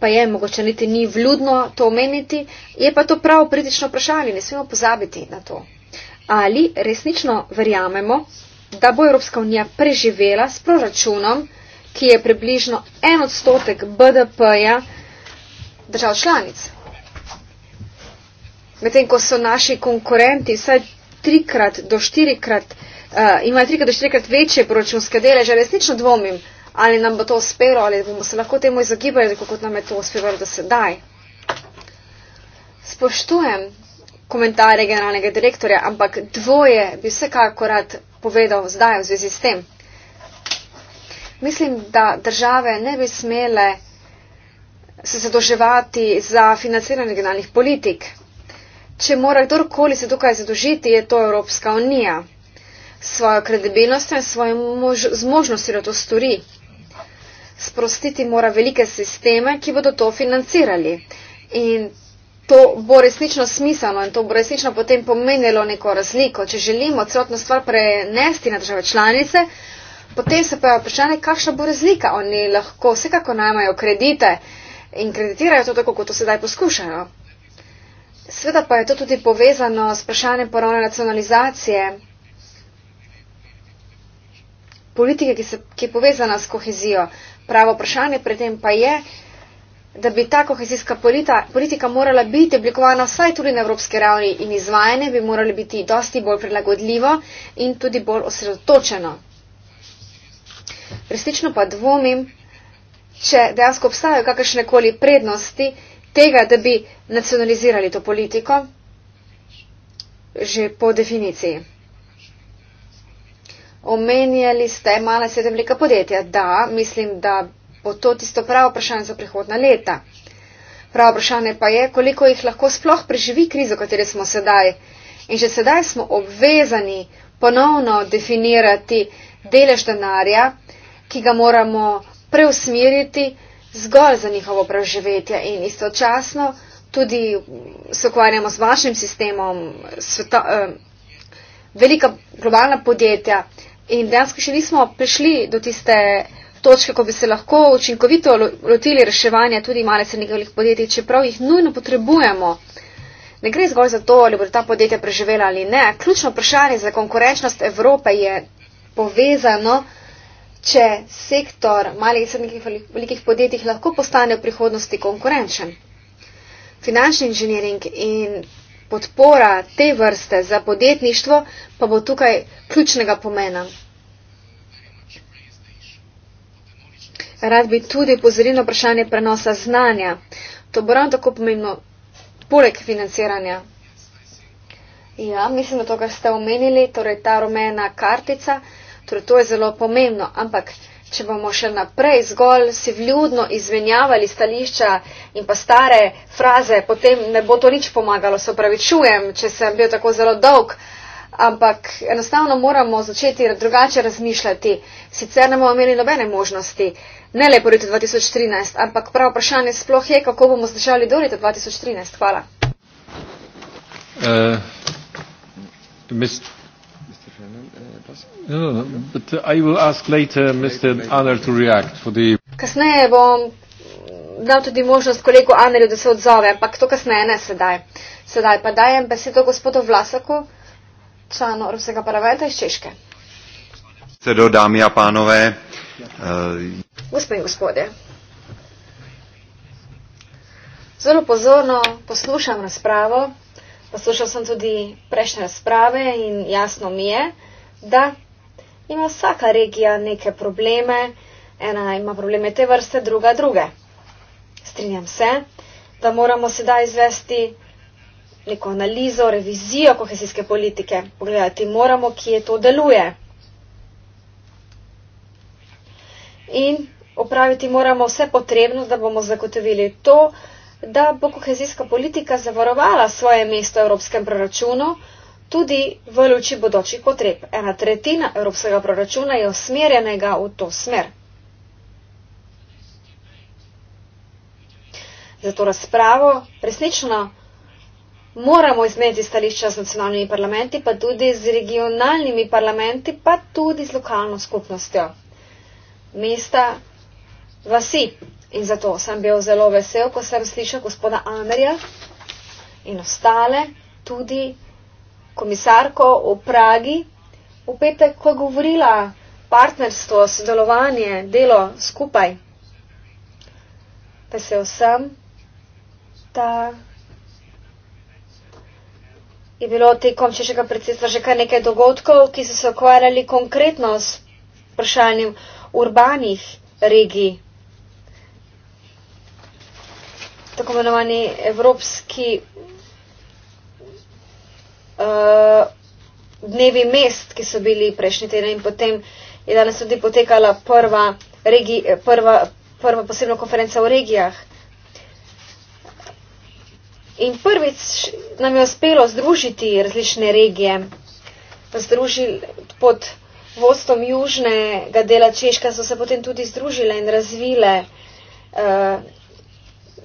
pa je mogoče niti ni vljudno to omeniti, je pa to pravo kritično vprašanje, ne smemo pozabiti na to. Ali resnično verjamemo, da bo Evropska unija preživela s proračunom, ki je približno en odstotek BDP-ja držav članic? Medtem, ko so naši konkurenti vsaj trikrat do štirikrat uh, eh, imajo trikrat do štirikrat večje proračunske deleže, resnično dvomim, ali nam bo to uspelo, ali bomo se lahko temu izogibali, tako kot nam je to uspelo do sedaj. Spoštujem komentarje generalnega direktorja, ampak dvoje bi vsekakor rad povedal zdaj v zvezi s tem. Mislim, da države ne bi smele se zadolževati za financiranje regionalnih politik. Če mora kdorkoli se tukaj zadožiti, je to Evropska unija svojo kredibilnost in svojo mož, zmožnost, da to stori. Sprostiti mora velike sisteme, ki bodo to financirali. In to bo resnično smiselno in to bo resnično potem pomenilo neko razliko. Če želimo celotno stvar prenesti na države članice, potem se pa je vprašanje, kakšna bo razlika. Oni lahko vsekako najmajo kredite in kreditirajo to tako, kot to sedaj poskušajo. Sveda pa je to tudi povezano s vprašanjem ponovne nacionalizacije politike, ki, se, ki je povezana s kohezijo. Pravo vprašanje pred tem pa je, da bi ta kohezijska politika, politika morala biti oblikovana vsaj tudi na evropski ravni in izvajanje bi moralo biti dosti bolj prilagodljivo in tudi bolj osredotočeno. Resnično pa dvomim, če dejansko obstajajo kakršnekoli prednosti tega, da bi nacionalizirali to politiko že po definiciji. Omenjali ste mala in srednja velika podjetja. Da, mislim, da bo to tisto pravo vprašanje za prihodna leta. Pravo vprašanje pa je, koliko jih lahko sploh preživi krizo, v kateri smo sedaj. In že sedaj smo obvezani ponovno definirati delež denarja, ki ga moramo preusmeriti zgolj za njihovo preživetje in istočasno tudi se ukvarjamo z vašim sistemom, sveta, eh, velika globalna podjetja, In dejansko še nismo prišli do tiste točke, ko bi se lahko učinkovito lotili reševanja tudi malih in velikih podjetij, čeprav jih nujno potrebujemo. Ne gre zgolj za to, ali bodo ta podjetja preživela ali ne. Ključno vprašanje za konkurenčnost Evrope je povezano, če sektor malih in srednjih velikih podjetij lahko postane v prihodnosti konkurenčen. Finančni inženiring in podpora te vrste za podjetništvo pa bo tukaj ključnega pomena. Rad bi tudi upozoril na vprašanje prenosa znanja. To bo ravno tako pomembno, poleg financiranja. Ja, mislim, da to, kar ste omenili, torej ta rumena kartica, torej to je zelo pomembno, ampak če bomo še naprej zgolj si vljudno izmenjavali stališča in pa stare fraze, potem ne bo to nič pomagalo. Se opravičujem, če sem bil tako zelo dolg, ampak enostavno moramo začeti drugače razmišljati. Sicer ne bomo imeli nobene možnosti, ne le po letu 2013, ampak pravo vprašanje sploh je, kako bomo zdržali do leta 2013. Hvala. Uh, Kasneje bom dal tudi možnost kolegu Anerju, da se odzove, ampak to kasneje ne sedaj. Sedaj pa dajem besedo gospodu Vlasaku, članu Evropskega parlamenta iz Češke. Sedo, dami a panove. Eh, Gospod in gospodje. Zelo pozorno poslušam razpravo, poslušal sem tudi prejšnje razprave in jasno mi je, da ima vsaka regija neke probleme, ena ima probleme te vrste, druga druge. Strinjam se, da moramo sedaj izvesti neko analizo, revizijo kohezijske politike, pogledati moramo, kje to deluje. In opraviti moramo vse potrebno, da bomo zagotovili to, da bo kohezijska politika zavarovala svoje mesto v evropskem proračunu, tudi v luči bodočih potreb. Ena tretjina evropskega proračuna je usmerjenega v to smer. Za to razpravo resnično moramo izmeniti stališča z nacionalnimi parlamenti, pa tudi z regionalnimi parlamenti, pa tudi z lokalno skupnostjo. Mesta vasi. In zato sem bil zelo vesel, ko sem slišal gospoda Amerja in ostale tudi komisarko v Pragi v petek, ko je govorila partnerstvo, sodelovanje, delo skupaj. Vesel sem, da je bilo tekom češega predsedstva že kar nekaj dogodkov, ki so se ukvarjali konkretno s vprašanjem urbanih regij. Tako imenovani evropski uh, dnevi mest, ki so bili prejšnji teden in potem je danes tudi potekala prva, regi, prva, prva posebna konferenca o regijah. In prvič nam je uspelo združiti različne regije, združili pod vodstvom južnega dela Češka so se potem tudi združile in razvile uh,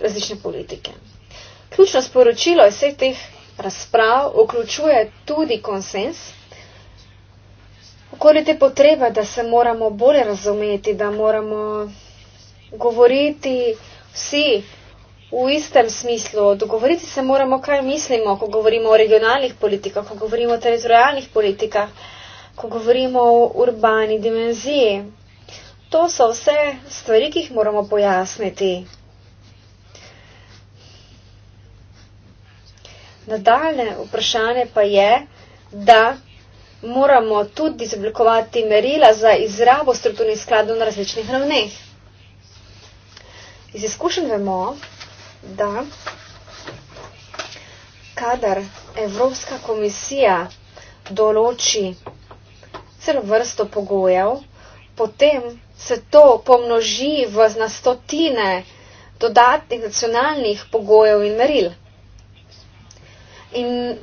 različne politike. Ključno sporočilo iz vseh teh razprav vključuje tudi konsens, okoli te potrebe, da se moramo bolje razumeti, da moramo govoriti vsi v istem smislu, dogovoriti se moramo, kaj mislimo, ko govorimo o regionalnih politikah, ko govorimo o teritorijalnih politikah, ko govorimo o urbani dimenziji. To so vse stvari, ki jih moramo pojasniti. Nadaljne vprašanje pa je, da moramo tudi izoblikovati merila za izrabo strukturnih skladov na različnih ravneh. Iz izkušenj vemo, da kadar Evropska komisija določi celo vrsto pogojev, potem se to pomnoži v nastotine dodatnih nacionalnih pogojev in meril in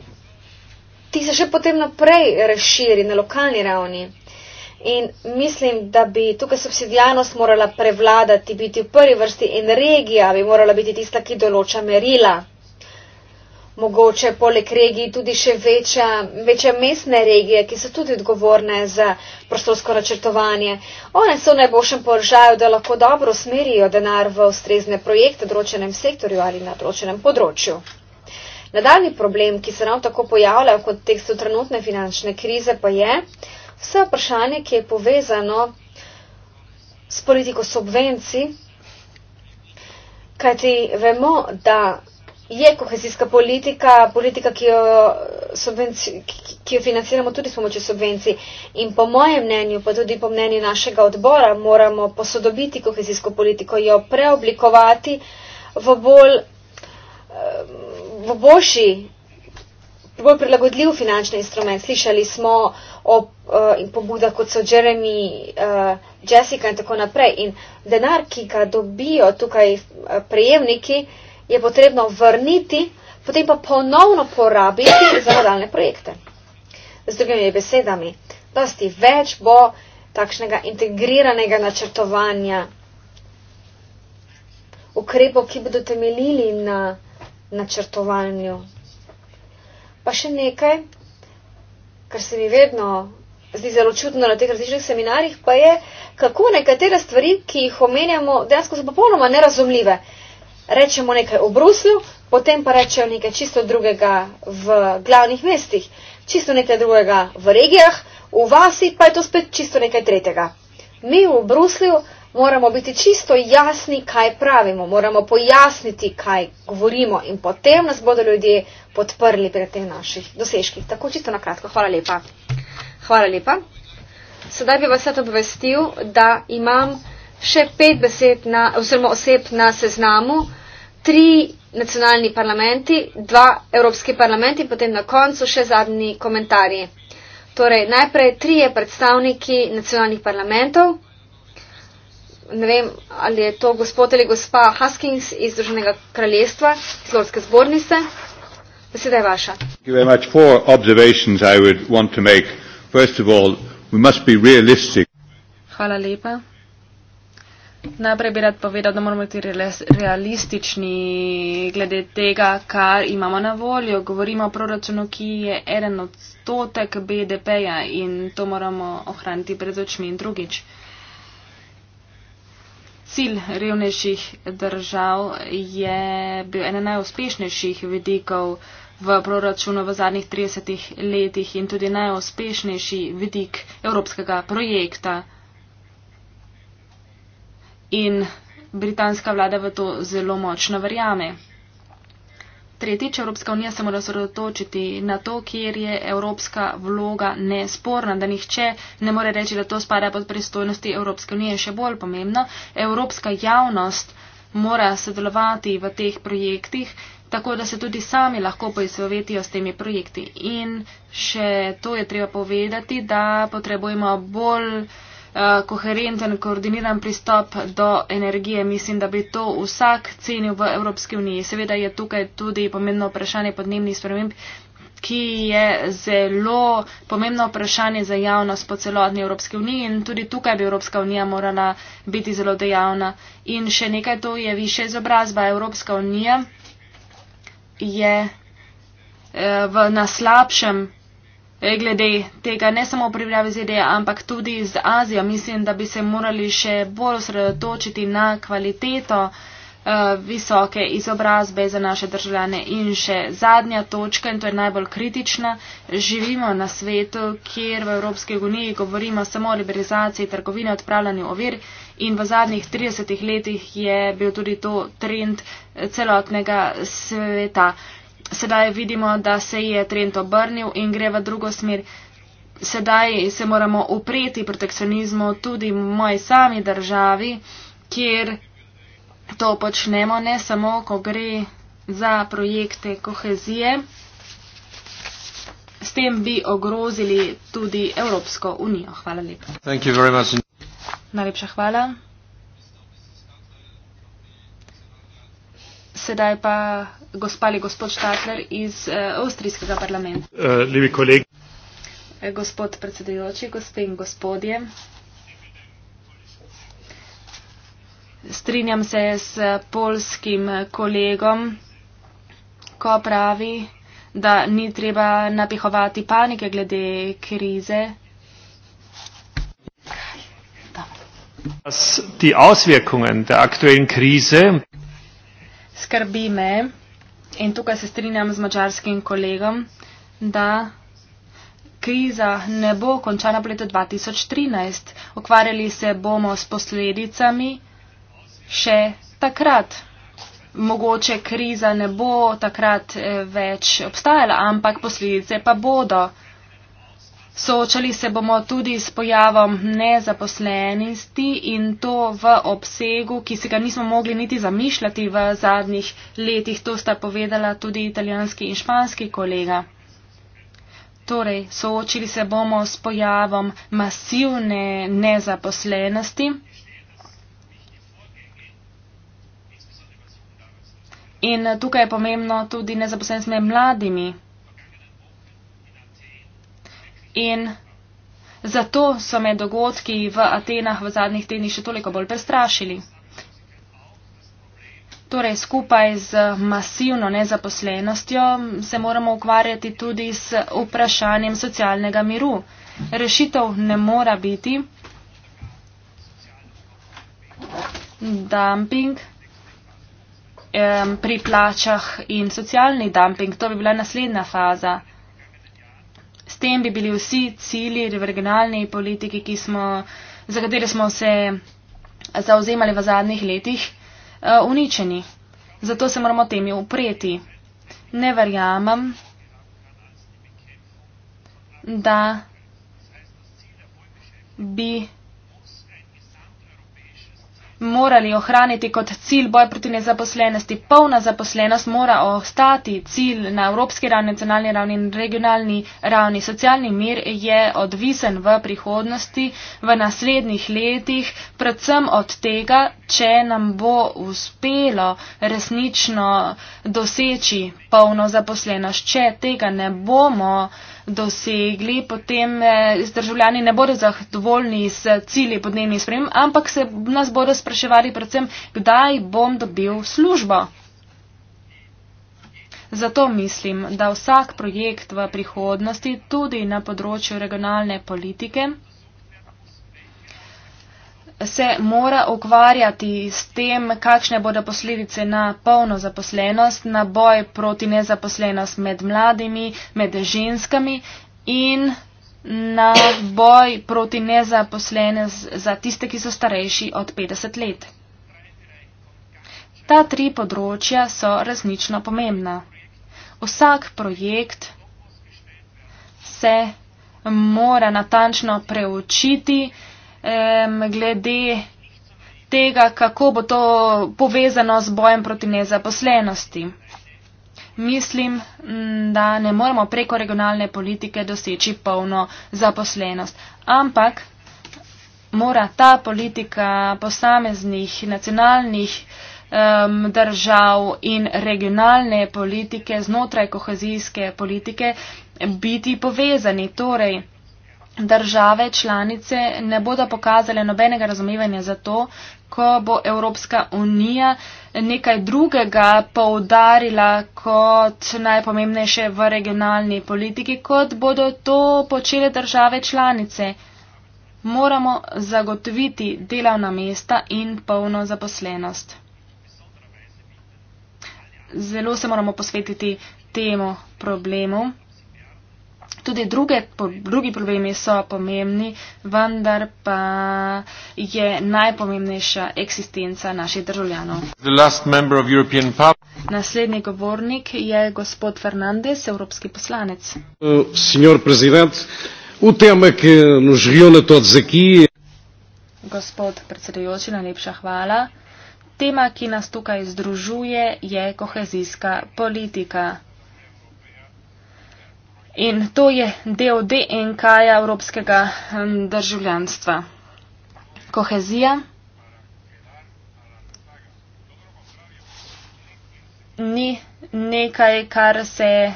ti se še potem naprej razširi na lokalni ravni. In mislim, da bi tukaj subsidijalnost morala prevladati, biti v prvi vrsti in regija bi morala biti tista, ki določa merila. Mogoče poleg regiji tudi še večja, večja mestne regije, ki so tudi odgovorne za prostorsko načrtovanje. One so v najboljšem položaju, da lahko dobro usmerijo denar v ustrezne projekte v določenem sektorju ali na določenem področju. Nadaljni problem, ki se nam tako pojavlja v kontekstu trenutne finančne krize, pa je vse vprašanje, ki je povezano s politiko subvencij, kajti vemo, da je kohezijska politika, politika, ki jo, ki jo financiramo tudi s pomočjo subvencij in po mojem mnenju, pa tudi po mnenju našega odbora, moramo posodobiti kohezijsko politiko, jo preoblikovati v bolj v boljši, bolj prilagodljiv finančni instrument. Slišali smo o uh, pobudah kot so Jeremy, uh, Jessica in tako naprej. In denar, ki ga dobijo tukaj uh, prejemniki, je potrebno vrniti, potem pa ponovno porabiti za nadaljne projekte. Z drugimi besedami, dosti več bo takšnega integriranega načrtovanja ukrepov, ki bodo temeljili na načrtovanju. Pa še nekaj, kar se mi vedno zdi zelo čudno na teh različnih seminarjih, pa je, kako nekatere stvari, ki jih omenjamo, dejansko so popolnoma nerazumljive. Rečemo nekaj o Bruslju, potem pa rečejo nekaj čisto drugega v glavnih mestih, čisto nekaj drugega v regijah, v vasi pa je to spet čisto nekaj tretjega. Mi v Bruslju moramo biti čisto jasni, kaj pravimo, moramo pojasniti, kaj govorimo in potem nas bodo ljudje podprli pri teh naših dosežkih. Tako čisto na kratko. Hvala lepa. Hvala lepa. Sedaj bi vas sad obvestil, da imam še pet besed na, oziroma oseb na seznamu, tri nacionalni parlamenti, dva evropski parlamenti in potem na koncu še zadnji komentarji. Torej, najprej trije predstavniki nacionalnih parlamentov ne vem, ali je to gospod ali gospa Huskins iz Združenega kraljestva, iz Lordske zbornice. Beseda je vaša. All, Hvala lepa. Najprej bi rad povedal, da moramo biti realistični glede tega, kar imamo na voljo. Govorimo o proračunu, ki je eden odstotek BDP-ja in to moramo ohraniti pred očmi in drugič cilj revnejših držav je bil ena najuspešnejših vidikov v proračunu v zadnjih 30 letih in tudi najuspešnejši vidik evropskega projekta. In britanska vlada v to zelo močno verjame. Tretjič, Evropska unija se mora sorotočiti na to, kjer je evropska vloga nesporna, da nihče ne more reči, da to spada pod pristojnosti Evropske unije. Še bolj pomembno, evropska javnost mora sodelovati v teh projektih, tako da se tudi sami lahko poizvovetijo s temi projekti. In še to je treba povedati, da potrebujemo bolj. Eh, koherenten, koordiniran pristop do energije. Mislim, da bi to vsak cenil v Evropski uniji. Seveda je tukaj tudi pomembno vprašanje podnebnih sprememb ki je zelo pomembno vprašanje za javnost po celotni Evropski uniji in tudi tukaj bi Evropska unija morala biti zelo dejavna. In še nekaj, to je više izobrazba. Evropska unija je eh, v naslabšem Eh, glede tega, ne samo v primerjavi z ideje, ampak tudi z Azijo. Mislim, da bi se morali še bolj osredotočiti na kvaliteto eh, visoke izobrazbe za naše državljane. In še zadnja točka, in to je najbolj kritična, živimo na svetu, kjer v Evropski uniji govorimo samo o liberalizaciji trgovine, odpravljanju ovir in v zadnjih 30 letih je bil tudi to trend eh, celotnega sveta sedaj vidimo, da se je trend obrnil in gre v drugo smer. Sedaj se moramo upreti protekcionizmu tudi v moji sami državi, kjer to počnemo, ne samo, ko gre za projekte kohezije. S tem bi ogrozili tudi Evropsko unijo. Hvala lepa. Najlepša hvala. Sedaj pa gospa ali gospod Štatler iz uh, Avstrijskega parlamenta. Uh, eh, Ljubi kolegi. Eh, gospod predsedujoči, gospe in gospodje. Strinjam se s polskim kolegom, ko pravi, da ni treba napihovati panike glede krize. Skrbi me, In tukaj se strinjam z mačarskim kolegom, da kriza ne bo končana po letu 2013. Okvarjali se bomo s posledicami še takrat. Mogoče kriza ne bo takrat eh, več obstajala, ampak posledice pa bodo. Soočali se bomo tudi s pojavom nezaposlenosti in to v obsegu, ki si ga nismo mogli niti zamišljati v zadnjih letih. To sta povedala tudi italijanski in španski kolega. Torej, soočili se bomo s pojavom masivne nezaposlenosti. In tukaj je pomembno tudi nezaposlenost med mladimi in zato so me dogodki v Atenah v zadnjih tednih še toliko bolj prestrašili. Torej, skupaj z masivno nezaposlenostjo se moramo ukvarjati tudi s vprašanjem socialnega miru. Rešitev ne mora biti dumping eh, pri plačah in socialni dumping. To bi bila naslednja faza. S tem bi bili vsi cilji regionalne politike, smo, za katere smo se zauzemali v zadnjih letih, eh, uničeni. Zato se moramo temi upreti. Ne verjamem, da bi morali ohraniti kot cilj boj proti nezaposlenosti. Polna zaposlenost mora ostati cilj na evropski ravni, nacionalni ravni in regionalni ravni. Socialni mir je odvisen v prihodnosti, v naslednjih letih, predvsem od tega, če nam bo uspelo resnično doseči polno zaposlenost. Če tega ne bomo, dosegli, potem eh, državljani ne bodo zadovoljni s cilji podnebnih sprememb, ampak se nas bodo spraševali predvsem, kdaj bom dobil službo. Zato mislim, da vsak projekt v prihodnosti, tudi na področju regionalne politike, se mora ukvarjati s tem, kakšne bodo posledice na polno zaposlenost, na boj proti nezaposlenost med mladimi, med ženskami in na boj proti nezaposlenost za tiste, ki so starejši od 50 let. Ta tri področja so resnično pomembna. Vsak projekt se mora natančno preučiti, um, glede tega, kako bo to povezano z bojem proti nezaposlenosti. Mislim, mm, da ne moremo preko regionalne politike doseči polno zaposlenost, ampak mora ta politika posameznih nacionalnih um, držav in regionalne politike znotraj kohezijske politike biti povezani. Torej, države članice ne bodo pokazale nobenega razumevanja za to, ko bo Evropska unija nekaj drugega poudarila kot najpomembnejše v regionalni politiki, kot bodo to počele države članice. Moramo zagotoviti delavna mesta in polno zaposlenost. Zelo se moramo posvetiti temu problemu tudi druge, po, drugi problemi so pomembni, vendar pa je najpomembnejša eksistenca naših državljanov. Naslednji govornik je gospod Fernandez, evropski poslanec. Uh, gospod predsedujoči, najlepša hvala. Tema, ki nas tukaj združuje, je kohezijska politika. In to je del DNK-ja evropskega državljanstva. Kohezija ni nekaj, kar se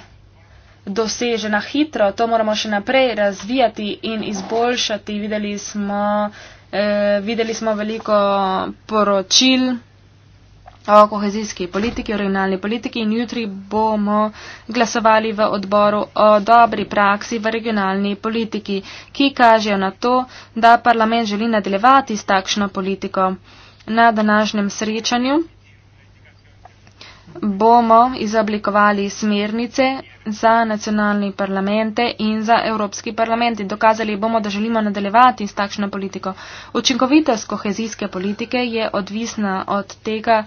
doseže na hitro, to moramo še naprej razvijati in izboljšati. Videli smo, eh, videli smo veliko poročil o kohezijski politiki, o regionalni politiki in jutri bomo glasovali v odboru o dobri praksi v regionalni politiki, ki kažejo na to, da parlament želi nadaljevati s takšno politiko. Na današnjem srečanju bomo izoblikovali smernice za nacionalni parlamente in za evropski parlament in dokazali bomo, da želimo nadaljevati s takšno politiko. Učinkovitost kohezijske politike je odvisna od tega,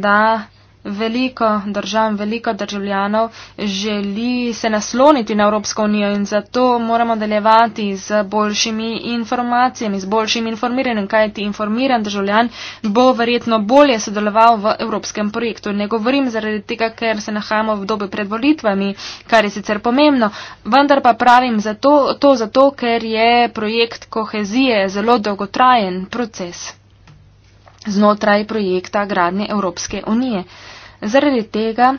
da veliko držav in veliko državljanov želi se nasloniti na Evropsko unijo in zato moramo delevati z boljšimi informacijami, z boljšim informiranjem, kajti informiran državljan bo verjetno bolje sodeloval v evropskem projektu. Ne govorim zaradi tega, ker se nahajamo v dobi pred volitvami, kar je sicer pomembno, vendar pa pravim zato, to zato, ker je projekt kohezije zelo dolgotrajen proces znotraj projekta gradnje Evropske unije. Zaradi tega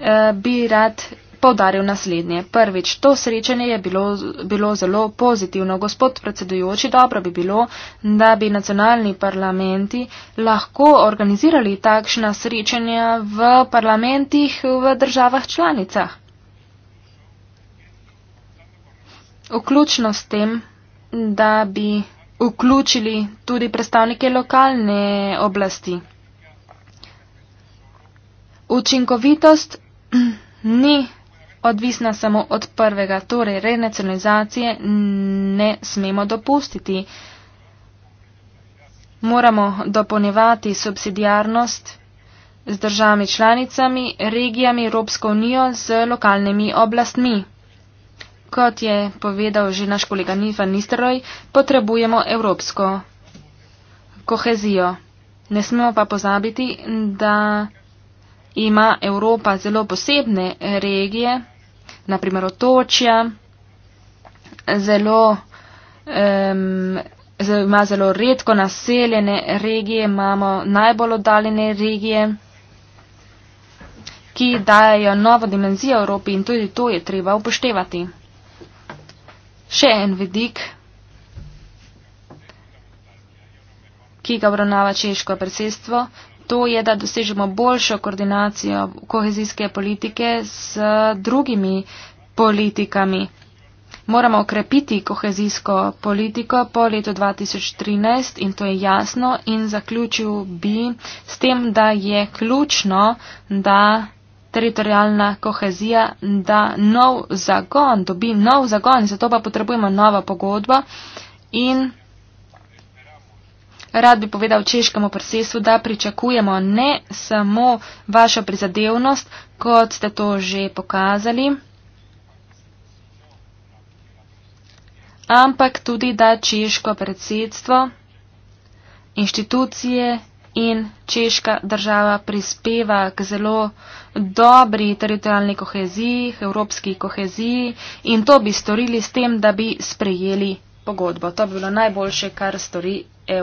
eh, bi rad povdaril naslednje. Prvič, to srečanje je bilo, bilo zelo pozitivno. Gospod predsedujoči, dobro bi bilo, da bi nacionalni parlamenti lahko organizirali takšna srečanja v parlamentih v državah članicah. Vključno s tem, da bi vključili tudi predstavnike lokalne oblasti. Učinkovitost [CLEARS THROAT] ni odvisna samo od prvega, torej renacionalizacije ne smemo dopustiti. Moramo dopolnjevati subsidijarnost z državami članicami, regijami Evropsko unijo z lokalnimi oblastmi. Kot je povedal že naš kolega Nifa Nisteroj, potrebujemo evropsko kohezijo. Ne smemo pa pozabiti, da ima Evropa zelo posebne regije, naprimer otočja, zelo, um, zelo, ima zelo redko naseljene regije, imamo najbolj oddaljene regije, ki dajo novo dimenzijo Evropi in tudi to je treba upoštevati še en vidik, ki ga obravnava češko predsedstvo, to je, da dosežemo boljšo koordinacijo kohezijske politike z drugimi politikami. Moramo okrepiti kohezijsko politiko po letu 2013 in to je jasno in zaključil bi s tem, da je ključno, da teritorijalna kohezija, da nov zagon, dobi nov zagon, zato pa potrebujemo novo pogodbo in rad bi povedal češkemu procesu, da pričakujemo ne samo vašo prizadevnost, kot ste to že pokazali, ampak tudi, da češko predsedstvo, inštitucije, in češka država prispeva k zelo dobri teritorijalni koheziji, evropski koheziji in to bi storili s tem, da bi sprejeli pogodbo. To bi bilo najboljše, kar stori eh,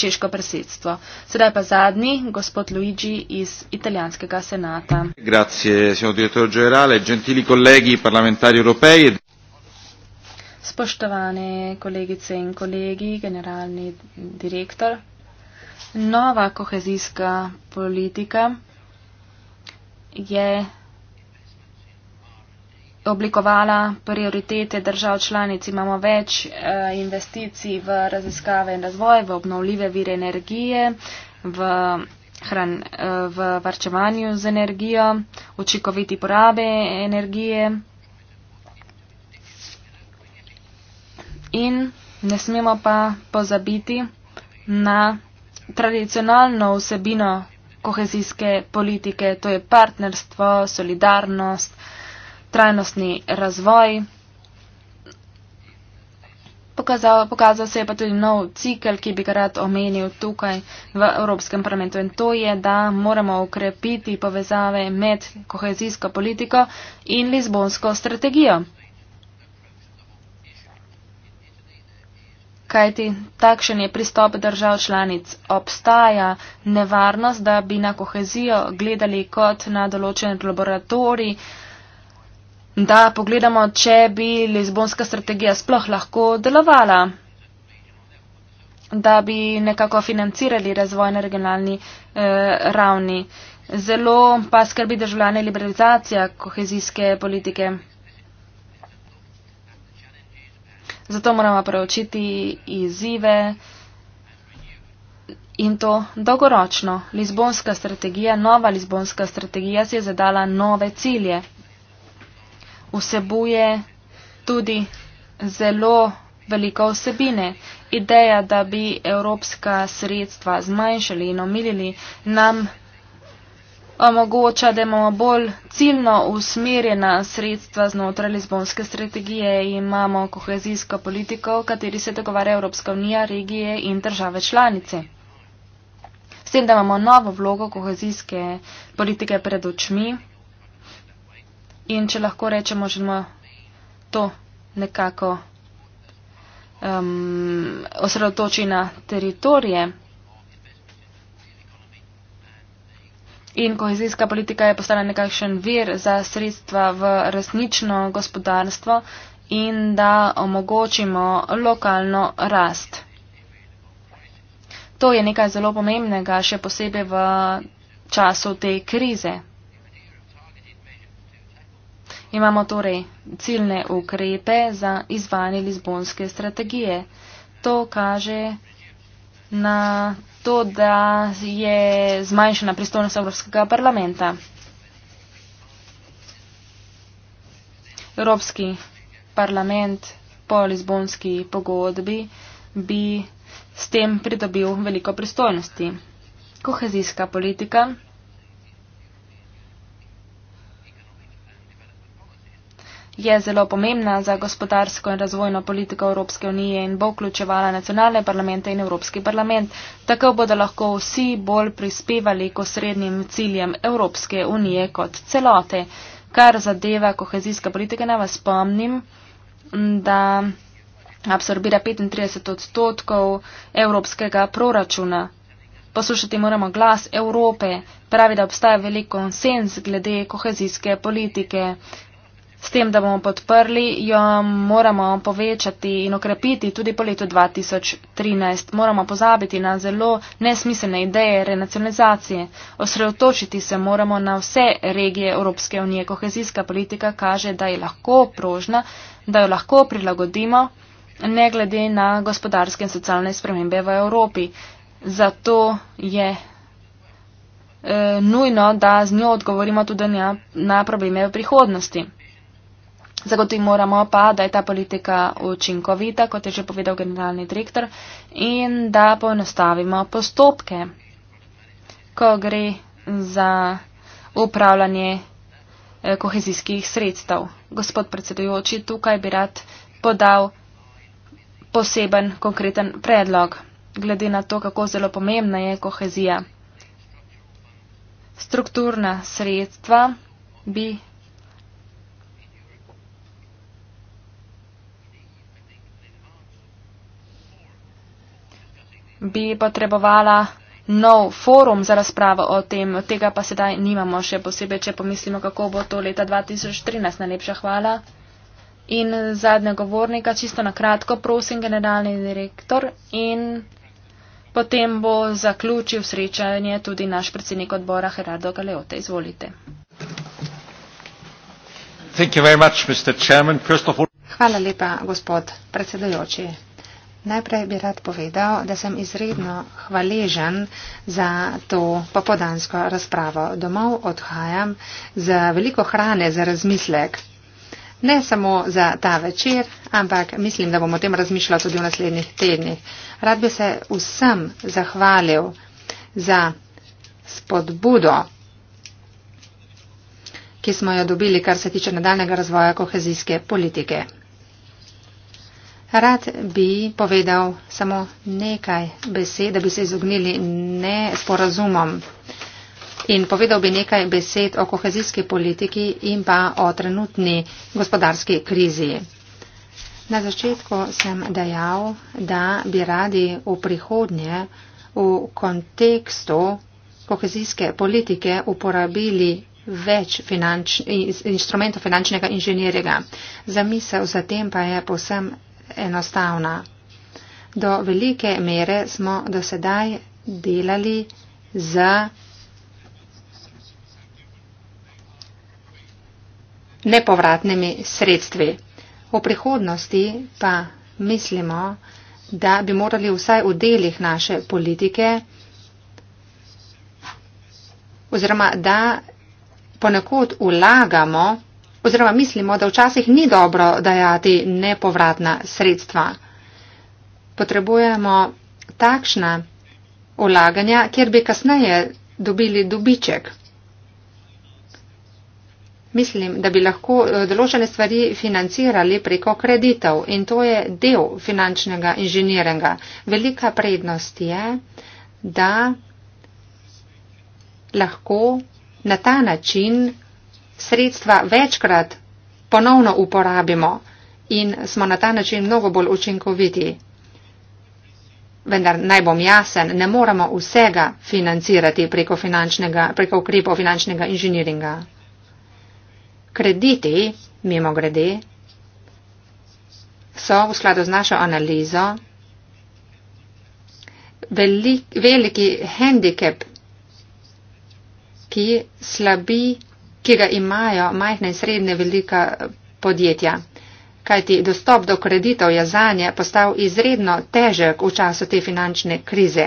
češko presedstvo. Sedaj pa zadnji, gospod Luigi iz italijanskega senata. Grazie, signor direttore generale, gentili kolegi parlamentari europei. Spoštovane kolegice in kolegi, generalni direktor. Nova kohezijska politika je oblikovala prioritete držav članic. Imamo več eh, investicij v raziskave in razvoj, v obnovljive vire energije, v, hran, eh, v varčevanju z energijo, učinkoviti porabe energije. In ne smemo pa pozabiti na tradicionalno vsebino kohezijske politike, to je partnerstvo, solidarnost, trajnostni razvoj. Pokazal, pokazal se je pa tudi nov cikl, ki bi ga rad omenil tukaj v Evropskem parlamentu in to je, da moramo ukrepiti povezave med kohezijsko politiko in lizbonsko strategijo. kajti takšen je pristop držav članic. Obstaja nevarnost, da bi na kohezijo gledali kot na določen laboratorij, da pogledamo, če bi Lizbonska strategija sploh lahko delovala da bi nekako financirali razvoj na regionalni eh, ravni. Zelo pa skrbi državljane liberalizacija kohezijske politike. Zato moramo preučiti izzive in to dolgoročno. Lizbonska strategija, nova Lizbonska strategija si je zadala nove cilje. Vsebuje tudi zelo veliko vsebine. Ideja, da bi evropska sredstva zmanjšali in omilili, nam omogoča, da imamo bolj ciljno usmerjena sredstva znotraj Lizbonske strategije. Imamo kohezijsko politiko, v kateri se dogovarja Evropska unija, regije in države članice. S tem, da imamo novo vlogo kohezijske politike pred očmi in če lahko rečemo, želimo to nekako um, osredotočiti na teritorije. in kohezijska politika je postala nekakšen vir za sredstva v resnično gospodarstvo in da omogočimo lokalno rast. To je nekaj zelo pomembnega, še posebej v času te krize. Imamo torej ciljne ukrepe za izvajanje Lizbonske strategije. To kaže na to, da je zmanjšana pristojnost Evropskega parlamenta. Evropski parlament po Lizbonski pogodbi bi s tem pridobil veliko pristojnosti. Kohezijska politika. je zelo pomembna za gospodarsko in razvojno politiko Evropske unije in bo vključevala nacionalne parlamente in Evropski parlament. Tako bodo lahko vsi bolj prispevali k osrednjim ciljem Evropske unije kot celote. Kar zadeva kohezijska politika, naj vas spomnim, da absorbira 35 odstotkov evropskega proračuna. Poslušati moramo glas Evrope, pravi, da obstaja velik konsens glede kohezijske politike. S tem, da bomo podprli, jo moramo povečati in okrepiti tudi po letu 2013. Moramo pozabiti na zelo nesmiselne ideje renacionalizacije. Osredotočiti se moramo na vse regije Evropske unije. Kohezijska politika kaže, da je lahko prožna, da jo lahko prilagodimo, ne glede na gospodarske in socialne spremembe v Evropi. Zato je. E, nujno, da z njo odgovorimo tudi na, na probleme v prihodnosti. Zagotovi moramo pa, da je ta politika učinkovita, kot je že povedal generalni direktor, in da poenostavimo postopke, ko gre za upravljanje eh, kohezijskih sredstev. Gospod predsedujoči, tukaj bi rad podal poseben konkreten predlog, glede na to, kako zelo pomembna je kohezija. Strukturna sredstva bi bi potrebovala nov forum za razpravo o tem. Tega pa sedaj nimamo, še posebej, če pomislimo, kako bo to leta 2013. Najlepša hvala. In zadnja govornika, čisto na kratko, prosim, generalni direktor. In potem bo zaključil srečanje tudi naš predsednik odbora Herardo Galeote. Izvolite. Much, Hvala lepa, gospod predsedujoči. Najprej bi rad povedal, da sem izredno hvaležen za to popodansko razpravo. Domov odhajam za veliko hrane za razmislek. Ne samo za ta večer, ampak mislim, da bomo o tem razmišljali tudi v naslednjih tednih. Rad bi se vsem zahvalil za spodbudo, ki smo jo dobili, kar se tiče nadaljnega razvoja kohezijske politike. Rad bi povedal samo nekaj besed, da bi se izognili nesporazumom. In povedal bi nekaj besed o kohezijski politiki in pa o trenutni gospodarski krizi. Na začetku sem dejal, da bi radi v prihodnje v kontekstu kohezijske politike uporabili več finanč, instrumentov finančnega inženirja. Zamisel za tem pa je posem enostavna. Do velike mere smo do sedaj delali z nepovratnimi sredstvi. V prihodnosti pa mislimo, da bi morali vsaj v delih naše politike oziroma da ponekod ulagamo oziroma mislimo, da včasih ni dobro dajati nepovratna sredstva. Potrebujemo takšna ulaganja, kjer bi kasneje dobili dobiček. Mislim, da bi lahko eh, določene stvari financirali preko kreditov in to je del finančnega inženiringa. Velika prednost je, da lahko na ta način sredstva večkrat ponovno uporabimo in smo na ta način mnogo bolj učinkoviti. Vendar naj bom jasen, ne moramo vsega financirati preko, preko ukrepov finančnega inženiringa. Krediti, mimo grede, so v skladu z našo analizo velik, veliki handicap, ki slabi ki ga imajo majhne in srednje velika podjetja. Kajti dostop do kreditov je zanje postal izredno težek v času te finančne krize.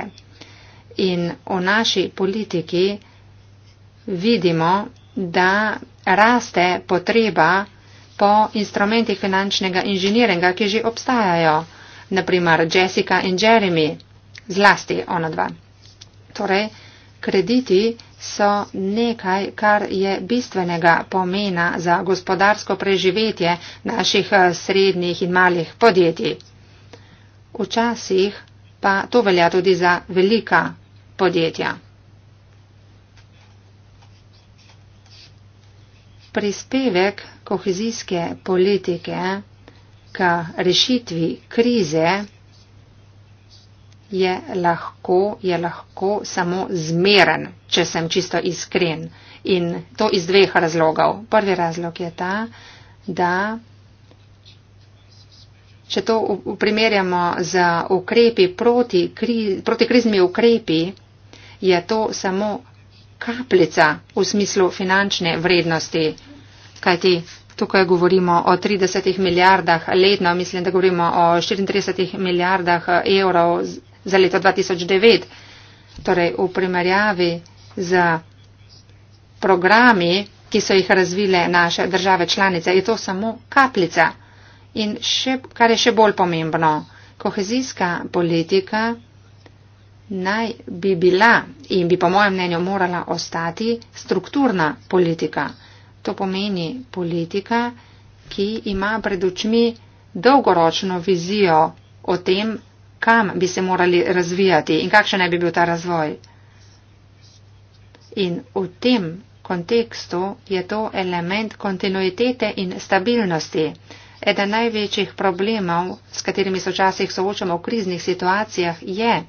In v naši politiki vidimo, da raste potreba po instrumentih finančnega inženiringa, ki že obstajajo, naprimer Jessica in Jeremy, zlasti ona dva. Torej, krediti so nekaj, kar je bistvenega pomena za gospodarsko preživetje naših eh, srednjih in malih podjetij. Včasih pa to velja tudi za velika podjetja. Prispevek kohezijske politike k rešitvi krize je lahko, je lahko samo zmeren, če sem čisto iskren. In to iz dveh razlogov. Prvi razlog je ta, da če to primerjamo z ukrepi proti, kri, proti kriznimi ukrepi, je to samo kapljica v smislu finančne vrednosti. Kajti tukaj govorimo o 30 milijardah letno, mislim, da govorimo o 34 milijardah evrov za leto 2009. Torej v primerjavi z programi, ki so jih razvile naše države članice, je to samo kapljica. In še, kar je še bolj pomembno, kohezijska politika naj bi bila in bi po mojem mnenju morala ostati strukturna politika. To pomeni politika, ki ima pred očmi dolgoročno vizijo o tem, kam bi se morali razvijati in kakšen naj bi bil ta razvoj. In v tem kontekstu je to element kontinuitete in stabilnosti. Eden največjih problemov, s katerimi se včasih soočamo v kriznih situacijah, je,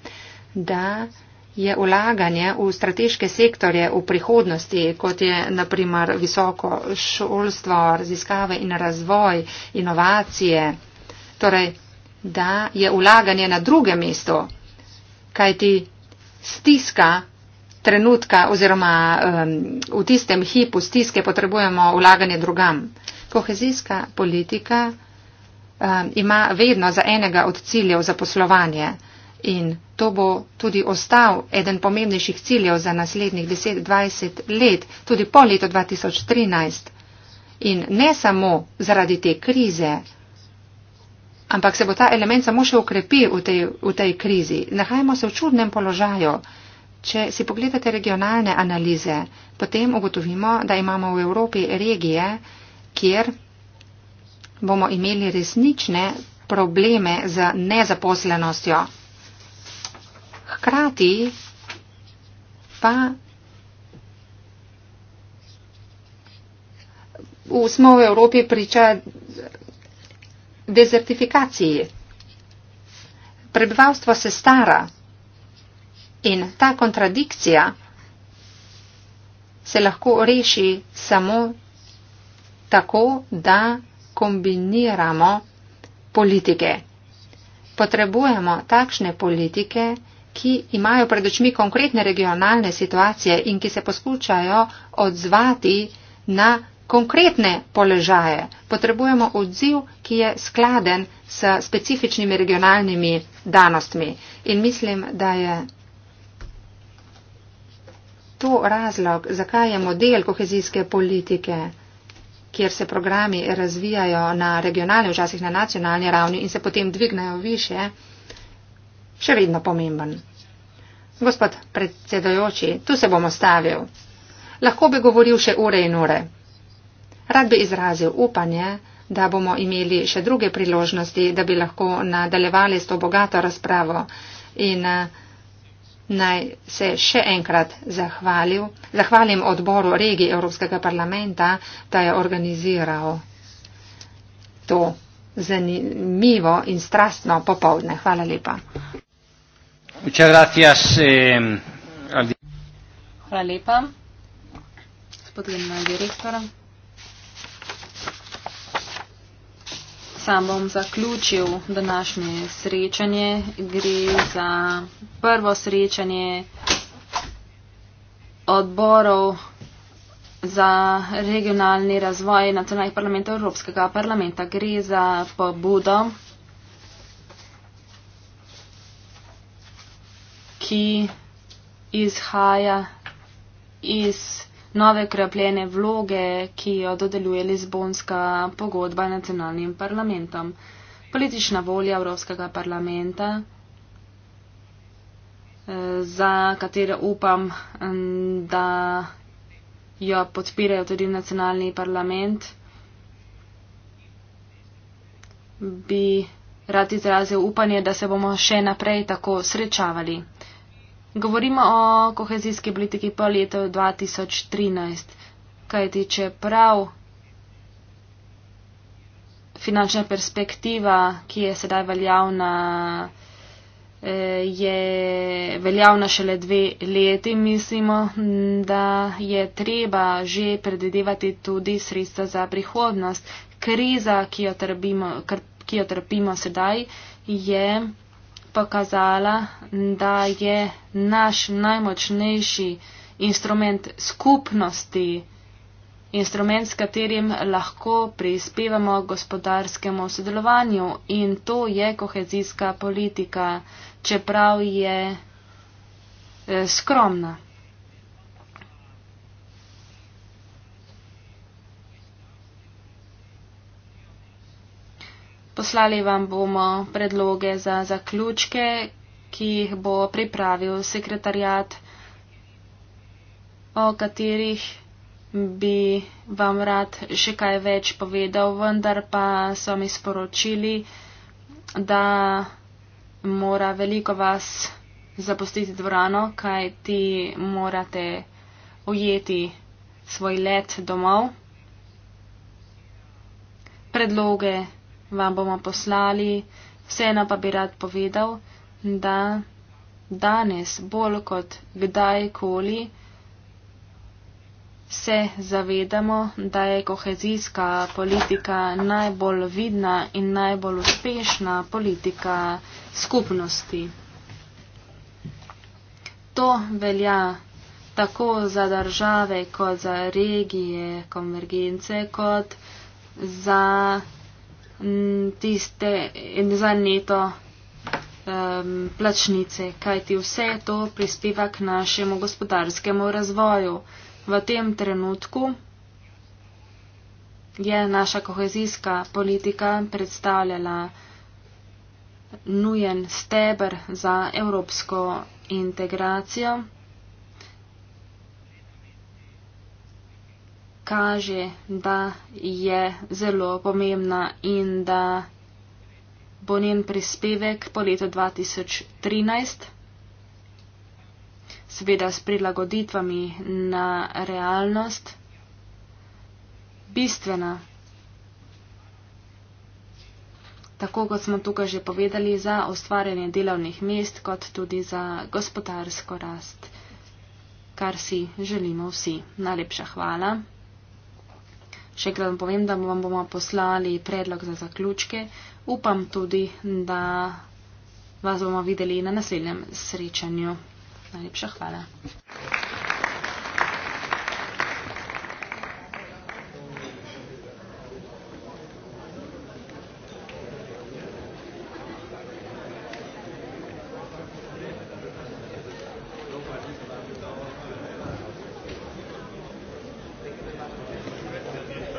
da je ulaganje v strateške sektorje v prihodnosti, kot je naprimer visoko šolstvo, raziskave in razvoj, inovacije, torej da je ulaganje na druge mesto, kajti stiska trenutka oziroma um, v tistem hipu stiske potrebujemo ulaganje drugam. Kohezijska politika um, ima vedno za enega od ciljev zaposlovanje in to bo tudi ostal eden pomembnejših ciljev za naslednjih 10-20 let, tudi po letu 2013. In ne samo zaradi te krize, ampak se bo ta element samo še ukrepil v tej, v tej krizi. Nahajamo se v čudnem položaju. Če si pogledate regionalne analize, potem ugotovimo, da imamo v Evropi regije, kjer bomo imeli resnične probleme z nezaposlenostjo. Hkrati pa smo v Evropi priča dezertifikaciji. Prebivalstvo se stara in ta kontradikcija se lahko reši samo tako, da kombiniramo politike. Potrebujemo takšne politike, ki imajo pred očmi konkretne regionalne situacije in ki se poskušajo odzvati na konkretne položaje, potrebujemo odziv, ki je skladen s specifičnimi regionalnimi danostmi. In mislim, da je to razlog, zakaj je model kohezijske politike, kjer se programi razvijajo na regionalni, včasih na nacionalni ravni in se potem dvignajo više, še vedno pomemben. Gospod predsedojoči, tu se bom ostavil. Lahko bi govoril še ure in ure. Rad bi izrazil upanje, da bomo imeli še druge priložnosti, da bi lahko nadaljevali s to bogato razpravo in eh, naj se še enkrat zahvalil. zahvalim odboru regij Evropskega parlamenta, da je organiziral to zanimivo in strastno popovdne. Hvala lepa. Gracias, eh, al... Hvala lepa, gospodin direktor. Sam bom zaključil današnje srečanje. Gre za prvo srečanje odborov za regionalni razvoj nacionalnih parlamentov Evropskega parlamenta. Gre za pobudo, ki izhaja iz nove krepljene vloge, ki jo dodeljuje Lizbonska pogodba nacionalnim parlamentom. Politična volja Evropskega parlamenta, eh, za katero upam, mm, da jo podpirajo tudi nacionalni parlament, bi rad izrazil upanje, da se bomo še naprej tako srečavali. Govorimo o kohezijski politiki po letu 2013, kajti čeprav finančna perspektiva, ki je sedaj veljavna, eh, je veljavna šele dve leti, mislimo, mm, da je treba že predvidevati tudi sredstva za prihodnost. Kriza, ki jo trpimo, ki jo trpimo sedaj, je pokazala, da je naš najmočnejši instrument skupnosti, instrument, s katerim lahko prispevamo gospodarskemu sodelovanju in to je kohezijska politika, čeprav je eh, skromna. Poslali vam bomo predloge za zaključke, ki jih bo pripravil sekretarjat, o katerih bi vam rad še kaj več povedal, vendar pa so mi sporočili, da mora veliko vas zapustiti dvorano, kaj ti morate ujeti svoj let domov. Predloge vam bomo poslali, vseeno pa bi rad povedal, da danes bolj kot kdajkoli se zavedamo, da je kohezijska politika najbolj vidna in najbolj uspešna politika skupnosti. To velja tako za države kot za regije konvergence, kot za m, mm, tiste in za neto um, plačnice, kajti vse to prispeva k našemu gospodarskemu razvoju. V tem trenutku je naša kohezijska politika predstavljala nujen steber za evropsko integracijo. kaže, da je zelo pomembna in da bo njen prispevek po letu 2013, seveda s prilagoditvami na realnost, bistvena. Tako kot smo tukaj že povedali, za ustvarjanje delovnih mest, kot tudi za gospodarsko rast, kar si želimo vsi. Najlepša hvala. Še enkrat vam povem, da vam bomo poslali predlog za zaključke. Upam tudi, da vas bomo videli na naslednjem srečanju. Najlepša hvala.